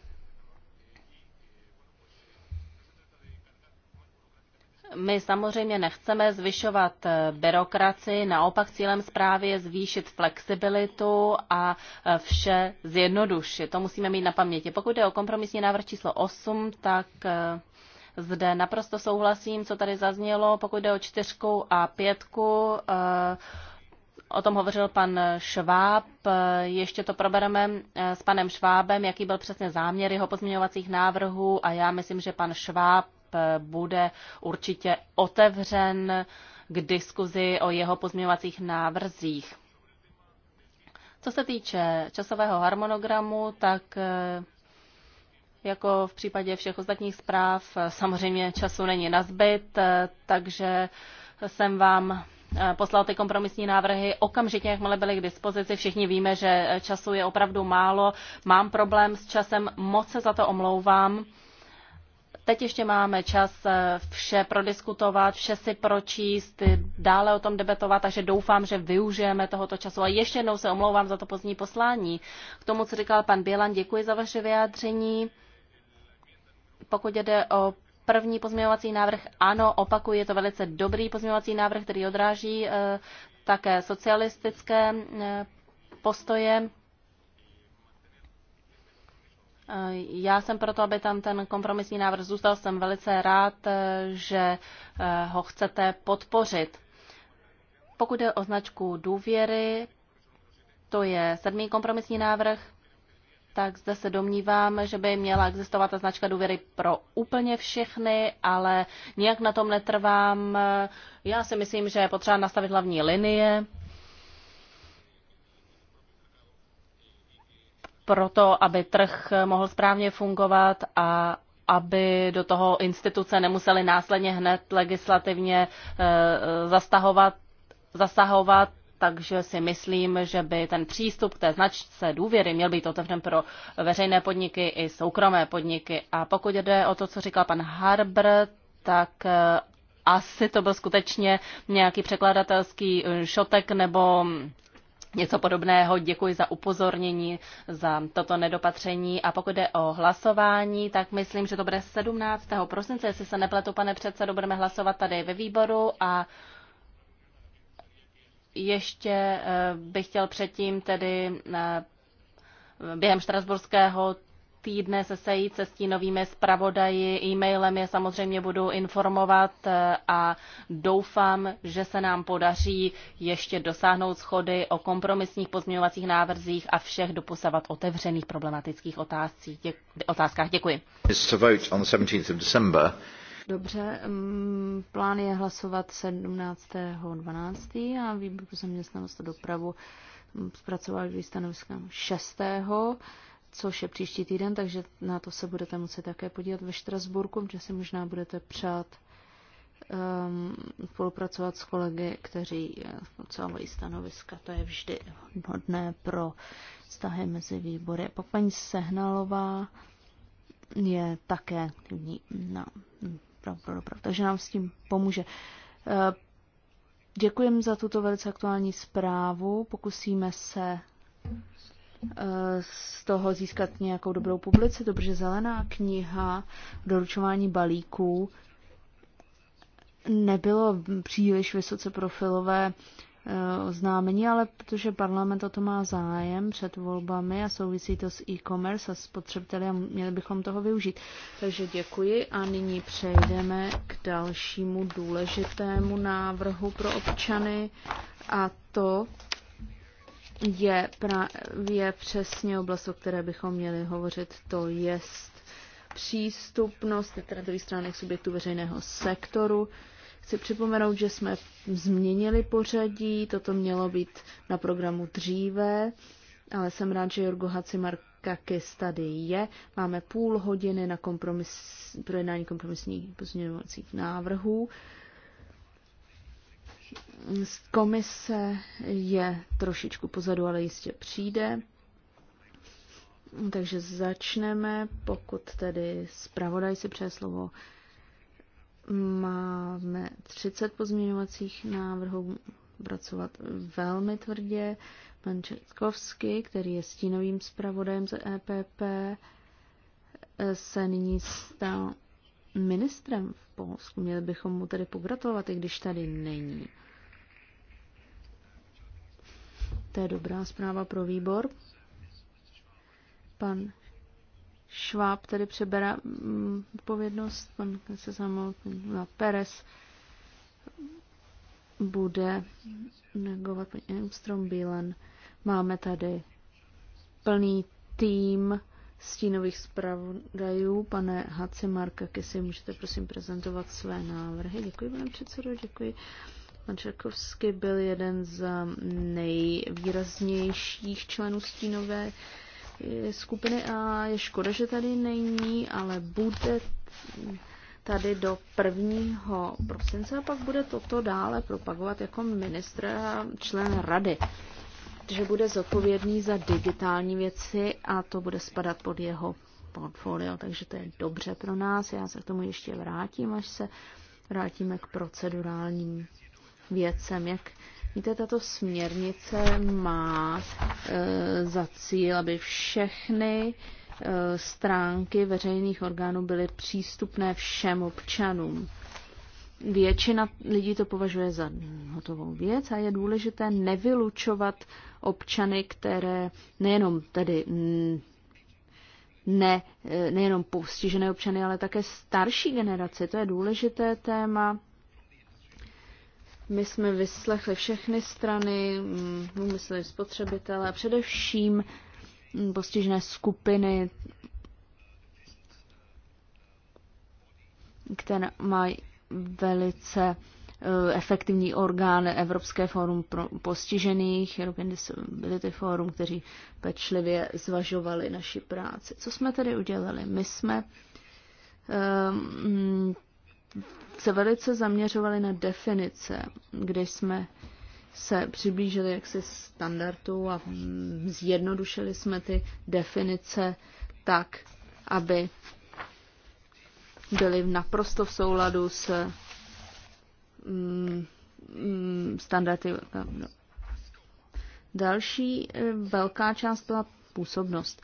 My samozřejmě nechceme zvyšovat eh, byrokracii, naopak cílem zprávy je zvýšit flexibilitu a eh, vše zjednodušit. To musíme mít na paměti. Pokud je o kompromisní návrh číslo 8, tak eh, zde naprosto souhlasím, co tady zaznělo. Pokud jde o čtyřku a pětku, o tom hovořil pan Šváb. Ještě to probereme s panem Švábem, jaký byl přesně záměr jeho pozměňovacích návrhů a já myslím, že pan Šváb Eh, bude určitě otevřen k diskuzi o jeho pozměňovacích návrzích. Co se týče časového harmonogramu, tak eh, jako v případě všech ostatních zpráv, eh, samozřejmě času není na zbyt, takže jsem vám poslal ty kompromisní návrhy okamžitě, jakmile byly k dispozici. Všichni víme, že času je opravdu málo. Mám problém s časem, moc se za to omlouvám. Teď ještě máme čas eh, vše prodiskutovat, vše si pročíst, eh, dále o tom debatovat, takže doufám, že využijeme tohoto času. A ještě jednou se omlouvám za to pozdní poslání. K tomu, co říkal pan Bělan, děkuji za vaše vyjádření. Pokud jde o první pozměňovací návrh, ano, opakuji, je to velice dobrý pozměňovací návrh, který odráží eh, také socialistické postoje já jsem proto, aby tam ten kompromisní návrh zůstal. Jsem velice rád, eh, že eh, ho chcete podpořit. Pokud je o značku důvěry, to je sedmý kompromisní návrh, tak zde se domnívám, že by měla existovat ta značka důvěry pro úplně všechny, ale nijak na tom netrvám. Já si myslím, že je potřeba nastavit hlavní linie pro to, aby trh mohl správně fungovat a aby do toho instituce nemuseli následně hned legislativně eh, zastahovat, zasahovat, takže si myslím, že by ten přístup k té značce důvěry měl být otevřen pro veřejné podniky i soukromé podniky. A pokud jde o to, co říkal pan Harbr, tak eh, asi to byl skutečně nějaký překladatelský eh, šotek nebo mm, něco podobného. Děkuji za upozornění za toto nedopatření. A pokud jde o hlasování, tak myslím, že to bude 17. prosince, jestli se nepletu, pane předsedo, budeme hlasovat tady ve výboru a ještě eh, bych chtěl předtím tedy eh, během štrasburského týdne se sejít se stínovými zpravodaji. E-mailem je samozřejmě budu informovat e, a doufám, že se nám podaří ještě dosáhnout schody o kompromisních pozměňovacích návrzích a všech doposavat otevřených problematických otázcích. Děk, otázkách. Děkuji. Dobře, mm, plán je hlasovat 17.12. a výbor pro zaměstnanost a dopravu mm, zpracoval stanoviska 6 což je příští týden, takže na to se budete muset také podívat ve Štrasburku, že si možná budete přát um, spolupracovat s kolegy, kteří mají eh, stanoviska. To je vždy hodné pro vztahy mezi výbory. Pak paní Sehnalová je také aktivní na pro dopravu, takže nám s tím pomůže. Eh, Děkujeme za tuto velice aktuální zprávu. Pokusíme se Eh, z toho získat nějakou dobrou publicitu, protože zelená kniha, doručování balíků nebylo příliš vysoce profilové eh, oznámení, ale protože parlament o to má zájem před volbami a souvisí to s e-commerce a potřebiteli a měli bychom toho využít. Takže děkuji a nyní přejdeme k dalšímu důležitému návrhu pro občany a to je právě přesně oblast, o které bychom měli hovořit, to je přístupnost internetových stránek subjektů veřejného sektoru. Chci připomenout, že jsme změnili pořadí, toto mělo být na programu dříve, ale jsem rád, že Jorgo Kakis tady je. Máme půl hodiny na kompromis, projednání kompromisních pozměňovacích návrhů. Uh, Komise je trošičku pozadu, ale jistě přijde. Takže začneme, pokud tedy zpravodaj si přeje slovo. Máme 30 pozměňovacích návrhů, pracovat velmi tvrdě. Pan Českovský, který je stínovým zpravodajem z EPP, se nyní stal ministrem v Polsku. Měli bychom mu tedy pogratulovat, i když tady není. To je dobrá zpráva pro výbor. Pan Šváb tedy přebere mm, odpovědnost, pan se na Perez bude negovat paní Bílen. Máme tady plný tým stínových zpravodajů. Pane Hace Marka, si můžete prosím prezentovat své návrhy. Děkuji, pane předsedo, děkuji. Pan Čakovský byl jeden z nejvýraznějších členů stínové eh, skupiny a je škoda, že tady není, ale bude tady do 1. prosince a pak bude toto dále propagovat jako ministr a člen rady že bude zodpovědný za digitální věci a to bude spadat pod jeho portfolio, takže to je dobře pro nás. Já se k tomu ještě vrátím, až se vrátíme k procedurálním věcem. Jak víte, tato směrnice má e, za cíl, aby všechny e, stránky veřejných orgánů byly přístupné všem občanům. Většina lidí to považuje za hotovou věc a je důležité nevylučovat občany, které nejenom tedy ne, e, nejenom postižené občany, ale také starší generace. To je důležité téma. My jsme vyslechli všechny strany, mm, mysleli spotřebitele a především mm, postižené skupiny, které mají velice eh, efektivní orgán Evropské fórum pro postižených, European Disability Forum, kteří pečlivě zvažovali naši práci. Co jsme tedy udělali? My jsme um, se velice zaměřovali na definice, kde jsme se přiblížili jaksi standardu a zjednodušili jsme ty definice tak, aby byly naprosto v souladu s mm, mm, standardy. Další eh, velká část byla působnost.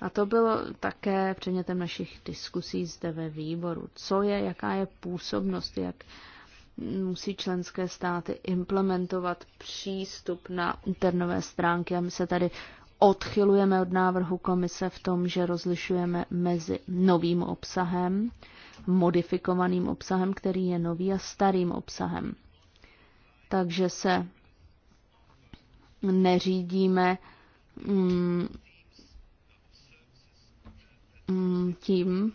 A to bylo také předmětem našich diskusí zde ve výboru. Co je, jaká je působnost, jak musí členské státy implementovat přístup na internové stránky. A my se tady odchylujeme od návrhu komise v tom, že rozlišujeme mezi novým obsahem, modifikovaným obsahem, který je nový, a starým obsahem. Takže se neřídíme mm, mm tím,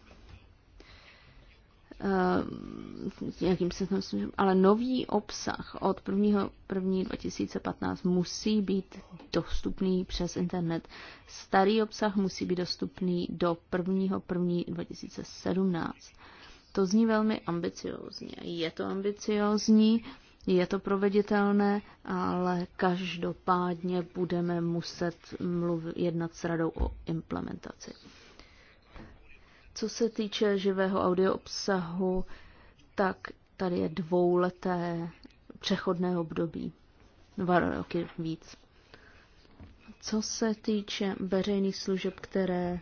nějakým eh, snažím, ale nový obsah od 1. 1. 2015 musí být dostupný přes internet. Starý obsah musí být dostupný do 1. 1. 2017. To zní velmi ambiciozně. Je to ambiciozní, je to proveditelné, ale každopádně budeme muset mluv, jednat s radou o implementaci. Co se týče živého audio obsahu, tak tady je dvouleté přechodné období. Dva roky víc. Co se týče veřejných služeb, které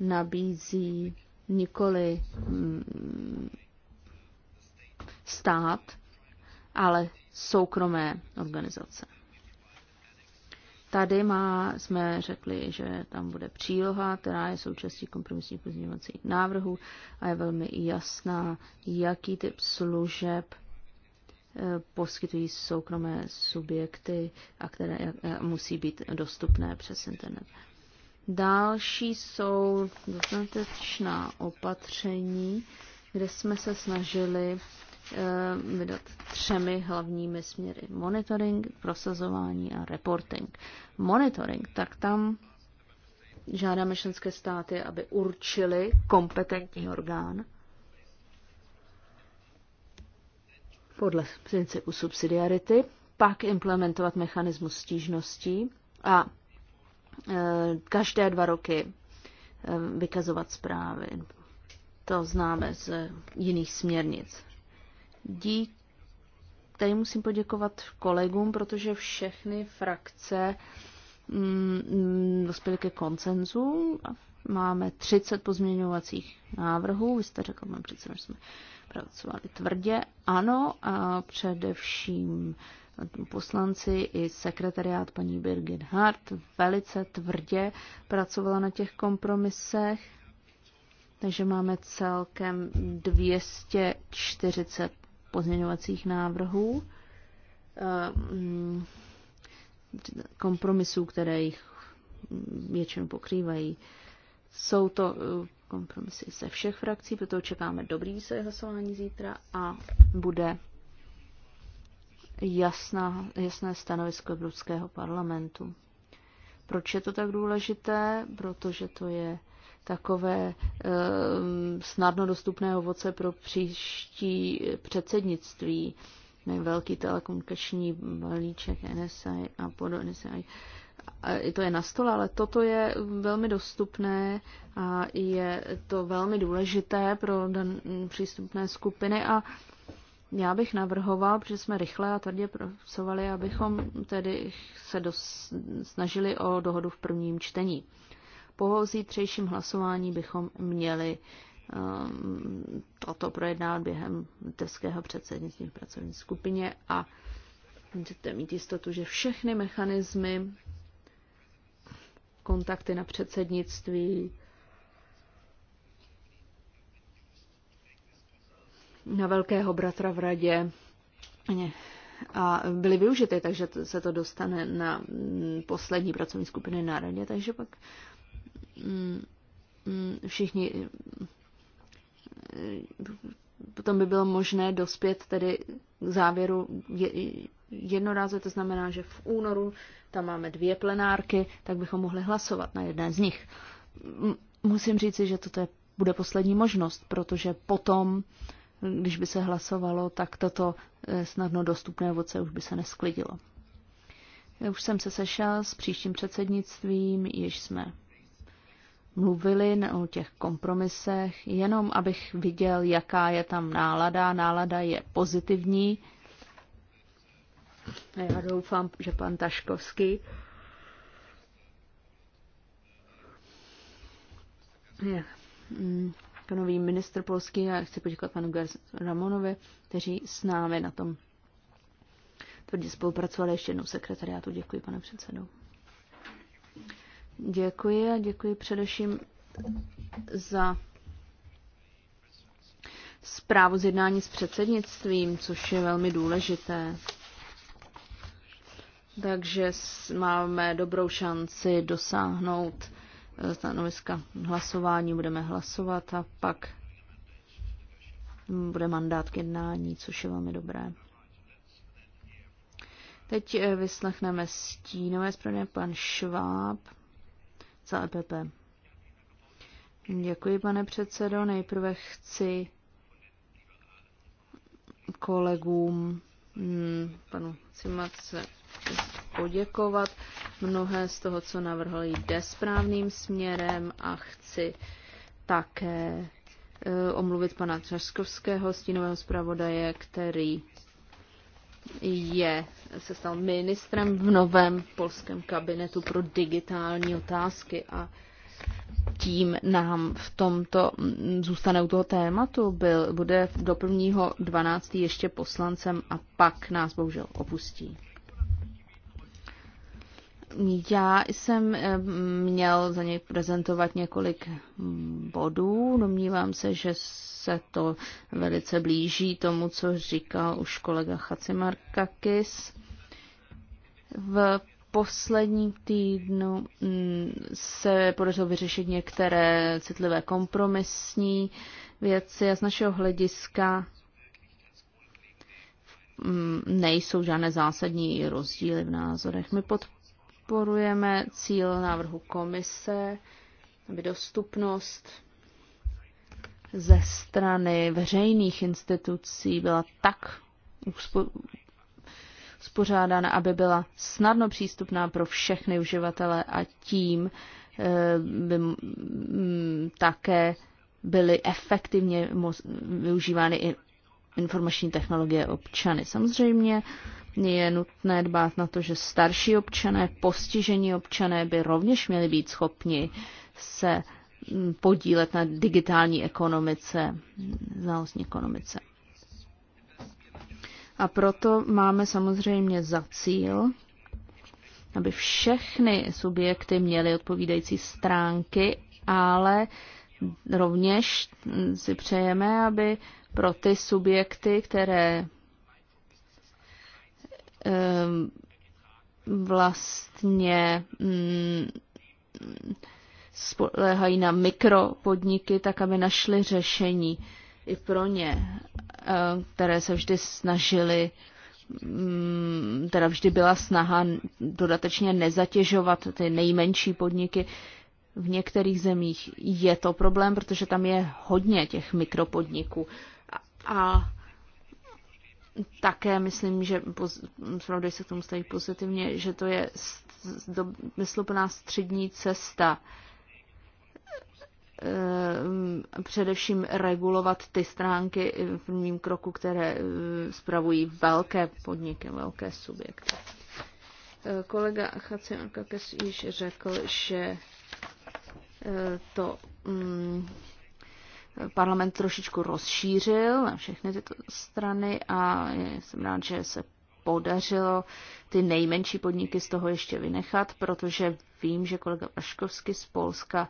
nabízí nikoli mm, stát, ale soukromé organizace. Tady má, jsme řekli, že tam bude příloha, která je součástí kompromisních pozměňovacích návrhů a je velmi jasná, jaký typ služeb eh, poskytují soukromé subjekty a které eh, musí být dostupné přes internet. Další jsou dostatečná opatření, kde jsme se snažili Eh, vydat třemi hlavními směry. Monitoring, prosazování a reporting. Monitoring, tak tam žádáme členské státy, aby určili kompetentní orgán podle principu subsidiarity, pak implementovat mechanismus stížností a eh, každé dva roky eh, vykazovat zprávy. To známe z jiných směrnic dík tady musím poděkovat kolegům, protože všechny frakce mm, mm, dospěly ke koncenzu. Máme 30 pozměňovacích návrhů. Vy jste řekl, mám přece, že jsme pracovali tvrdě. Ano, a především poslanci i sekretariát paní Birgit Hart velice tvrdě pracovala na těch kompromisech. Takže máme celkem 240 pozměňovacích návrhů, eh, kompromisů, které jich většinu pokrývají. Jsou to eh, kompromisy ze všech frakcí, proto čekáme dobrý se hlasování zítra a bude jasná, jasné stanovisko Evropského parlamentu. Proč je to tak důležité? Protože to je takové ehm, snadno dostupné ovoce pro příští předsednictví, velký telekomunikační balíček NSA a podobně. A to je na stole, ale toto je velmi dostupné a je to velmi důležité pro dan- přístupné skupiny a já bych navrhoval, protože jsme rychle a tvrdě pracovali, abychom tedy se dos- snažili o dohodu v prvním čtení po zítřejším hlasování bychom měli um, toto projednávat během litevského předsednictví v pracovní skupině a můžete mít jistotu, že všechny mechanismy, kontakty na předsednictví, na velkého bratra v radě a byly využity, takže se to dostane na mm, poslední pracovní skupiny na radě, takže pak Mm, všichni eh, potom by bylo možné dospět tedy k závěru jednorázově, to znamená, že v únoru tam máme dvě plenárky, tak bychom mohli hlasovat na jedné z nich. Musím říci, že toto je, bude poslední možnost, protože potom, když by se hlasovalo, tak toto eh, snadno dostupné voce už by se nesklidilo. Už jsem se sešel s příštím předsednictvím, již jsme mluvili o těch kompromisech, jenom abych viděl, jaká je tam nálada. Nálada je pozitivní. A já doufám, že pan Taškovský je mm, nový ministr polský a chci poděkovat panu Gers Ramonovi, kteří s námi na tom tvrdě spolupracovali. Ještě jednou sekretariátu děkuji, pane předsedou. Děkuji a děkuji především za zprávu z jednání s předsednictvím, což je velmi důležité. Takže máme dobrou šanci dosáhnout eh, stanoviska hlasování, budeme hlasovat a pak bude mandát k jednání, což je velmi dobré. Teď eh, vyslechneme stínové zprávy pan Šváb za EPP. Děkuji, pane předsedo. Nejprve chci kolegům, hmm, panu Cimace, poděkovat. Mnohé z toho, co navrhl, jde správným směrem a chci také eh, omluvit pana Třaskovského, stínového zpravodaje, který je, se stal ministrem v novém polském kabinetu pro digitální otázky a tím nám v tomto mm, zůstane u toho tématu. Byl, bude do 1.12. ještě poslancem a pak nás bohužel opustí. Já jsem eh, měl za něj prezentovat několik bodů. Domnívám se, že se to velice blíží tomu, co říkal už kolega Chacimarkakis. V posledním týdnu mm, se podařilo vyřešit některé citlivé kompromisní věci a z našeho hlediska mm, nejsou žádné zásadní rozdíly v názorech. My pod podporujeme cíl návrhu komise, aby dostupnost ze strany veřejných institucí byla tak uspořádána, aby byla snadno přístupná pro všechny uživatele a tím eh, by také byly efektivně využívány i informační technologie občany. Samozřejmě je nutné dbát na to, že starší občané, postižení občané by rovněž měli být schopni se mm, podílet na digitální ekonomice, znalostní ekonomice. A proto máme samozřejmě za cíl, aby všechny subjekty měly odpovídající stránky, ale rovněž si přejeme, aby pro ty subjekty, které ehm, vlastně mm, spolehají na mikropodniky, tak aby našli řešení i pro ně, ehm, které se vždy snažili, mm, teda vždy byla snaha dodatečně nezatěžovat ty nejmenší podniky. V některých zemích je to problém, protože tam je hodně těch mikropodniků a také myslím, že zpravodaj se k tomu staví pozitivně, že to je smysluplná střední cesta. Ehm, především regulovat ty stránky v prvním kroku, které eh, spravují velké podniky, velké subjekty. Eh, kolega Chacion Kakes již řekl, že eh, to mm, parlament trošičku rozšířil na všechny tyto strany a jsem rád, že se podařilo ty nejmenší podniky z toho ještě vynechat, protože vím, že kolega Paškovský z Polska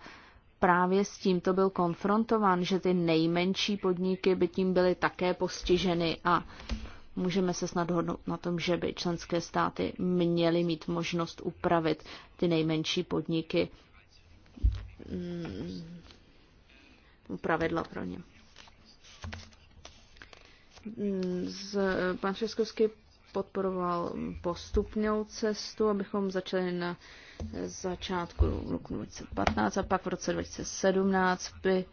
právě s tímto byl konfrontován, že ty nejmenší podniky by tím byly také postiženy a můžeme se snad hodnout na tom, že by členské státy měly mít možnost upravit ty nejmenší podniky hmm pravidla pro ně. Z, pan Šeskovský podporoval postupnou cestu, abychom začali na začátku roku 2015 a pak v roce 2017 by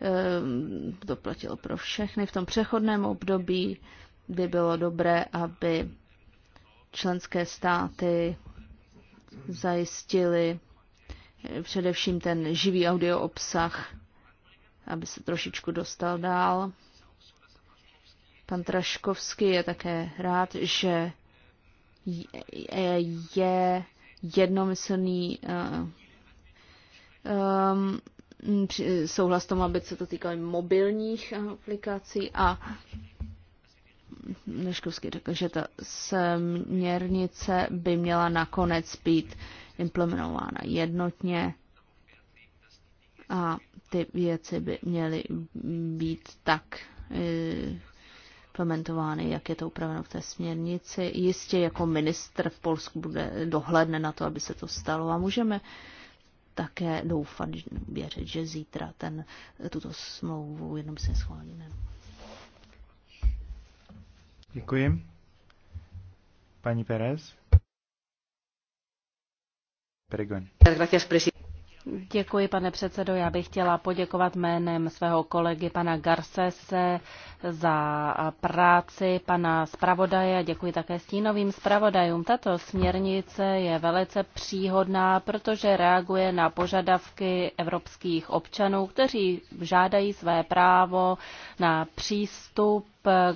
ehm, to platilo pro všechny. V tom přechodném období by bylo dobré, aby členské státy zajistily především ten živý audio obsah aby se trošičku dostal dál. Pan Traškovský je také rád, že je jednomyslný eh, eh, um, souhlas tomu, aby se to týkalo mobilních aplikací a Neškovský řekl, že ta směrnice by měla nakonec být implementována jednotně a ty věci by měly být tak eh, implementovány, jak je to upraveno v té směrnici. Jistě jako ministr v Polsku bude dohledne na to, aby se to stalo a můžeme také doufat, věřit, že zítra ten, tuto smlouvu jenom se schválíme. Děkuji. Paní Pérez. Perigón. Gracias, presidente. Děkuji, pane předsedo. Já bych chtěla poděkovat jménem svého kolegy pana Garcese za práci pana zpravodaje. Děkuji také stínovým zpravodajům. Tato směrnice je velice příhodná, protože reaguje na požadavky evropských občanů, kteří žádají své právo na přístup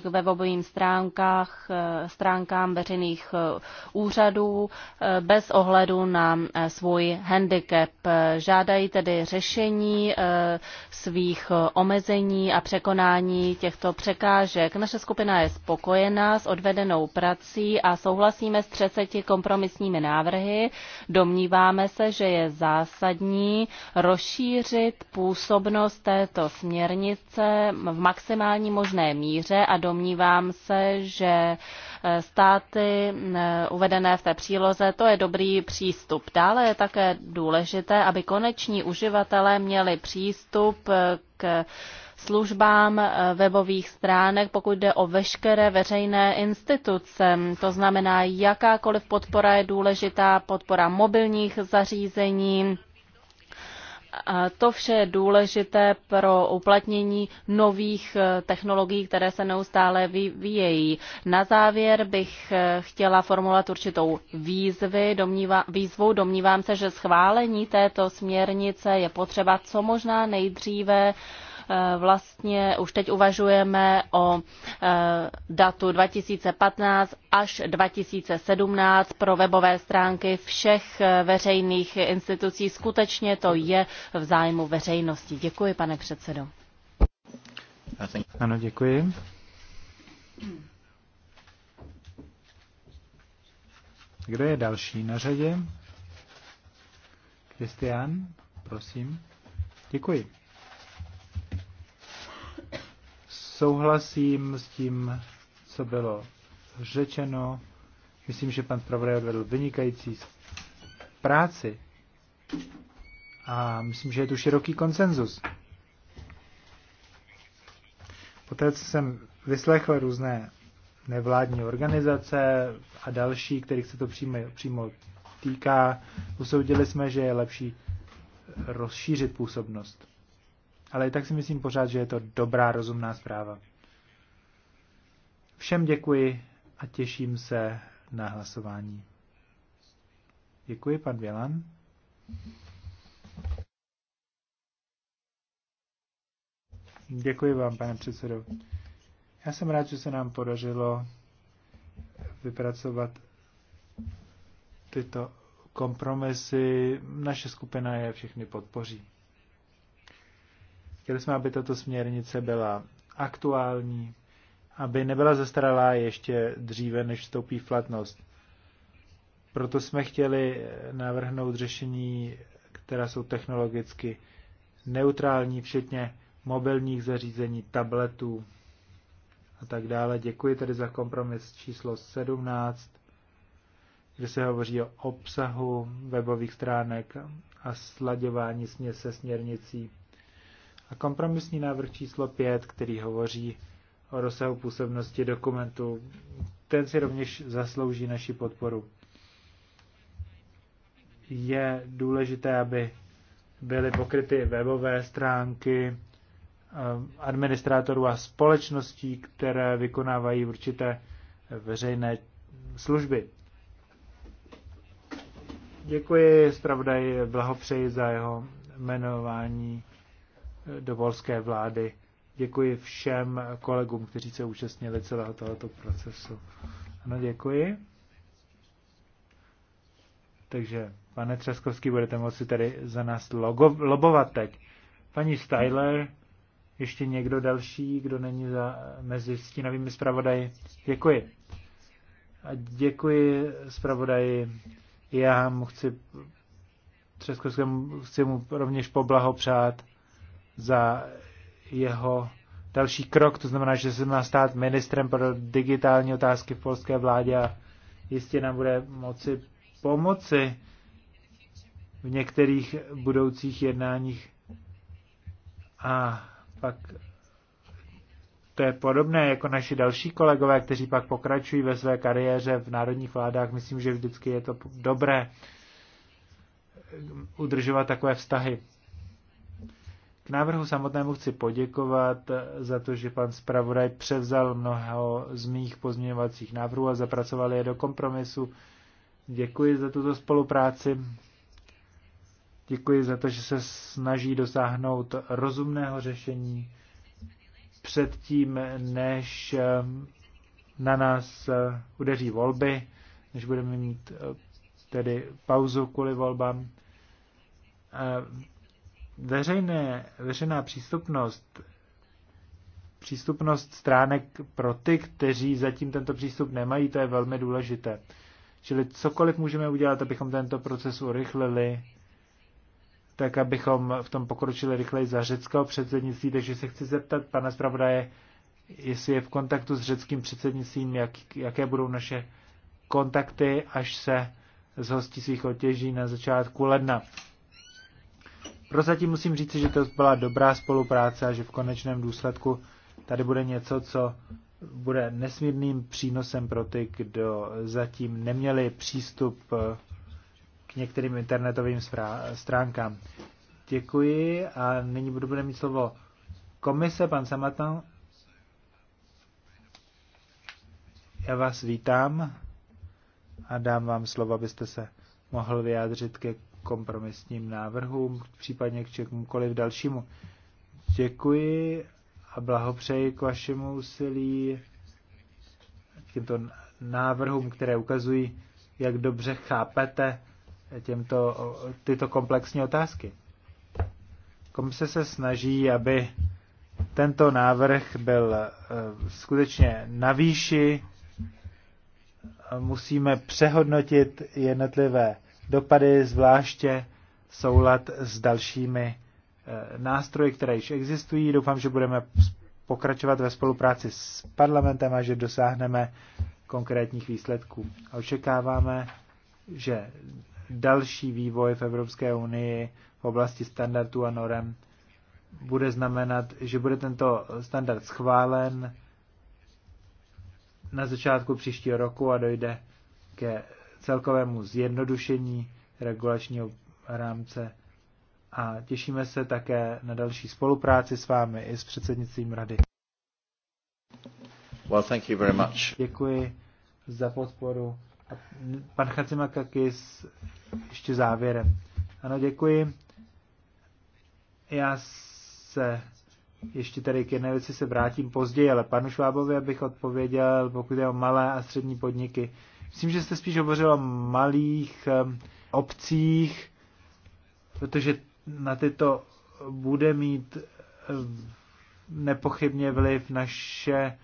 k webovým stránkách, stránkám veřejných eh, úřadů eh, bez ohledu na eh, svůj handicap. Žádají tedy řešení svých omezení a překonání těchto překážek. Naše skupina je spokojená s odvedenou prací a souhlasíme s 30 kompromisními návrhy. Domníváme se, že je zásadní rozšířit působnost této směrnice v maximální možné míře a domnívám se, že eh, státy eh, uvedené v té příloze, to je dobrý přístup. Dále je také důležité, aby koneční uživatelé měli přístup eh, k službám webových stránek, pokud jde o veškeré veřejné instituce. To znamená, jakákoliv podpora je důležitá, podpora mobilních zařízení, to vše je důležité pro uplatnění nových eh, technologií, které se neustále vyvíjejí. Na závěr bych eh, chtěla formulovat určitou výzvy, domnívá, výzvu. Domnívám se, že schválení této směrnice je potřeba co možná nejdříve. Uh, Eh, vlastně už teď uvažujeme o eh, datu 2015 až 2017 pro webové stránky všech eh, veřejných institucí. Skutečně to je v zájmu veřejnosti. Děkuji, pane předsedo. Ano, děkuji. Kdo je další na řadě? Kristián, prosím. Děkuji. souhlasím s tím, co bylo řečeno. Myslím, že pan zpravodaj odvedl vynikající práci a myslím, že je tu široký konsenzus. Poté, co jsem vyslechl různé nevládní organizace a další, kterých se to přímo, přímo týká, usoudili jsme, že je lepší rozšířit působnost. Ale i tak si myslím pořád, že je to dobrá, rozumná zpráva. Všem děkuji a těším se na hlasování. Děkuji, pan Vělan. Děkuji vám, pane předsedo. Já jsem rád, že se nám podařilo vypracovat tyto kompromisy. Naše skupina je všechny podpoří. Chtěli jsme, aby tato směrnice byla aktuální, aby nebyla zastaralá ještě dříve, než vstoupí v platnost. Proto jsme chtěli navrhnout řešení, která jsou technologicky neutrální, včetně mobilních zařízení, tabletů a tak dále. Děkuji tedy za kompromis číslo 17, kde se hovoří o obsahu webových stránek a sladěvání směs se směrnicí a kompromisní návrh číslo 5, který hovoří o rozsahu působnosti dokumentu, ten si rovněž zaslouží naši podporu. Je důležité, aby byly pokryty webové stránky ehm, administrátorů a společností, které vykonávají určité veřejné služby. Děkuji zpravodaji, blahopřeji za jeho jmenování do polské vlády. Děkuji všem kolegům, kteří se účastnili celého tohoto procesu. Ano, děkuji. Takže, pane Třeskovský, budete moci tady za nás logo, lobovat teď. Paní Styler, ještě někdo další, kdo není za, mezi stínovými zpravodaji? Děkuji. A děkuji zpravodaji. Já mu chci Třeskovskému chci mu rovněž poblahopřát za jeho další krok, to znamená, že se má stát ministrem pro digitální otázky v polské vládě a jistě nám bude moci pomoci v některých budoucích jednáních. A pak to je podobné jako naši další kolegové, kteří pak pokračují ve své kariéře v národních vládách. Myslím, že vždycky je to dobré udržovat takové vztahy. K návrhu samotnému chci poděkovat za to, že pan zpravodaj převzal mnoho z mých pozměňovacích návrhů a zapracoval je do kompromisu. Děkuji za tuto spolupráci. Děkuji za to, že se snaží dosáhnout rozumného řešení předtím, než ehm, na nás eh, udeří volby, než budeme mít eh, tedy pauzu kvůli volbám eh, veřejné, veřejná přístupnost, přístupnost stránek pro ty, kteří zatím tento přístup nemají, to je velmi důležité. Čili cokoliv můžeme udělat, abychom tento proces urychlili, tak abychom v tom pokročili rychleji za řeckého předsednictví. Takže se chci zeptat pana zpravodaje, jestli je v kontaktu s řeckým předsednictvím, jak, jaké budou naše kontakty, až se zhostí svých otěží na začátku ledna. Prozatím musím říct, že to byla dobrá spolupráce a že v konečném důsledku tady bude něco, co bude nesmírným přínosem pro ty, kdo zatím neměli přístup eh, k některým internetovým stránkám. Děkuji a nyní budu bude mít slovo komise, pan Samatan. Já vás vítám a dám vám slovo, abyste se mohl vyjádřit ke kompromisním návrhům, případně k čemukoliv dalšímu. Děkuji a blahopřeji k vašemu úsilí, k těmto návrhům, které ukazují, jak dobře chápete těmto, tyto komplexní otázky. Komise se snaží, aby tento návrh byl eh, skutečně na výši. Musíme přehodnotit jednotlivé dopady, zvláště soulad s dalšími eh, nástroji, které již existují. Doufám, že budeme pokračovat ve spolupráci s parlamentem a že dosáhneme konkrétních výsledků. A očekáváme, že další vývoj v Evropské unii v oblasti standardů a norem bude znamenat, že bude tento standard schválen na začátku příštího roku a dojde ke celkovému zjednodušení regulačního rámce a těšíme se také na další spolupráci s vámi i s předsednictvím rady. Well, thank you very much. Děkuji za podporu. A pan Chacimakakis ještě závěrem. Ano, děkuji. Já se ještě tady k jedné věci se vrátím později, ale panu Švábovi abych odpověděl, pokud je o malé a střední podniky, Myslím, že jste spíš hovořil o malých obcích, protože na tyto bude mít nepochybně vliv naše e,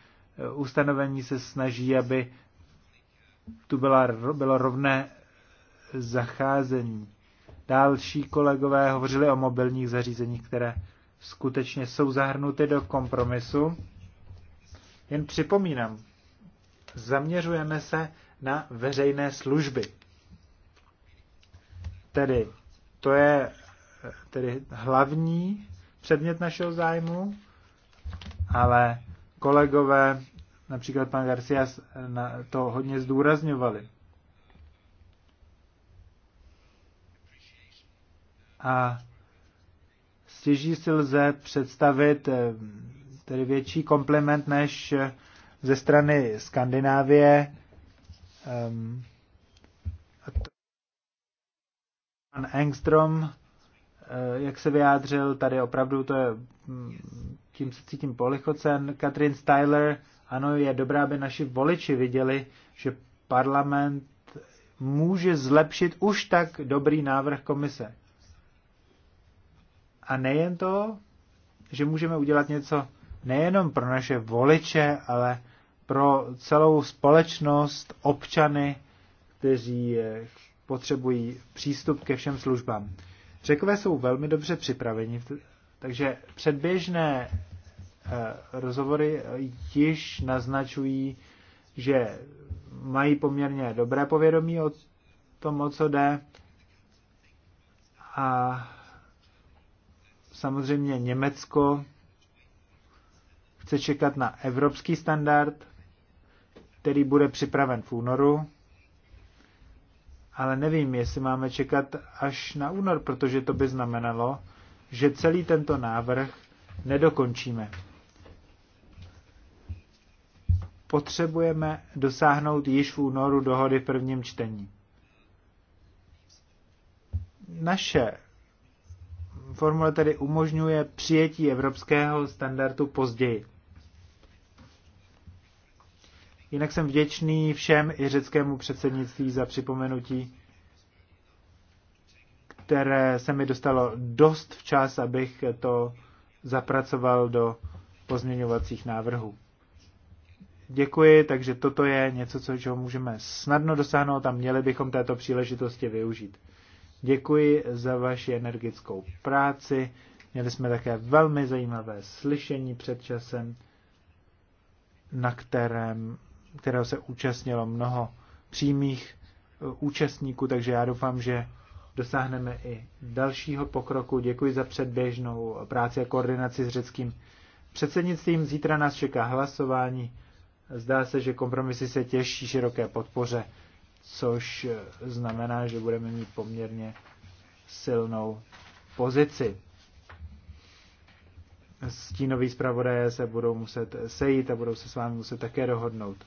ustanovení se snaží, aby tu byla, bylo rovné zacházení. Další kolegové hovořili o mobilních zařízeních, které skutečně jsou zahrnuty do kompromisu. Jen připomínám, zaměřujeme se na veřejné služby. Tedy to je tedy hlavní předmět našeho zájmu, ale kolegové, například pan na to hodně zdůrazňovali. A stěží si lze představit eh, tedy větší komplement než eh, ze strany Skandinávie, Um, pan Engstrom, eh, jak se vyjádřil, tady opravdu to je, hm, tím se cítím polichocen. Katrin Styler, ano, je dobré, aby naši voliči viděli, že parlament může zlepšit už tak dobrý návrh komise. A nejen to, že můžeme udělat něco nejenom pro naše voliče, ale pro celou společnost, občany, kteří potřebují přístup ke všem službám. Řekové jsou velmi dobře připraveni, takže předběžné eh, rozhovory eh, již naznačují, že mají poměrně dobré povědomí o tom, o co jde. A samozřejmě Německo chce čekat na evropský standard, který bude připraven v únoru, ale nevím, jestli máme čekat až na únor, protože to by znamenalo, že celý tento návrh nedokončíme. Potřebujeme dosáhnout již v únoru dohody v prvním čtení. Naše formule tedy umožňuje přijetí evropského standardu později. Jinak jsem vděčný všem i řeckému předsednictví za připomenutí, které se mi dostalo dost včas, abych to zapracoval do pozměňovacích návrhů. Děkuji, takže toto je něco, co, čeho můžeme snadno dosáhnout a měli bychom této příležitosti využít. Děkuji za vaši energickou práci. Měli jsme také velmi zajímavé slyšení před časem, na kterém kterého se účastnilo mnoho přímých eh, účastníků, takže já doufám, že dosáhneme i dalšího pokroku. Děkuji za předběžnou práci a koordinaci s řeckým předsednictvím. Zítra nás čeká hlasování. Zdá se, že kompromisy se těší široké podpoře, což eh, znamená, že budeme mít poměrně silnou pozici. Stínoví zpravodaje se budou muset sejít a budou se s vámi muset také dohodnout.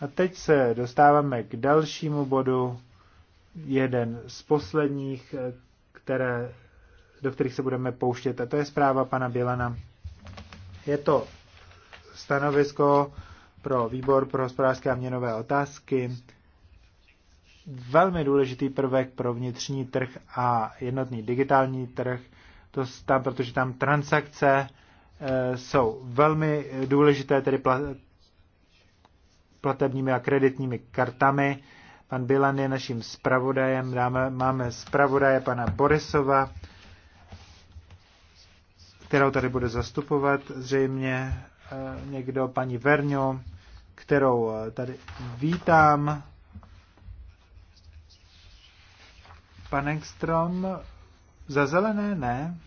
A teď se dostáváme k dalšímu bodu, jeden z posledních, eh, které, do kterých se budeme pouštět, a to je zpráva pana Bělana. Je to stanovisko pro výbor pro hospodářské a měnové otázky. Velmi důležitý prvek pro vnitřní trh a jednotný digitální trh, to tam, protože tam transakce e, jsou velmi důležité, tedy pla, platebními a kreditními kartami. Pan Bilan je naším zpravodajem, dáme, máme zpravodaje pana Borisova, kterou tady bude zastupovat zřejmě eh, někdo, paní Verňo, kterou eh, tady vítám. Pan Ekstrom, za zelené ne.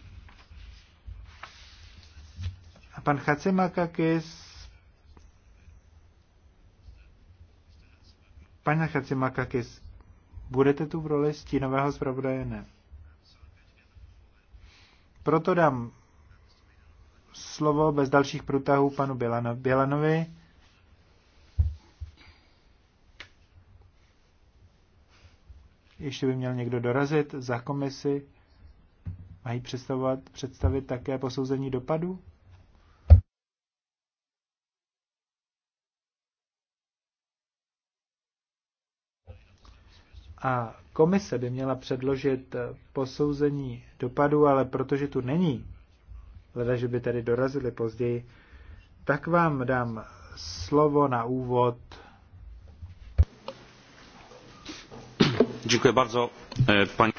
A pan Chacimakakis Pane Chacimakakis, budete tu v roli stínového zpravodaje? Ne. Proto dám slovo bez dalších průtahů panu Bělano, Bělanovi. Ještě by měl někdo dorazit za komisi. Mají představovat, představit také posouzení dopadu? A komise by měla předložit posouzení dopadu, ale protože tu není, hleda, že by tedy dorazili později, tak vám dám slovo na úvod. Děkuji bardzo, eh, paní.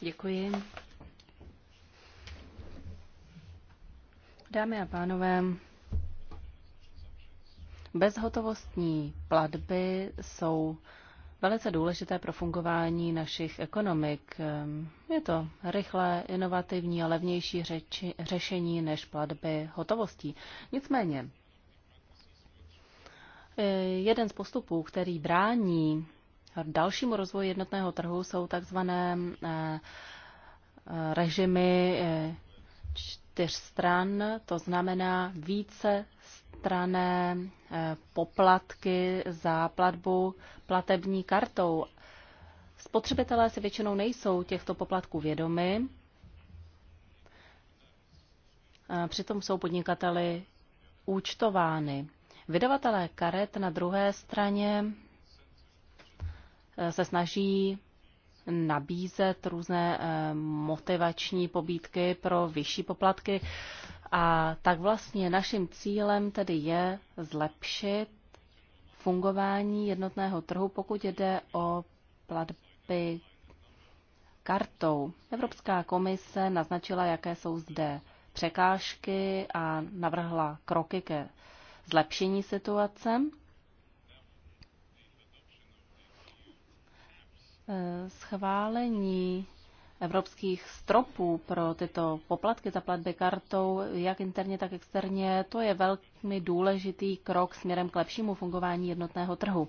Děkuji. Dámy a pánové, bezhotovostní platby jsou velice důležité pro fungování našich ekonomik. Je to rychlé, inovativní a levnější řeči, řešení než platby hotovostí. Nicméně, jeden z postupů, který brání dalšímu rozvoji jednotného trhu, jsou takzvané eh, režimy eh, čtyř stran, to znamená více nestrané eh, poplatky za platbu platební kartou. Spotřebitelé si většinou nejsou těchto poplatků vědomi, přitom jsou podnikateli účtovány. Vydavatelé karet na druhé straně eh, se snaží nabízet různé eh, motivační pobídky pro vyšší poplatky. A tak vlastně naším cílem tedy je zlepšit fungování jednotného trhu, pokud jde o platby kartou. Evropská komise naznačila, jaké jsou zde překážky a navrhla kroky ke zlepšení situace. Eh, schválení evropských stropů pro tyto poplatky za platby kartou, jak interně, tak externě, to je velmi důležitý krok směrem k lepšímu fungování jednotného trhu.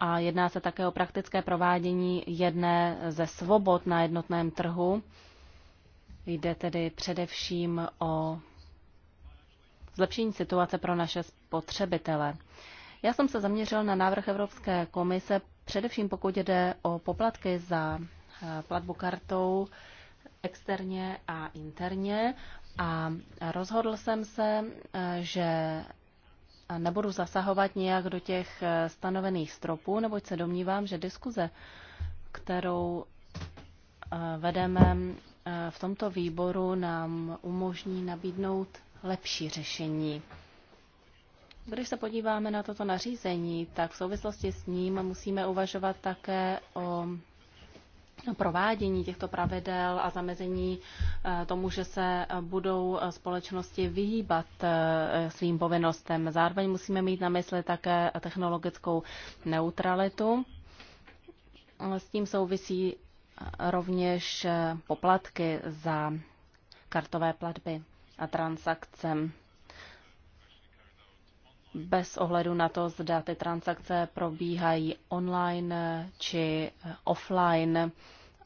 A jedná se také o praktické provádění jedné ze svobod na jednotném trhu. Jde tedy především o zlepšení situace pro naše spotřebitele. Já jsem se zaměřil na návrh Evropské komise, především pokud jde o poplatky za eh, platbu kartou externě a interně. A rozhodl jsem se, eh, že nebudu zasahovat nějak do těch eh, stanovených stropů, neboť se domnívám, že diskuze, kterou vedeme v tomto výboru, nám umožní nabídnout lepší řešení. Když se podíváme na toto nařízení, tak v souvislosti s ním musíme uvažovat také o provádění těchto pravidel a zamezení eh, tomu, že se eh, budou eh, společnosti vyhýbat svým povinnostem. Zároveň musíme mít na mysli také technologickou neutralitu. S tím souvisí rovněž poplatky za kartové platby a transakce bez ohledu na to, zda ty transakce probíhají online či offline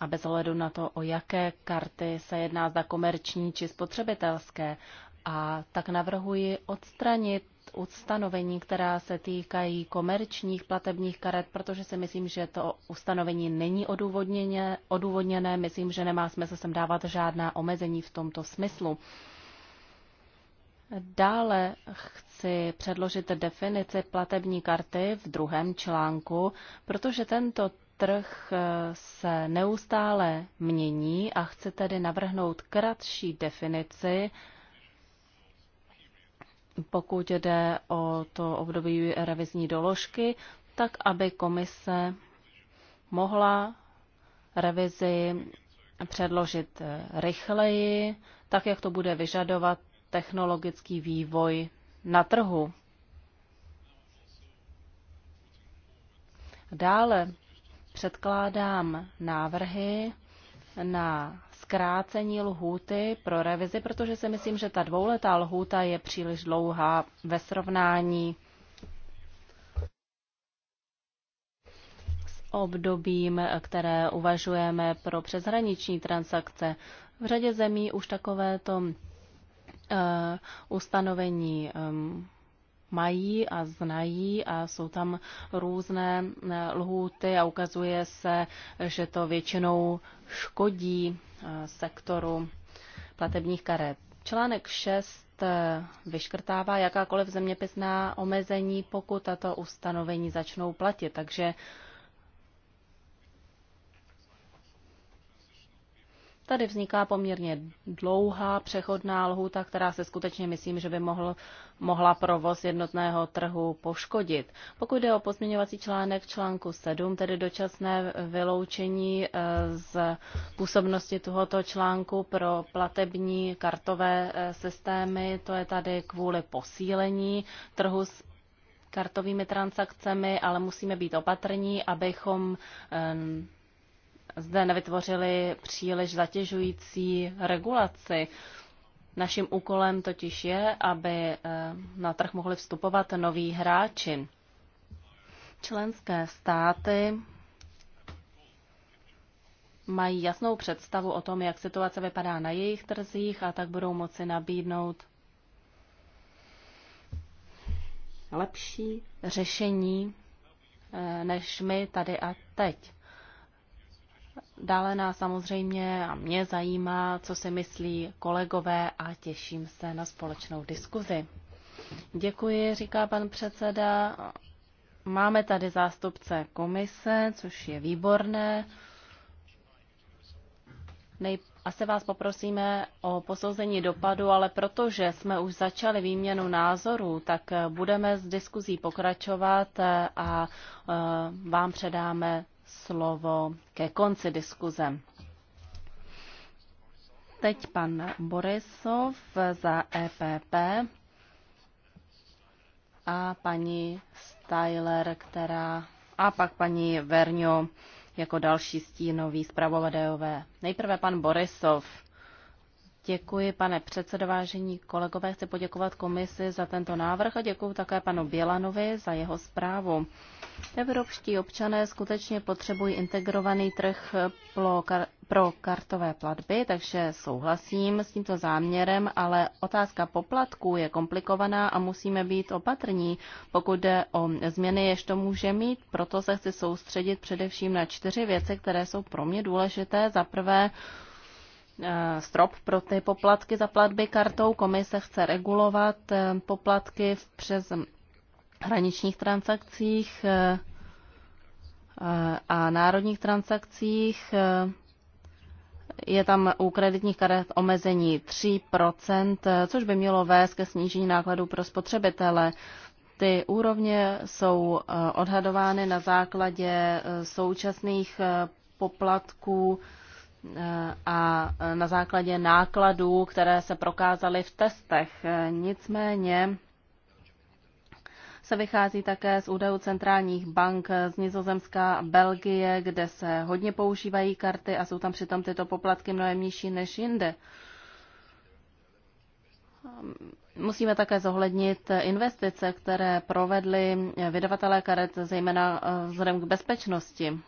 a bez ohledu na to, o jaké karty se jedná, zda komerční či spotřebitelské. A tak navrhuji odstranit ustanovení, která se týkají komerčních platebních karet, protože si myslím, že to ustanovení není odůvodněné. Myslím, že nemá smysl sem dávat žádná omezení v tomto smyslu. Dále chci předložit definici platební karty v druhém článku, protože tento trh eh, se neustále mění a chci tedy navrhnout kratší definici, pokud jde o to období revizní doložky, tak aby komise mohla revizi předložit eh, rychleji, tak jak to bude vyžadovat technologický vývoj na trhu. Dále předkládám návrhy na zkrácení lhůty pro revizi, protože si myslím, že ta dvouletá lhůta je příliš dlouhá ve srovnání s obdobím, které uvažujeme pro přeshraniční transakce. V řadě zemí už takovéto Eh, ustanovení mají a znají a jsou tam různé eh, lhůty a ukazuje se, že to většinou škodí eh, sektoru platebních karet. Článek 6 vyškrtává jakákoliv zeměpisná omezení, pokud tato ustanovení začnou platit. Takže Tady vzniká poměrně dlouhá přechodná lhůta, která se skutečně myslím, že by mohl, mohla provoz jednotného trhu poškodit. Pokud jde o pozměňovací článek článku 7, tedy dočasné vyloučení eh, z působnosti tohoto článku pro platební kartové eh, systémy, to je tady kvůli posílení trhu s kartovými transakcemi, ale musíme být opatrní, abychom eh, zde nevytvořili příliš zatěžující regulaci. Naším úkolem totiž je, aby eh, na trh mohli vstupovat noví hráči. Členské státy mají jasnou představu o tom, jak situace vypadá na jejich trzích a tak budou moci nabídnout lepší řešení eh, než my tady a teď. Dále nás samozřejmě a mě zajímá, co si myslí kolegové a těším se na společnou diskuzi. Děkuji, říká pan předseda. Máme tady zástupce komise, což je výborné. Nej, asi vás poprosíme o posouzení dopadu, ale protože jsme už začali výměnu názorů, tak eh, budeme s diskuzí pokračovat eh, a eh, vám předáme slovo ke konci diskuze. Teď pan Borisov za EPP a paní Styler, která a pak paní Verňo jako další stínový zpravodajové. Nejprve pan Borisov. Děkuji, pane předsedo, vážení kolegové. Chci poděkovat komisi za tento návrh a děkuji také panu Bělanovi za jeho zprávu. Evropští občané skutečně potřebují integrovaný trh pro, kartové platby, takže souhlasím s tímto záměrem, ale otázka poplatků je komplikovaná a musíme být opatrní, pokud jde o změny, jež to může mít. Proto se chci soustředit především na čtyři věci, které jsou pro mě důležité. Za prvé, Eh, strop pro ty poplatky za platby kartou. Komise chce regulovat eh, poplatky přes hraničních transakcích eh, a národních transakcích. Je tam u kreditních karet omezení 3%, což by mělo vést ke snížení nákladů pro spotřebitele. Ty úrovně jsou odhadovány na základě současných poplatků a na základě nákladů, které se prokázaly v testech. Nicméně se vychází také z údajů centrálních bank z Nizozemská Belgie, kde se hodně používají karty a jsou tam přitom tyto poplatky mnohem nižší než jinde. Musíme také zohlednit investice, které provedly vydavatelé karet, zejména vzhledem k bezpečnosti.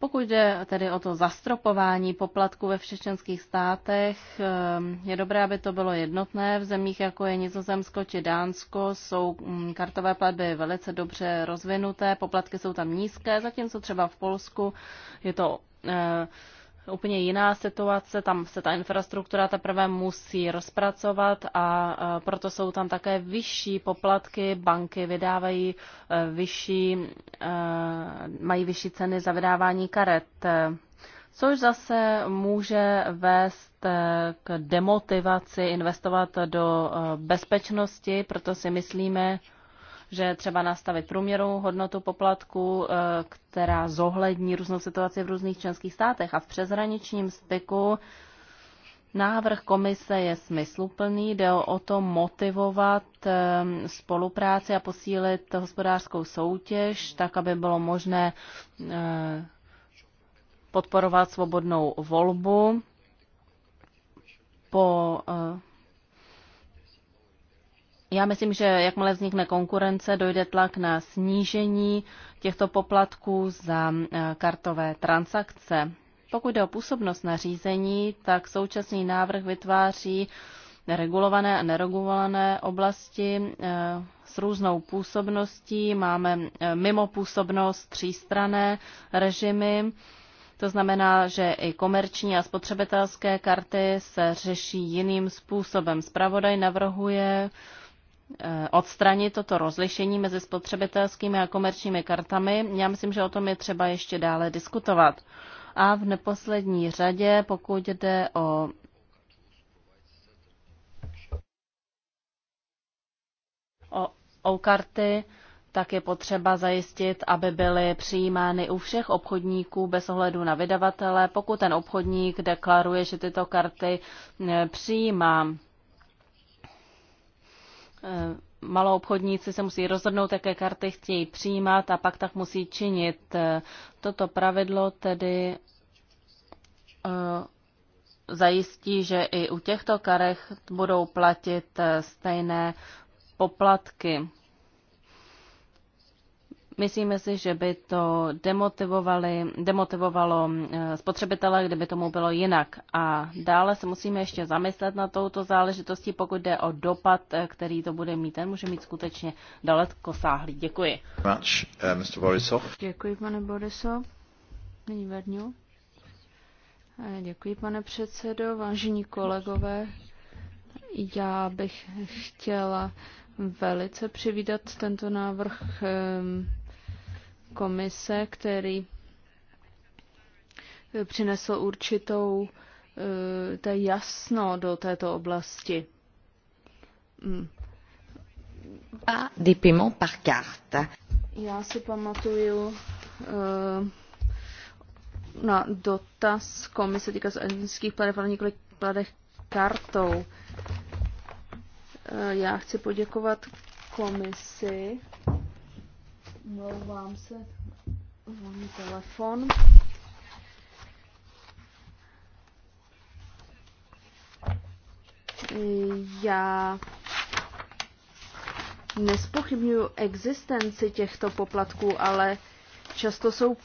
Pokud jde tedy o to zastropování poplatků ve všečenských státech, ehm, je dobré, aby to bylo jednotné. V zemích, jako je Nizozemsko či Dánsko, jsou mm, kartové platby velice dobře rozvinuté, poplatky jsou tam nízké, zatímco třeba v Polsku je to eh, úplně jiná situace, tam se ta infrastruktura teprve musí rozpracovat a e, proto jsou tam také vyšší poplatky, banky vydávají e, vyšší, e, mají vyšší ceny za vydávání karet, což zase může vést k demotivaci investovat do bezpečnosti, proto si myslíme, že třeba nastavit průměrnou hodnotu poplatku, eh, která zohlední různou situaci v různých členských státech a v přeshraničním styku Návrh komise je smysluplný, jde o to motivovat eh, spolupráci a posílit hospodářskou soutěž, tak aby bylo možné eh, podporovat svobodnou volbu po já myslím, že jakmile vznikne konkurence, dojde tlak na snížení těchto poplatků za eh, kartové transakce. Pokud jde o působnost nařízení, tak současný návrh vytváří regulované a neregulované oblasti eh, s různou působností. Máme eh, mimo působnost třístrané režimy. To znamená, že i komerční a spotřebitelské karty se řeší jiným způsobem. Spravodaj navrhuje Eh, odstranit toto rozlišení mezi spotřebitelskými a komerčními kartami. Já myslím, že o tom je třeba ještě dále diskutovat. A v neposlední řadě, pokud jde o o, o karty, tak je potřeba zajistit, aby byly přijímány u všech obchodníků bez ohledu na vydavatele, pokud ten obchodník deklaruje, že tyto karty eh, přijímá. Eh, malou obchodníci se musí rozhodnout, jaké karty chtějí přijímat a pak tak musí činit. Eh, toto pravidlo tedy eh, zajistí, že i u těchto karech budou platit stejné poplatky. Myslíme si, že by to demotivovalo eh, spotřebitele, kdyby tomu bylo jinak. A dále se musíme ještě zamyslet na touto záležitosti, pokud jde o dopad, eh, který to bude mít. Ten může mít skutečně daleko sáhlý. Děkuji. Much, uh, Mr. Borisov. Děkuji, pane Boriso. Nyní Verňu. Děkuji, pane předsedo, vážení kolegové. Já bych chtěla velice přivídat tento návrh ehm, komise, který eh, přinesl určitou eh, ta jasno do této oblasti. Hmm. A des par carte. Já si pamatuju uh, na dotaz komise týká se anglických pladev, ale několik pladech kartou. Uh, já chci poděkovat komisi Mlouvám se, zvoní telefon. Já nespochybnuju existenci těchto poplatků, ale často jsou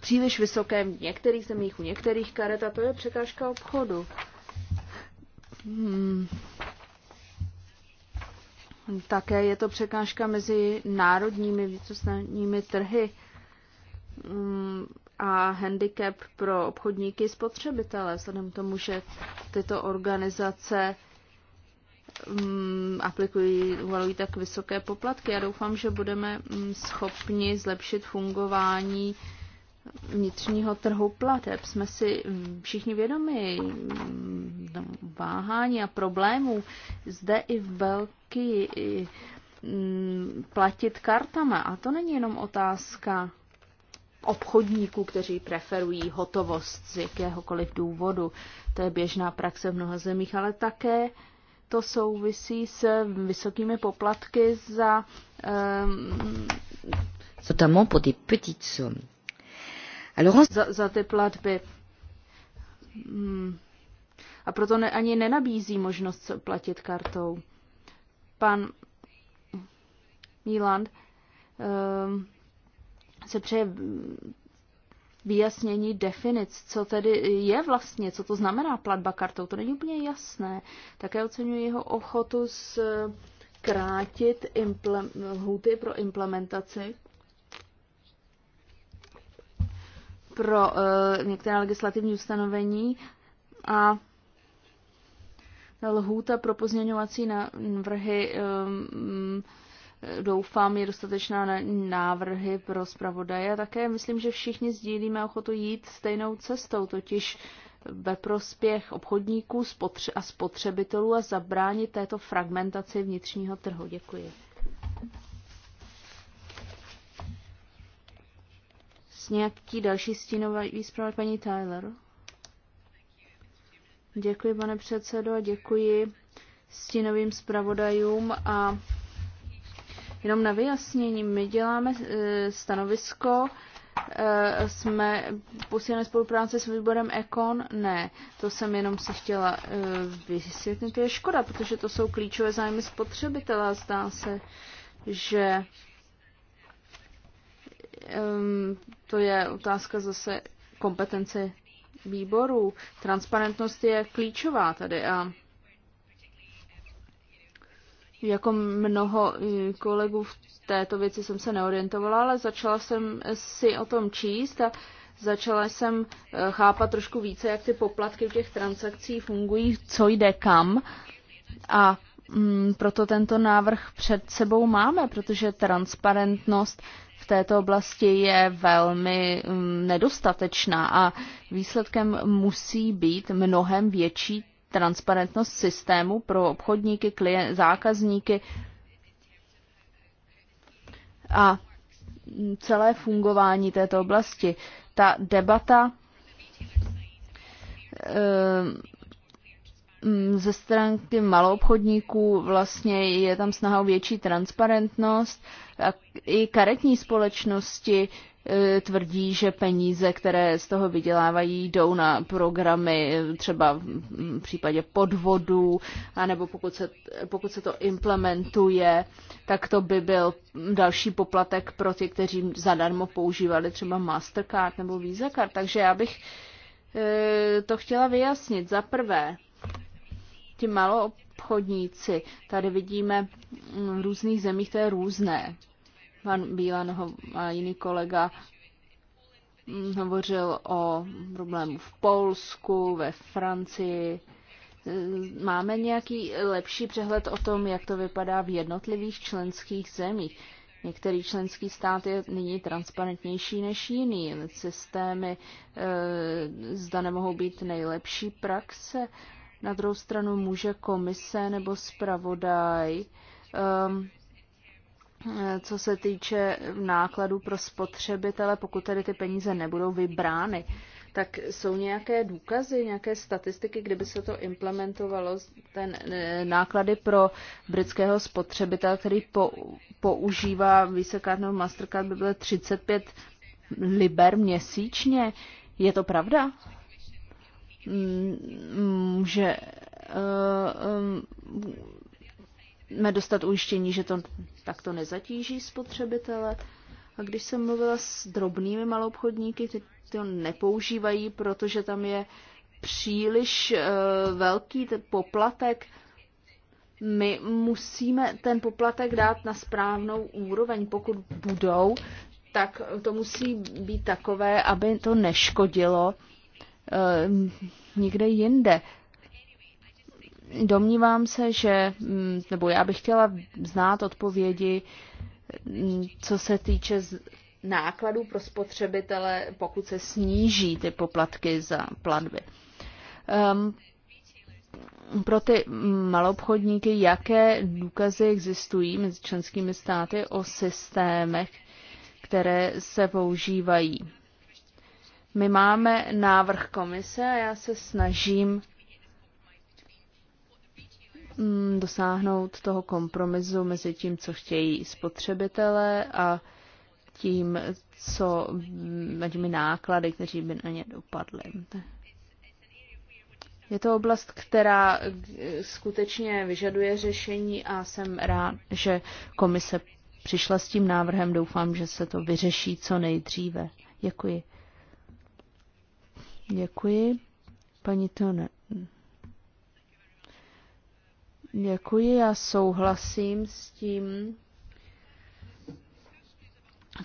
příliš vysoké v některých zemích, u některých karet a to je překážka obchodu. Hmm. Také je to překážka mezi národními vnitrostátními trhy mm, a handicap pro obchodníky spotřebitele, vzhledem k tomu, že tyto organizace mm, aplikují, uvalují tak vysoké poplatky. Já doufám, že budeme mm, schopni zlepšit fungování vnitřního trhu plateb. Jsme si všichni vědomi mm, váhání a problémů zde i v Belgii mm, platit kartama. A to není jenom otázka obchodníků, kteří preferují hotovost z jakéhokoliv důvodu. To je běžná praxe v mnoha zemích, ale také to souvisí s vysokými poplatky za um, Notamment pour des petites sommes Alors, za, za ty platby. Hmm. A proto ne, ani nenabízí možnost platit kartou. Pan Míland um, ehm, se přeje vyjasnění definic, co tedy je vlastně, co to znamená platba kartou. To není úplně jasné. Také oceňuji jeho ochotu zkrátit eh, krátit lhuty pro implementaci pro uh, některá legislativní ustanovení a lhůta pro pozměňovací návrhy um, ehm, mm, doufám je dostatečná na návrhy pro zpravodaje. Také myslím, že všichni sdílíme ochotu jít stejnou cestou, totiž ve prospěch obchodníků a spotřebitelů a zabránit této fragmentaci vnitřního trhu. Děkuji. nějaký další stínový zprávy paní Tyler? Děkuji, pane předsedo, děkuji stínovým zpravodajům a jenom na vyjasnění, my děláme e, stanovisko, e, jsme posílené spolupráce s výborem ECON. Ne, to jsem jenom si chtěla e, vysvětlit. To je škoda, protože to jsou klíčové zájmy spotřebitela. Zdá se, že Ehm, to je otázka zase kompetence výborů. Transparentnost je klíčová tady a jako mnoho eh, kolegů v této věci jsem se neorientovala, ale začala jsem si o tom číst a začala jsem eh, chápat trošku více, jak ty poplatky v těch transakcích fungují, co jde kam. A mm, proto tento návrh před sebou máme, protože transparentnost této oblasti je velmi mm, nedostatečná a výsledkem musí být mnohem větší transparentnost systému pro obchodníky, klient, zákazníky a celé fungování této oblasti. Ta debata Mm, ze stránky maloobchodníků vlastně je tam snaha o větší transparentnost a i karetní společnosti e, tvrdí, že peníze, které z toho vydělávají, jdou na programy e, třeba v případě podvodů, anebo pokud se, pokud se to implementuje, tak to by byl další poplatek pro ty, kteří zadarmo používali třeba Mastercard nebo Visa card. Takže já bych e, to chtěla vyjasnit. Za prvé, ti maloobchodníci, tady vidíme mm, v různých zemích, to je různé. Pan Bílan a jiný kolega mm, hovořil o problému v Polsku, ve Francii. Mm, máme nějaký lepší přehled o tom, jak to vypadá v jednotlivých členských zemích. Některý členský stát je nyní transparentnější než jiný. Systémy e, zda nemohou být nejlepší praxe. E, na druhou stranu může komise nebo zpravodaj, um, co se týče nákladů pro spotřebitele, pokud tedy ty peníze nebudou vybrány, tak jsou nějaké důkazy, nějaké statistiky, kdyby se to implementovalo, ten e, náklady pro britského spotřebitele, který po, používá Visecard nebo Mastercard, by byly 35 liber měsíčně. Je to pravda? Mm, může um, dostat ujištění, že to takto nezatíží spotřebitele. A když jsem mluvila s drobnými maloobchodníky, ty to nepoužívají, protože tam je příliš uh, velký ten poplatek. My musíme ten poplatek dát na správnou úroveň. Pokud budou, tak to musí být takové, aby to neškodilo Eh, někde jinde. Domnívám se, že, mm, nebo já bych chtěla znát odpovědi, mm, co se týče nákladů pro spotřebitele, pokud se sníží ty poplatky za platby. Um, pro ty malobchodníky, jaké důkazy existují mezi členskými státy o systémech, které se používají my máme návrh komise a já se snažím mm, dosáhnout toho kompromisu mezi tím, co chtějí spotřebitelé a tím, co mm, těmi náklady, kteří by na ně dopadly. Je to oblast, která eh, skutečně vyžaduje řešení a jsem rád, že komise přišla s tím návrhem. Doufám, že se to vyřeší co nejdříve. Děkuji. Děkuji. Paní Tone. Děkuji, já souhlasím s tím,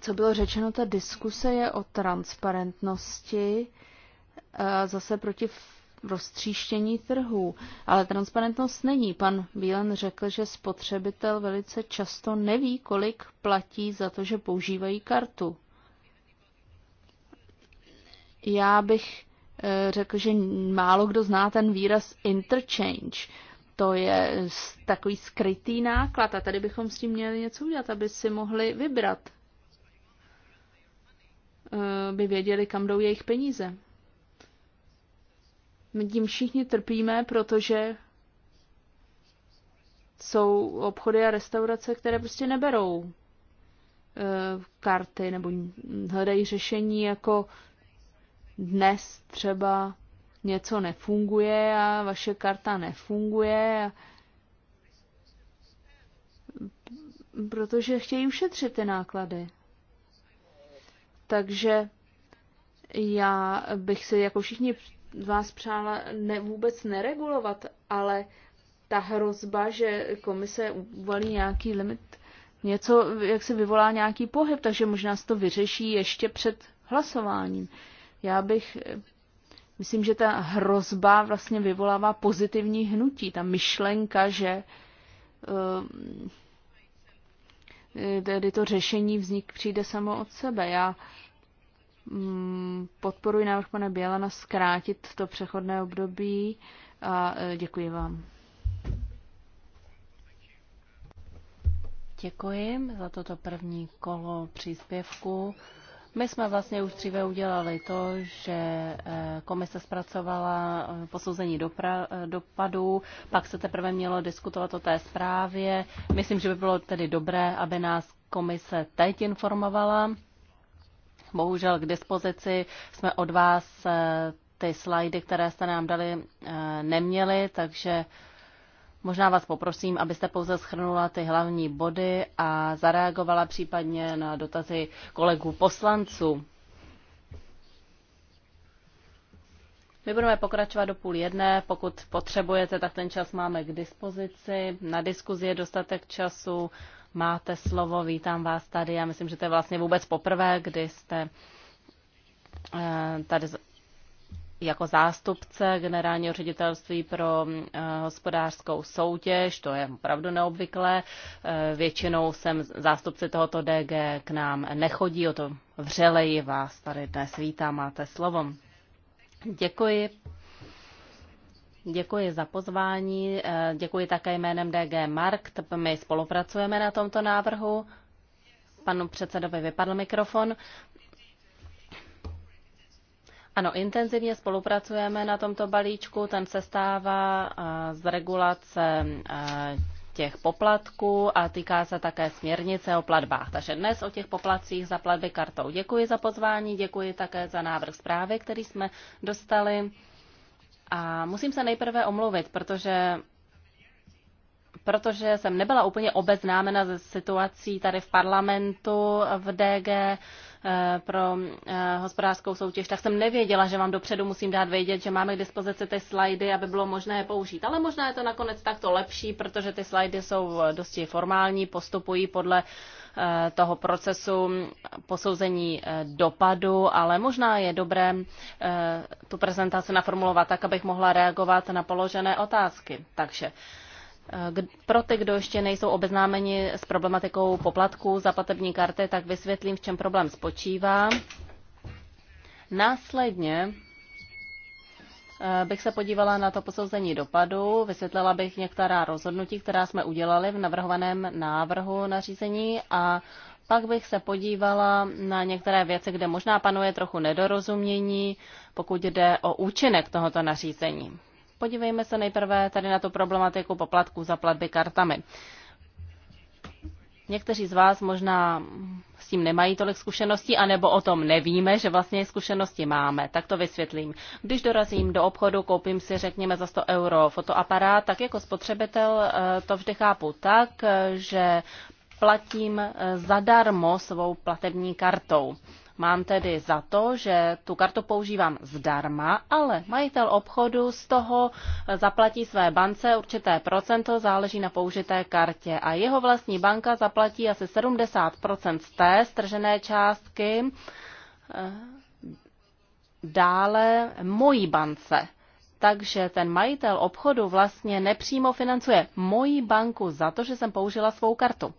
co bylo řečeno, ta diskuse je o transparentnosti, eh, zase proti roztříštění trhů. Ale transparentnost není. Pan Bílen řekl, že spotřebitel velice často neví, kolik platí za to, že používají kartu. Já bych Eh, řekl, že málo kdo zná ten výraz interchange. To je takový skrytý náklad a tady bychom s tím měli něco udělat, aby si mohli vybrat. Eh, By věděli, kam jdou jejich peníze. My tím všichni trpíme, protože jsou obchody a restaurace, které prostě neberou eh, karty nebo hledají řešení jako dnes třeba něco nefunguje a vaše karta nefunguje, protože chtějí ušetřit ty náklady. Takže já bych si jako všichni vás přála ne, vůbec neregulovat, ale ta hrozba, že komise uvalí nějaký limit, něco, jak se vyvolá nějaký pohyb, takže možná se to vyřeší ještě před hlasováním. Uh, já bych, myslím, že ta hrozba vlastně vyvolává pozitivní hnutí. Ta myšlenka, že eh, tedy to řešení vznik přijde samo od sebe. Já mm, podporuji návrh pana Bělana zkrátit to přechodné období a eh, děkuji vám. Děkuji za toto první kolo příspěvku. My jsme vlastně už dříve udělali to, že eh, komise zpracovala eh, posouzení dopra- eh, dopadů, pak se teprve mělo diskutovat o té zprávě. Myslím, že by bylo tedy dobré, aby nás komise teď informovala. Bohužel k dispozici jsme od vás ty slajdy, které jste nám dali, neměli, takže Možná vás poprosím, abyste pouze schrnula ty hlavní body a zareagovala případně na dotazy kolegů poslanců. My budeme pokračovat do půl jedné. Pokud potřebujete, tak ten čas máme k dispozici. Na diskuzi je dostatek času. Máte slovo, vítám vás tady. Já myslím, že to je vlastně vůbec poprvé, kdy jste eh, tady jako zástupce generálního ředitelství pro eh, hospodářskou soutěž, to je opravdu neobvyklé. Eh, většinou sem zástupci tohoto DG k nám nechodí, o to vřeleji vás tady dnes vítám, máte slovo. Děkuji. Děkuji za pozvání, eh, děkuji také jménem DG Markt. My spolupracujeme na tomto návrhu. Panu předsedovi vypadl mikrofon. Ano, intenzivně spolupracujeme na tomto balíčku. Ten se stává z regulace těch poplatků a týká se také směrnice o platbách. Takže dnes o těch poplatcích za platby kartou. Děkuji za pozvání, děkuji také za návrh zprávy, který jsme dostali. A musím se nejprve omluvit, protože protože jsem nebyla úplně obeznámena ze situací tady v parlamentu v DG. Eh, pro eh, hospodářskou soutěž, tak jsem nevěděla, že vám dopředu musím dát vědět, že máme k dispozici ty slajdy, aby bylo možné je použít. Ale možná je to nakonec takto lepší, protože ty slajdy jsou eh, dosti formální, postupují podle toho procesu posouzení dopadu, ale možná je dobré tu prezentaci naformulovat tak, abych mohla reagovat na položené otázky. Takže Eh, pro ty, kdo ještě nejsou obeznámeni s problematikou poplatků za platební karty, tak vysvětlím, v čem problém spočívá. Následně eh, bych se podívala na to posouzení dopadu, vysvětlila bych některá rozhodnutí, která jsme udělali v navrhovaném návrhu nařízení a pak bych se podívala na některé věci, kde možná panuje trochu nedorozumění, pokud jde o účinek tohoto nařízení. Podívejme se nejprve tady na tu problematiku poplatků za platby kartami. Někteří z vás možná s tím nemají tolik zkušeností, anebo o tom nevíme, že vlastně zkušenosti máme. Tak to vysvětlím. Když dorazím do obchodu, koupím si, řekněme, za 100 euro fotoaparát, tak jako spotřebitel eh, to vždy chápu tak, eh, že platím eh, zadarmo svou platební kartou. Mám tedy za to, že tu kartu používám zdarma, ale majitel obchodu z toho eh, zaplatí své bance určité procento, záleží na použité kartě a jeho vlastní banka zaplatí asi 70% z té stržené částky eh, dále mojí bance. Takže ten majitel obchodu vlastně nepřímo financuje moji banku za to, že jsem použila svou kartu.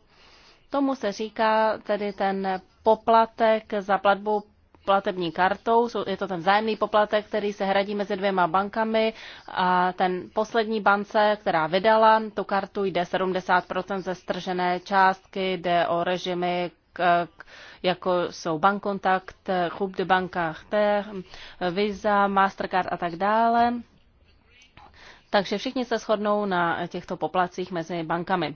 Tomu se říká tedy ten poplatek za platbu platební kartou. Je to ten vzájemný poplatek, který se hradí mezi dvěma bankami a ten poslední bance, která vydala tu kartu, jde 70% ze stržené částky, jde o režimy jako jsou bankkontakt, Club de Banca Visa, Mastercard a tak dále. Takže všichni se shodnou na těchto poplacích mezi bankami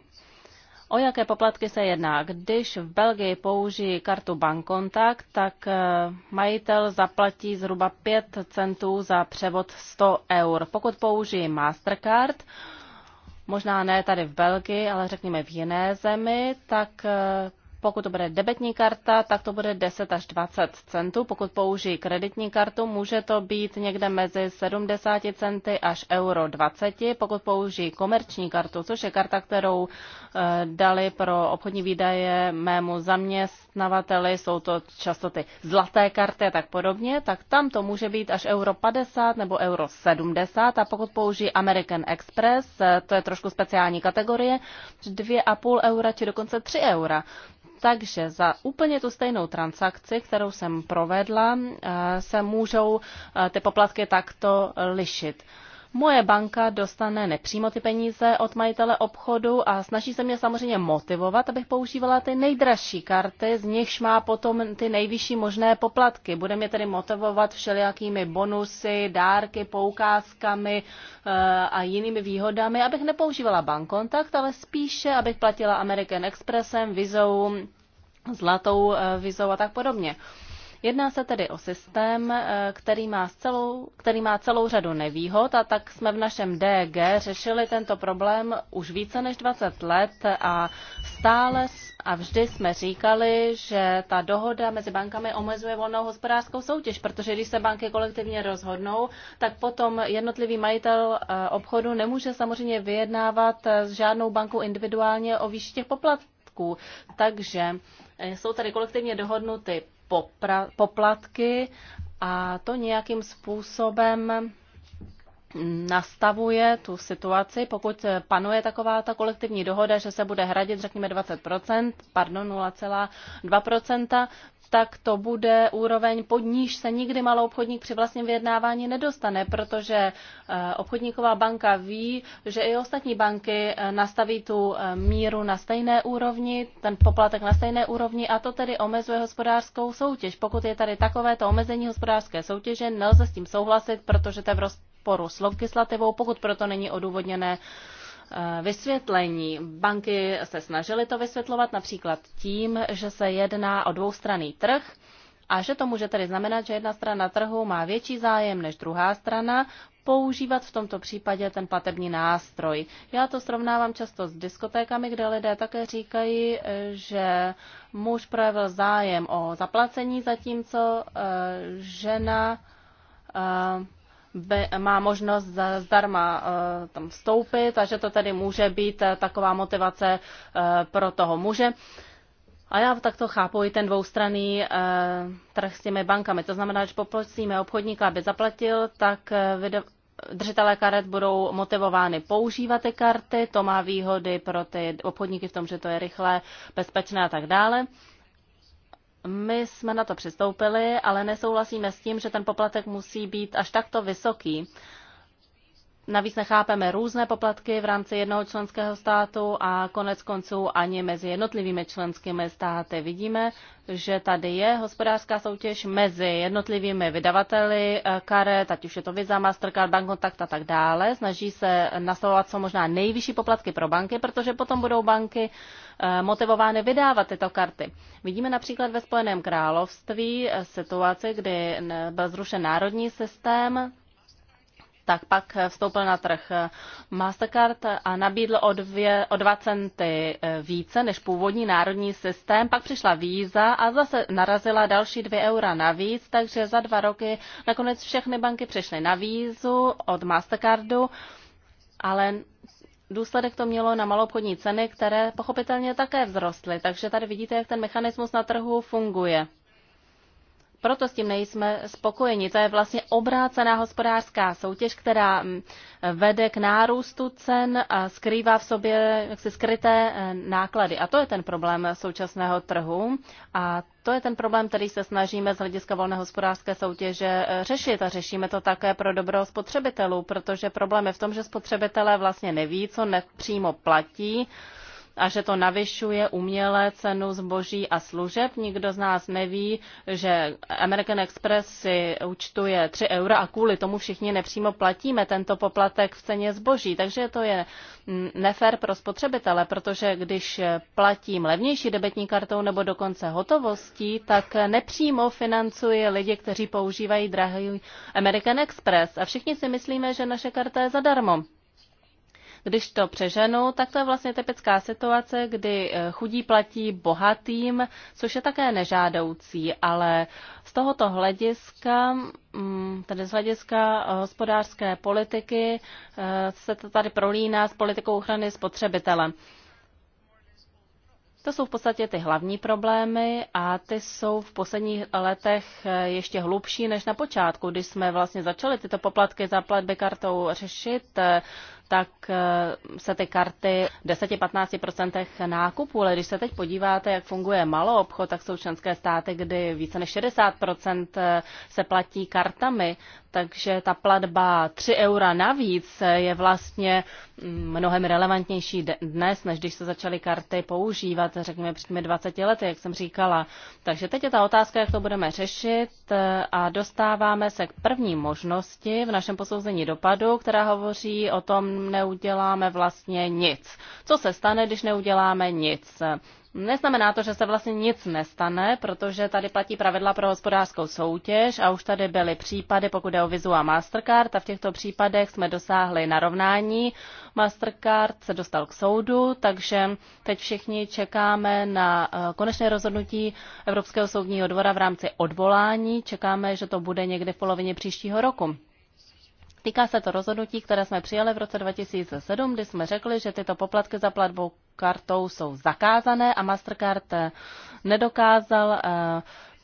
o jaké poplatky se jedná. Když v Belgii použijí kartu Bankontakt, tak eh, majitel zaplatí zhruba 5 centů za převod 100 eur. Pokud použijí Mastercard, možná ne tady v Belgii, ale řekněme v jiné zemi, tak eh, pokud to bude debetní karta, tak to bude 10 až 20 centů. Pokud použijí kreditní kartu, může to být někde mezi 70 centy až euro 20. Pokud použijí komerční kartu, což je karta, kterou eh, dali pro obchodní výdaje mému zaměstnavateli, jsou to často ty zlaté karty a tak podobně, tak tam to může být až euro 50 nebo euro 70. A pokud použijí American Express, eh, to je trošku speciální kategorie, 2,5 eura či dokonce 3 eura. Takže za úplně tu stejnou transakci, kterou jsem provedla, eh, se můžou eh, ty poplatky takto lišit. Moje banka dostane nepřímo ty peníze od majitele obchodu a snaží se mě samozřejmě motivovat, abych používala ty nejdražší karty, z nichž má potom ty nejvyšší možné poplatky. Bude mě tedy motivovat všelijakými bonusy, dárky, poukázkami eh, a jinými výhodami, abych nepoužívala bankontakt, ale spíše, abych platila American Expressem, Vizou, zlatou eh, vizou a tak podobně. Jedná se tedy o systém, eh, který má, celou, který má celou řadu nevýhod a tak jsme v našem DG řešili tento problém už více než 20 let a stále a vždy jsme říkali, že ta dohoda mezi bankami omezuje volnou hospodářskou soutěž, protože když se banky kolektivně rozhodnou, tak potom jednotlivý majitel eh, obchodu nemůže samozřejmě vyjednávat eh, s žádnou bankou individuálně o výši těch poplatků. Takže jsou tady kolektivně dohodnuty popra- poplatky a to nějakým způsobem nastavuje tu situaci, pokud panuje taková ta kolektivní dohoda, že se bude hradit, řekněme 20%, pardon, 0,2%, tak to bude úroveň, pod níž se nikdy malou obchodník při vlastním vyjednávání nedostane, protože eh, obchodníková banka ví, že i ostatní banky eh, nastaví tu eh, míru na stejné úrovni, ten poplatek na stejné úrovni a to tedy omezuje hospodářskou soutěž. Pokud je tady takovéto omezení hospodářské soutěže, nelze s tím souhlasit, protože to je v rozporu s legislativou, pokud proto není odůvodněné eh, vysvětlení. Banky se snažily to vysvětlovat například tím, že se jedná o dvoustranný trh a že to může tedy znamenat, že jedna strana trhu má větší zájem než druhá strana používat v tomto případě ten platební nástroj. Já to srovnávám často s diskotékami, kde lidé také říkají, eh, že muž projevil zájem o zaplacení, zatímco eh, žena by, má možnost zdarma eh, tam vstoupit a že to tedy může být eh, taková motivace eh, pro toho muže. A já takto chápu i ten dvoustranný trh s těmi bankami. To znamená, že poprosíme obchodníka, aby zaplatil, tak vyda- držitelé karet budou motivovány používat ty karty. To má výhody pro ty obchodníky v tom, že to je rychlé, bezpečné a tak dále. My jsme na to přistoupili, ale nesouhlasíme s tím, že ten poplatek musí být až takto vysoký. Navíc nechápeme různé poplatky v rámci jednoho členského státu a konec konců ani mezi jednotlivými členskými státy. Vidíme, že tady je hospodářská soutěž mezi jednotlivými vydavateli eh, karet, ať už je to Visa, Mastercard, Bankontakt a tak dále. Snaží se nastavovat co možná nejvyšší poplatky pro banky, protože potom budou banky eh, motivovány vydávat tyto karty. Vidíme například ve Spojeném království eh, situaci, kdy byl zrušen národní systém tak pak vstoupil na trh Mastercard a nabídl o, dvě, o 2 centy eh, více než původní národní systém. Pak přišla víza a zase narazila další 2 eura navíc, takže za dva roky nakonec všechny banky přešly na vízu od Mastercardu, ale důsledek to mělo na malobchodní ceny, které pochopitelně také vzrostly. Takže tady vidíte, jak ten mechanismus na trhu funguje proto s tím nejsme spokojeni. To je vlastně obrácená hospodářská soutěž, která mm, vede k nárůstu cen a skrývá v sobě jaksi skryté eh, náklady. A to je ten problém současného trhu a to je ten problém, který se snažíme z hlediska volné hospodářské soutěže eh, řešit a řešíme to také pro dobro spotřebitelů, protože problém je v tom, že spotřebitelé vlastně neví, co nepřímo platí a že to navyšuje uměle cenu zboží a služeb. Nikdo z nás neví, že American Express si účtuje 3 eura a kvůli tomu všichni nepřímo platíme tento poplatek v ceně zboží. Takže to je mm, nefér pro spotřebitele, protože když platím levnější debetní kartou nebo dokonce hotovostí, tak nepřímo financuji lidi, kteří používají drahý American Express. A všichni si myslíme, že naše karta je zadarmo. Když to přeženu, tak to je vlastně typická situace, kdy eh, chudí platí bohatým, což je také nežádoucí, ale z tohoto hlediska, mm, tedy z hlediska eh, hospodářské politiky, eh, se to tady prolíná s politikou ochrany spotřebitele. To jsou v podstatě ty hlavní problémy a ty jsou v posledních letech ještě hlubší než na počátku, když jsme vlastně začali tyto poplatky za platby kartou řešit tak eh, se ty karty v 10-15% nákupu, ale když se teď podíváte, jak funguje malou obchod, tak jsou členské státy, kdy více než 60% eh, se platí kartami takže ta platba 3 eura navíc je vlastně mnohem relevantnější dnes, než když se začaly karty používat, řekněme před 20 lety, jak jsem říkala. Takže teď je ta otázka, jak to budeme řešit a dostáváme se k první možnosti v našem posouzení dopadu, která hovoří o tom, neuděláme vlastně nic. Co se stane, když neuděláme nic? Neznamená to, že se vlastně nic nestane, protože tady platí pravidla pro hospodářskou soutěž a už tady byly případy, pokud je o Vizu a Mastercard a v těchto případech jsme dosáhli narovnání. Mastercard se dostal k soudu, takže teď všichni čekáme na eh, konečné rozhodnutí Evropského soudního dvora v rámci odvolání. Čekáme, že to bude někdy v polovině příštího roku. Týká se to rozhodnutí, které jsme přijali v roce 2007, kdy jsme řekli, že tyto poplatky za platbou kartou jsou zakázané a Mastercard eh, nedokázal eh,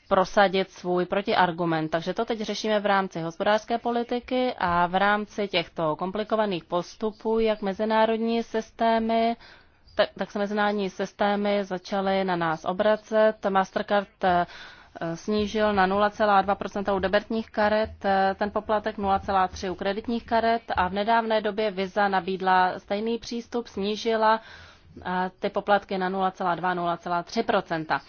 prosadit svůj protiargument. Takže to teď řešíme v rámci hospodářské politiky a v rámci těchto komplikovaných postupů, jak mezinárodní systémy, tak, tak se mezinárodní systémy začaly na nás obracet. Mastercard eh, Eh, snížil na 0,2 u debetních karet, eh, ten poplatek 0,3 u kreditních karet a v nedávné době Visa nabídla stejný přístup, snížila eh, ty poplatky na 0,2-0,3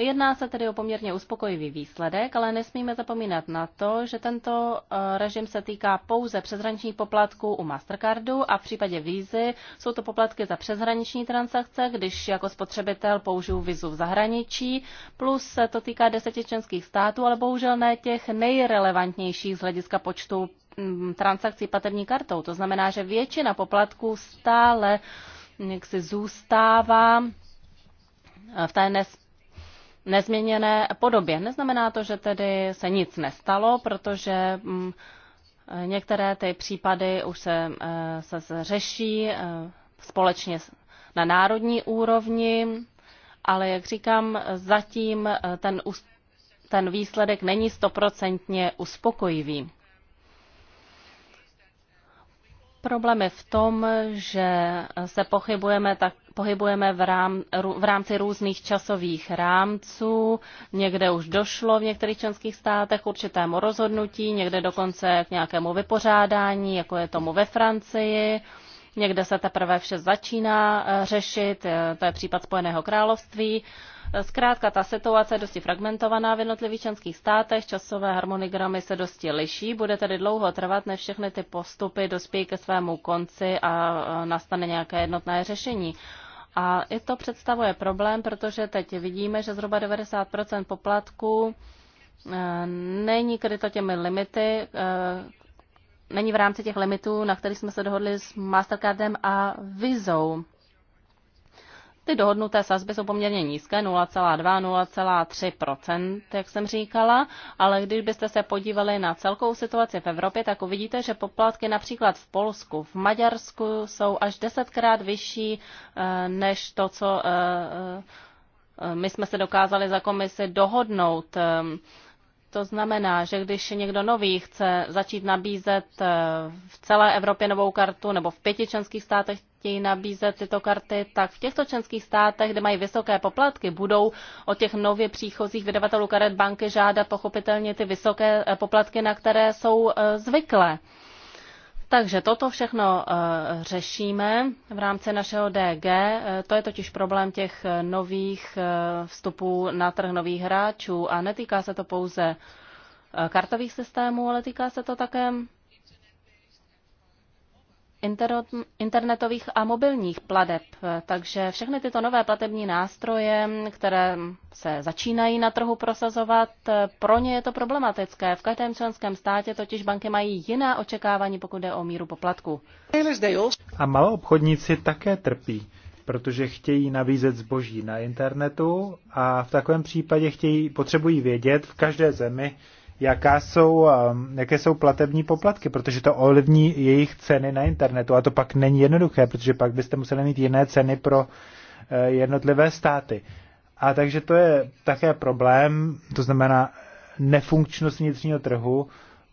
Jedná se tedy o poměrně uspokojivý výsledek, ale nesmíme zapomínat na to, že tento eh, režim se týká pouze přeshraničních poplatků u Mastercardu a v případě vízy jsou to poplatky za přeshraniční transakce, když jako spotřebitel použiju vizu v zahraničí, plus se to týká deseti členských států, ale bohužel ne těch nejrelevantnějších z hlediska počtu mm, transakcí platební kartou. To znamená, že většina poplatků stále jak si zůstává eh, v té nespravedlnosti nezměněné podobě. Neznamená to, že tedy se nic nestalo, protože mm, některé ty případy už se, eh, se řeší eh, společně na národní úrovni, ale jak říkám, zatím eh, ten, ten výsledek není stoprocentně uspokojivý. Problém je v tom, že se pohybujeme, tak, pohybujeme v, rám, v rámci různých časových rámců. Někde už došlo v některých členských státech k určitému rozhodnutí, někde dokonce k nějakému vypořádání, jako je tomu ve Francii. Někde se teprve vše začíná eh, řešit, eh, to je případ Spojeného království. Eh, zkrátka, ta situace je dosti fragmentovaná v jednotlivých členských státech, časové harmonogramy se dosti liší, bude tedy dlouho trvat, než všechny ty postupy dospějí ke svému konci a nastane nějaké jednotné řešení. A i to představuje problém, protože teď vidíme, že zhruba 90 poplatků není kryto těmi limity, není v rámci těch limitů, na kterých jsme se dohodli s Mastercardem a Vizou. Ty dohodnuté sazby jsou poměrně nízké, 0,2-0,3%, jak jsem říkala, ale když byste se podívali na celkovou situaci v Evropě, tak uvidíte, že poplatky například v Polsku, v Maďarsku jsou až desetkrát vyšší eh, než to, co eh, eh, my jsme se dokázali za komisi dohodnout. To znamená, že když někdo nový chce začít nabízet eh, v celé Evropě novou kartu nebo v pěti členských státech chtějí nabízet tyto karty, tak v těchto členských státech, kde mají vysoké poplatky, budou od těch nově příchozích vydavatelů karet banky žádat pochopitelně ty vysoké eh, poplatky, na které jsou eh, zvyklé. Takže toto všechno eh, řešíme v rámci našeho DG. Eh, to je totiž problém těch eh, nových vstupů na trh nových hráčů a netýká se to pouze kartových systémů, ale týká se to také internetových a mobilních pladeb. Takže všechny tyto nové platební nástroje, které se začínají na trhu prosazovat, pro ně je to problematické. V každém členském státě totiž banky mají jiná očekávání, pokud jde o míru poplatku. A malou obchodníci také trpí, protože chtějí nabízet zboží na internetu a v takovém případě chtějí, potřebují vědět v každé zemi, jaká jsou, um, jaké jsou platební poplatky, protože to ovlivní jejich ceny na internetu a to pak není jednoduché, protože pak byste museli mít jiné ceny pro uh, jednotlivé státy. A takže to je také problém, to znamená nefunkčnost vnitřního trhu,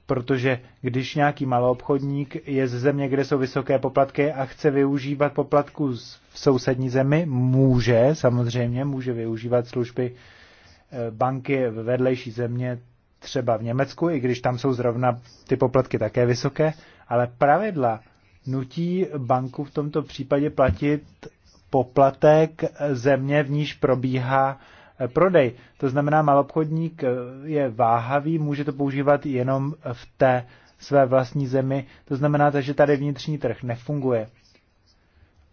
protože když nějaký maloobchodník je ze země, kde jsou vysoké poplatky a chce využívat poplatku v sousední zemi, může, samozřejmě, může využívat služby eh, banky vedlejší země, třeba v Německu, i když tam jsou zrovna ty poplatky také vysoké, ale pravidla nutí banku v tomto případě platit poplatek země, v níž probíhá eh, prodej. To znamená, malobchodník eh, je váhavý, může to používat jenom v té své vlastní zemi. To znamená, že tady vnitřní trh nefunguje.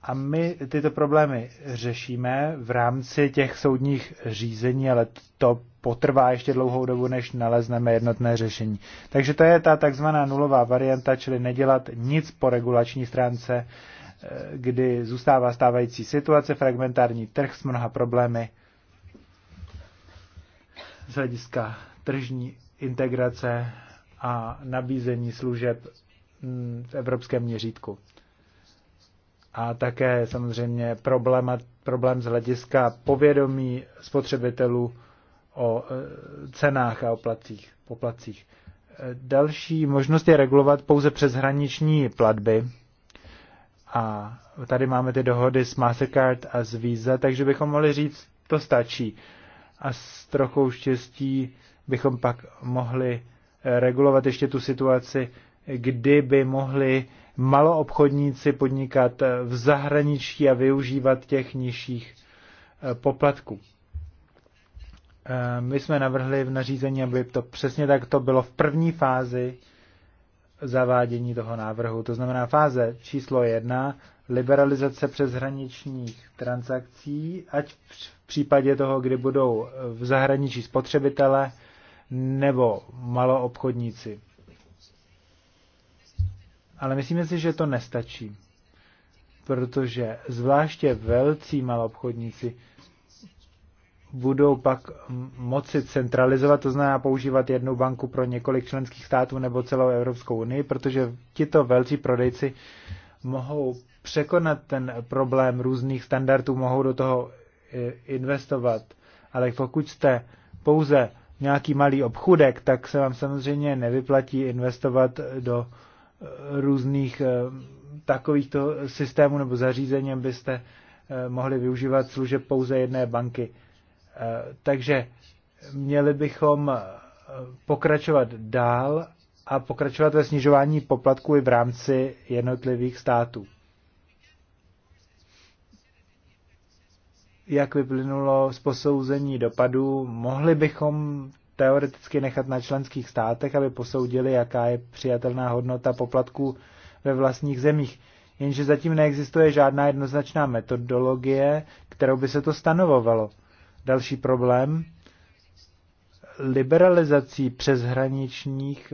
A my tyto problémy řešíme v rámci těch soudních řízení, ale to potrvá ještě dlouhou dobu, než nalezneme jednotné řešení. Takže to je ta takzvaná nulová varianta, čili nedělat nic po regulační stránce, eh, kdy zůstává stávající situace, fragmentární trh s mnoha problémy z hlediska tržní integrace a nabízení služeb mm, v evropském měřítku. A také samozřejmě problém, problém z hlediska povědomí spotřebitelů o e, cenách a o placích, poplacích. E, další možnost je regulovat pouze přeshraniční platby. A tady máme ty dohody s Mastercard a s Visa, takže bychom mohli říct, to stačí. A s trochou štěstí bychom pak mohli e, regulovat ještě tu situaci, kdy by mohli maloobchodníci podnikat v zahraničí a využívat těch nižších poplatků. Eh, my jsme navrhli v nařízení, aby to přesně tak to bylo v první fázi zavádění toho návrhu. To znamená fáze číslo jedna, liberalizace přeshraničních transakcí, ať v případě toho, kdy budou v zahraničí spotřebitele nebo maloobchodníci. Ale myslíme si, že to nestačí, protože zvláště velcí maloobchodníci budou pak moci centralizovat, to znamená používat jednu banku pro několik členských států nebo celou Evropskou unii, protože tito velcí prodejci mohou překonat ten problém různých standardů, mohou do toho eh, investovat. Ale pokud jste pouze nějaký malý obchudek, tak se vám samozřejmě nevyplatí investovat do eh, různých eh, takovýchto systémů nebo zařízení, abyste mohli využívat služeb pouze jedné banky. Takže měli bychom pokračovat dál a pokračovat ve snižování poplatků i v rámci jednotlivých států. Jak vyplynulo z posouzení dopadů, mohli bychom teoreticky nechat na členských státech, aby posoudili, jaká je přijatelná hodnota poplatků ve vlastních zemích. Jenže zatím neexistuje žádná jednoznačná metodologie, kterou by se to stanovovalo. Další problém liberalizací přeshraničních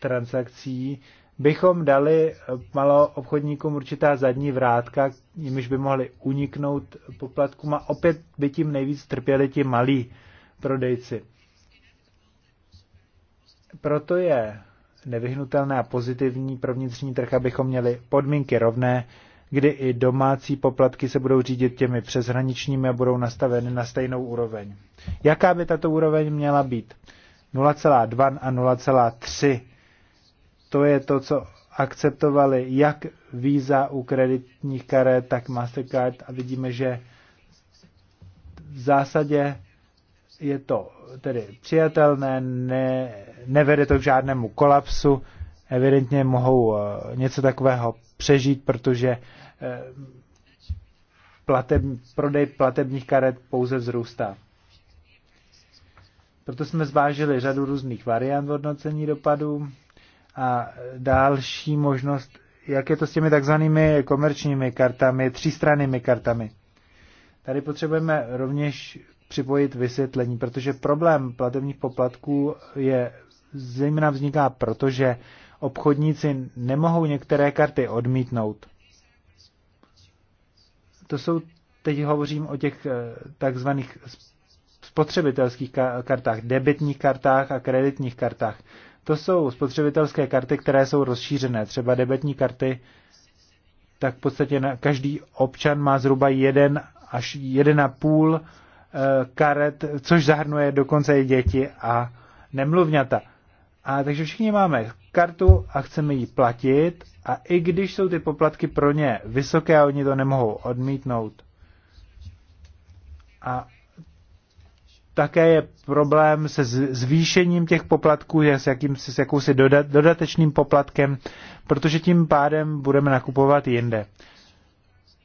transakcí bychom dali malou obchodníkům určitá zadní vrátka, jimiž by mohli uniknout poplatkům a opět by tím nejvíc trpěli ti malí prodejci. Proto je nevyhnutelné a pozitivní pro vnitřní trh, abychom měli podmínky rovné kdy i domácí poplatky se budou řídit těmi přeshraničními a budou nastaveny na stejnou úroveň. Jaká by tato úroveň měla být? 0,2 a 0,3. To je to, co akceptovali jak víza u kreditních karet, tak Mastercard a vidíme, že v zásadě je to tedy přijatelné, ne, nevede to k žádnému kolapsu, evidentně mohou eh, něco takového přežít, protože eh, plateb, prodej platebních karet pouze vzrůstá. Proto jsme zvážili řadu různých variant hodnocení dopadů a další možnost, jak je to s těmi takzvanými komerčními kartami, třístrannými kartami. Tady potřebujeme rovněž připojit vysvětlení, protože problém platebních poplatků je zejména vzniká, protože obchodníci nemohou některé karty odmítnout. To jsou, teď hovořím o těch eh, takzvaných spotřebitelských kartách, debitních kartách a kreditních kartách. To jsou spotřebitelské karty, které jsou rozšířené. Třeba debetní karty, tak v podstatě každý občan má zhruba jeden až jeden a půl eh, karet, což zahrnuje dokonce i děti a nemluvňata. A takže všichni máme kartu a chceme ji platit a i když jsou ty poplatky pro ně vysoké a oni to nemohou odmítnout. A také je problém se zvýšením těch poplatků, s, jakým, s jakousi doda, dodatečným poplatkem, protože tím pádem budeme nakupovat jinde.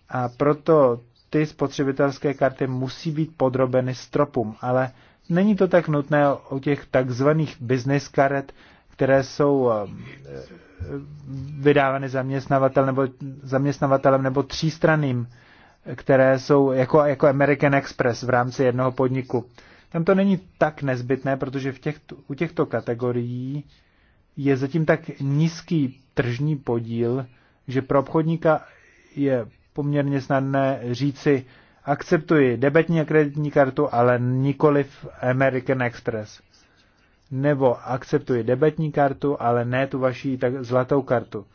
A proto ty spotřebitelské karty musí být podrobeny stropům, ale není to tak nutné u těch takzvaných business karet, které jsou eh, vydávány zaměstnavatel nebo, zaměstnavatelem nebo třístranným, které jsou jako, jako American Express v rámci jednoho podniku. Tam to není tak nezbytné, protože v těch, u těchto kategorií je zatím tak nízký tržní podíl, že pro obchodníka je poměrně snadné říci, akceptuji debetní a kreditní kartu, ale nikoliv American Express nebo akceptuji debetní kartu, ale ne tu vaši tak zlatou kartu.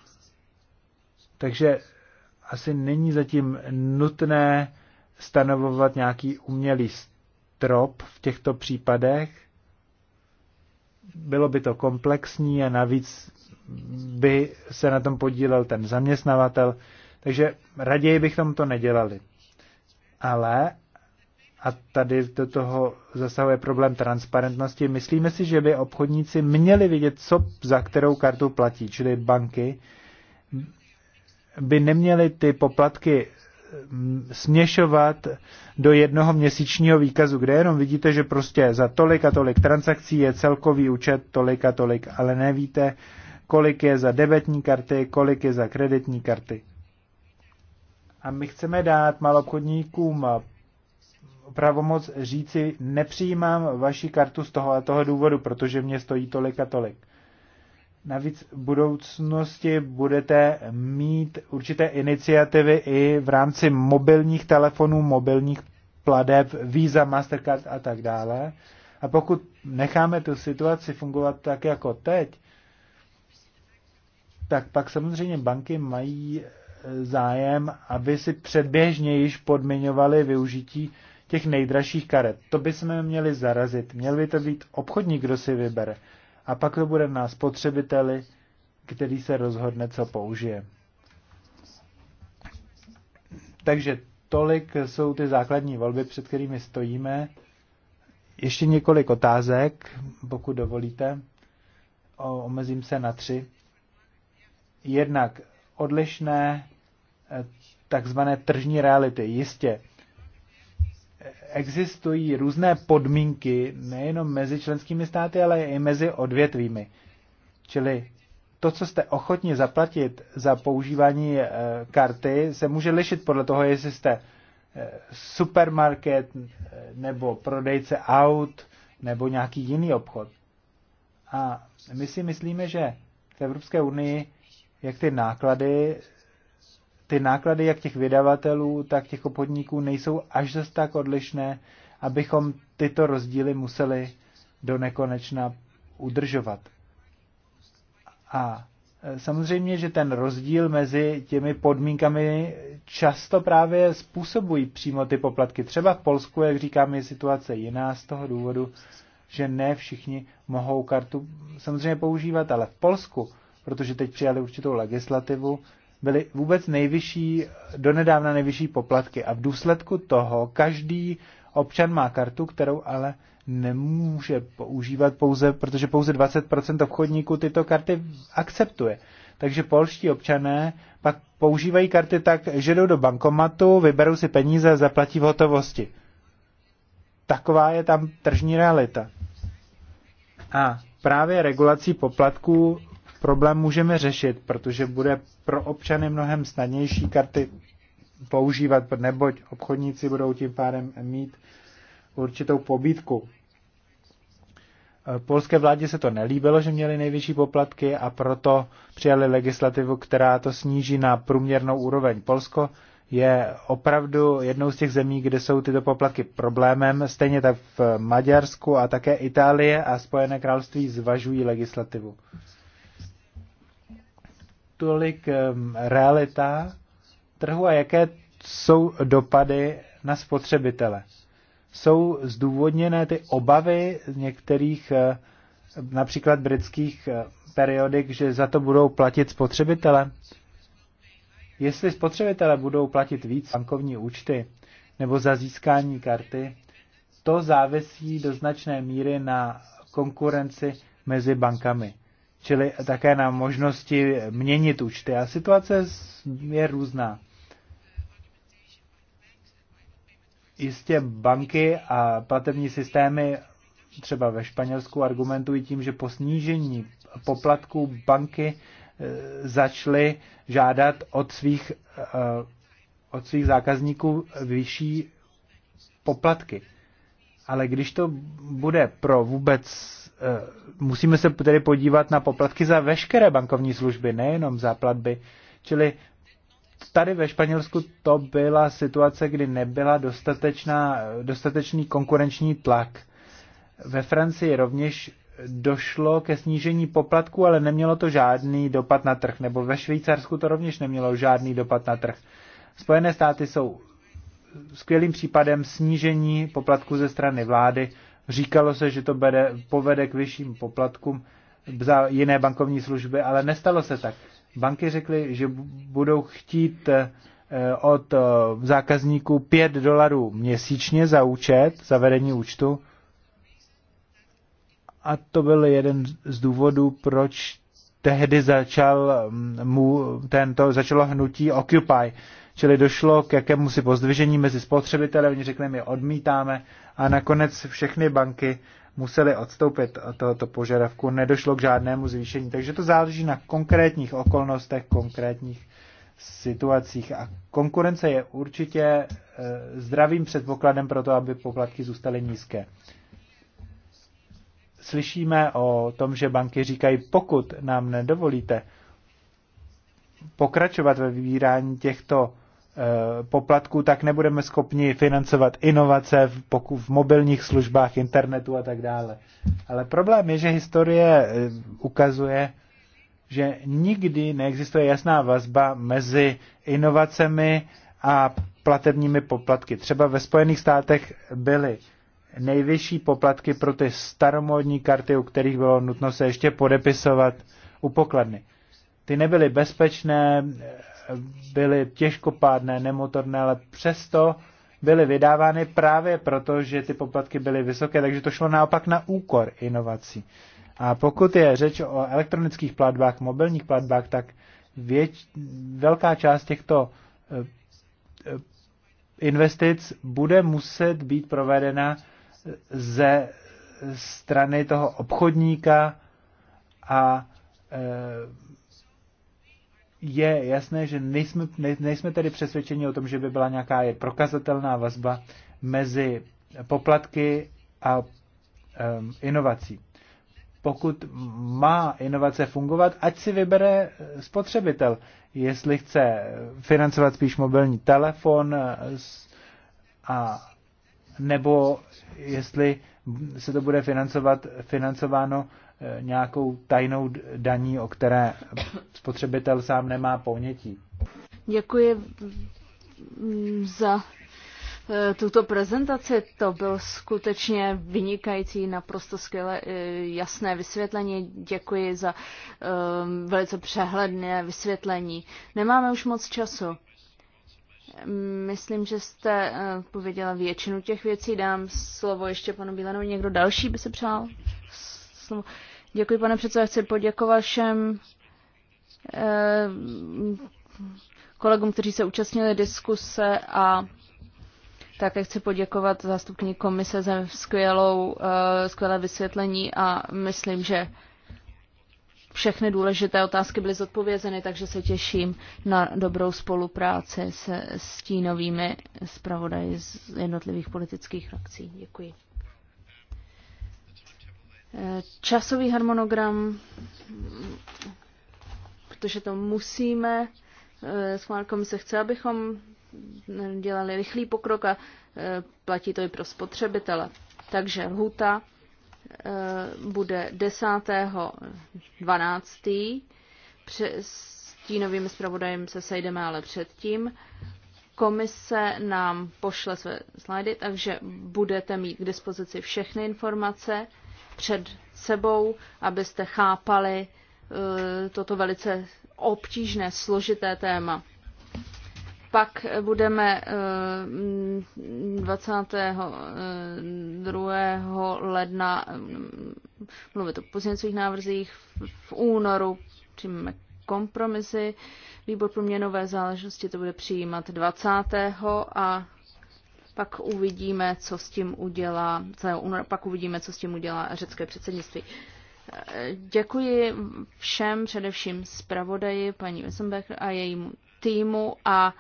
Takže asi není zatím nutné stanovovat nějaký umělý strop v těchto případech. Bylo by to komplexní a navíc by se na tom podílel ten zaměstnavatel, takže raději bych tomu to nedělali. Ale a tady do toho zasahuje problém transparentnosti. Myslíme si, že by obchodníci měli vidět, co za kterou kartu platí, čili banky by neměly ty poplatky mm, směšovat do jednoho měsíčního výkazu, kde jenom vidíte, že prostě za tolik a tolik transakcí je celkový účet tolik a tolik, ale nevíte, kolik je za debetní karty, kolik je za kreditní karty. A my chceme dát malobchodníkům pravomoc říci, nepřijímám vaši kartu z toho a toho důvodu, protože mě stojí tolik a tolik. Navíc v budoucnosti budete mít určité iniciativy i v rámci mobilních telefonů, mobilních pladeb, Visa, Mastercard a tak dále. A pokud necháme tu situaci fungovat tak jako teď, tak pak samozřejmě banky mají zájem, aby si předběžně již podmiňovali využití těch nejdražších karet. To by jsme měli zarazit. Měl by to být obchodník, kdo si vybere. A pak to bude na spotřebiteli, který se rozhodne, co použije. Takže tolik jsou ty základní volby, před kterými stojíme. Ještě několik otázek, pokud dovolíte. Omezím se na tři. Jednak odlišné eh, takzvané tržní reality. Jistě, existují různé podmínky nejenom mezi členskými státy, ale i mezi odvětvími. Čili to, co jste ochotni zaplatit za používání eh, karty, se může lišit podle toho, jestli jste eh, supermarket eh, nebo prodejce aut nebo nějaký jiný obchod. A my si myslíme, že v Evropské unii jak ty náklady ty náklady jak těch vydavatelů, tak těch obchodníků nejsou až zase tak odlišné, abychom tyto rozdíly museli do nekonečna udržovat. A e, samozřejmě, že ten rozdíl mezi těmi podmínkami často právě způsobují přímo ty poplatky. Třeba v Polsku, jak říkám, je situace jiná z toho důvodu, že ne všichni mohou kartu samozřejmě používat, ale v Polsku, protože teď přijali určitou legislativu, byly vůbec nejvyšší, donedávna nejvyšší poplatky a v důsledku toho každý občan má kartu, kterou ale nemůže používat pouze, protože pouze 20% obchodníků tyto karty akceptuje. Takže polští občané pak používají karty tak, že jdou do bankomatu, vyberou si peníze a zaplatí v hotovosti. Taková je tam tržní realita. A právě regulací poplatků problém můžeme řešit, protože bude pro občany mnohem snadnější karty používat, neboť obchodníci budou tím pádem mít určitou pobídku. Polské vládě se to nelíbilo, že měli největší poplatky a proto přijali legislativu, která to sníží na průměrnou úroveň. Polsko je opravdu jednou z těch zemí, kde jsou tyto poplatky problémem. Stejně tak v Maďarsku a také Itálie a Spojené království zvažují legislativu tolik realita trhu a jaké jsou dopady na spotřebitele. Jsou zdůvodněné ty obavy z některých eh, například britských eh, periodik, že za to budou platit spotřebitele? Jestli spotřebitele budou platit víc bankovní účty nebo za získání karty, to závisí do značné míry na konkurenci mezi bankami čili také na možnosti měnit účty. A situace je různá. Jistě banky a platební systémy třeba ve Španělsku argumentují tím, že po snížení poplatků banky e, začaly žádat od svých, e, od svých zákazníků vyšší poplatky. Ale když to bude pro vůbec Eh, musíme se tedy podívat na poplatky za veškeré bankovní služby, nejenom za platby. Čili tady ve Španělsku to byla situace, kdy nebyla dostatečná, dostatečný konkurenční tlak. Ve Francii rovněž došlo ke snížení poplatku, ale nemělo to žádný dopad na trh, nebo ve Švýcarsku to rovněž nemělo žádný dopad na trh. Spojené státy jsou skvělým případem snížení poplatku ze strany vlády, Říkalo se, že to bere, povede k vyšším poplatkům za jiné bankovní služby, ale nestalo se tak. Banky řekly, že budou chtít eh, od eh, zákazníků 5 dolarů měsíčně za účet, za vedení účtu. A to byl jeden z důvodů, proč tehdy začal mm, mu tento, začalo hnutí Occupy, čili došlo k jakému si pozdvižení mezi spotřebiteli, oni řekli, my odmítáme a nakonec všechny banky musely odstoupit od tohoto požadavku, nedošlo k žádnému zvýšení. Takže to záleží na konkrétních okolnostech, konkrétních situacích. A konkurence je určitě eh, zdravým předpokladem pro to, aby poplatky zůstaly nízké. Slyšíme o tom, že banky říkají, pokud nám nedovolíte pokračovat ve vybírání těchto Eh, poplatků, tak nebudeme schopni financovat inovace v, poku, v mobilních službách, internetu a tak dále. Ale problém je, že historie eh, ukazuje, že nikdy neexistuje jasná vazba mezi inovacemi a platebními poplatky. Třeba ve Spojených státech byly nejvyšší poplatky pro ty staromódní karty, u kterých bylo nutno se ještě podepisovat u pokladny. Ty nebyly bezpečné, byly těžkopádné, nemotorné, ale přesto byly vydávány právě proto, že ty poplatky byly vysoké, takže to šlo naopak na úkor inovací. A pokud je řeč o elektronických platbách, mobilních platbách, tak věč, velká část těchto eh, investic bude muset být provedena ze strany toho obchodníka a eh, je jasné, že nejsme, ne, nejsme tedy přesvědčeni o tom, že by byla nějaká je prokazatelná vazba mezi poplatky a um, inovací. Pokud má inovace fungovat, ať si vybere spotřebitel, jestli chce financovat spíš mobilní telefon uh, a nebo jestli se to bude financovat, financováno Eh, nějakou tajnou daní, o které spotřebitel sám nemá ponětí. Děkuji za eh, tuto prezentaci. To bylo skutečně vynikající, naprosto skvělé, eh, jasné vysvětlení. Děkuji za um, velice přehledné vysvětlení. Nemáme už moc času. Myslím, že jste pověděla většinu těch věcí. Dám slovo ještě panu Bílenovi. Někdo další by se přál slovo? Děkuji, pane předsedo, chci poděkovat všem eh, kolegům, kteří se účastnili diskuse a také chci poděkovat zástupní komise za skvělou, eh, skvělé vysvětlení a myslím, že všechny důležité otázky byly zodpovězeny, takže se těším na dobrou spolupráci se stínovými zpravodaji z jednotlivých politických frakcí. Děkuji. Časový harmonogram, protože to musíme, eh, schválná se chce, abychom dělali rychlý pokrok a eh, platí to i pro spotřebitele. Takže lhuta eh, bude 10.12. S tínovým zpravodajem se sejdeme ale předtím. Komise nám pošle své slajdy, takže budete mít k dispozici všechny informace před sebou, abyste chápali eh, toto velice obtížné, složité téma. Pak budeme 22. Eh, eh, ledna mm, mluvit o pozměňovacích návrzích. V únoru přijmeme kompromisy. Výbor pro měnové záležitosti to bude přijímat 20. a pak uvidíme, co s tím udělá, pak uvidíme, co s tím udělá řecké předsednictví. Děkuji všem, především zpravodaji, paní Wesenbeck a jejímu týmu a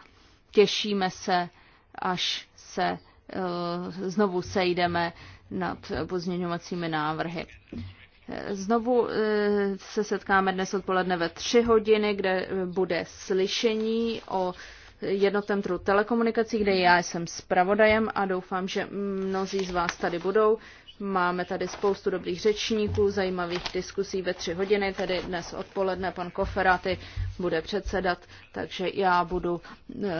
těšíme se, až se eh, znovu sejdeme nad pozměňovacími návrhy. Znovu eh, se setkáme dnes odpoledne ve tři hodiny, kde bude slyšení o jednotem trhu telekomunikací, kde já jsem zpravodajem a doufám, že mnozí z vás tady budou. Máme tady spoustu dobrých řečníků, zajímavých diskusí ve tři hodiny, tedy dnes odpoledne pan Koferaty bude předsedat, takže já budu e,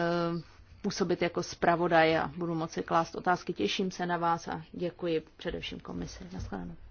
působit jako zpravodaj a budu moci klást otázky. Těším se na vás a děkuji především komisi. Naschledanou.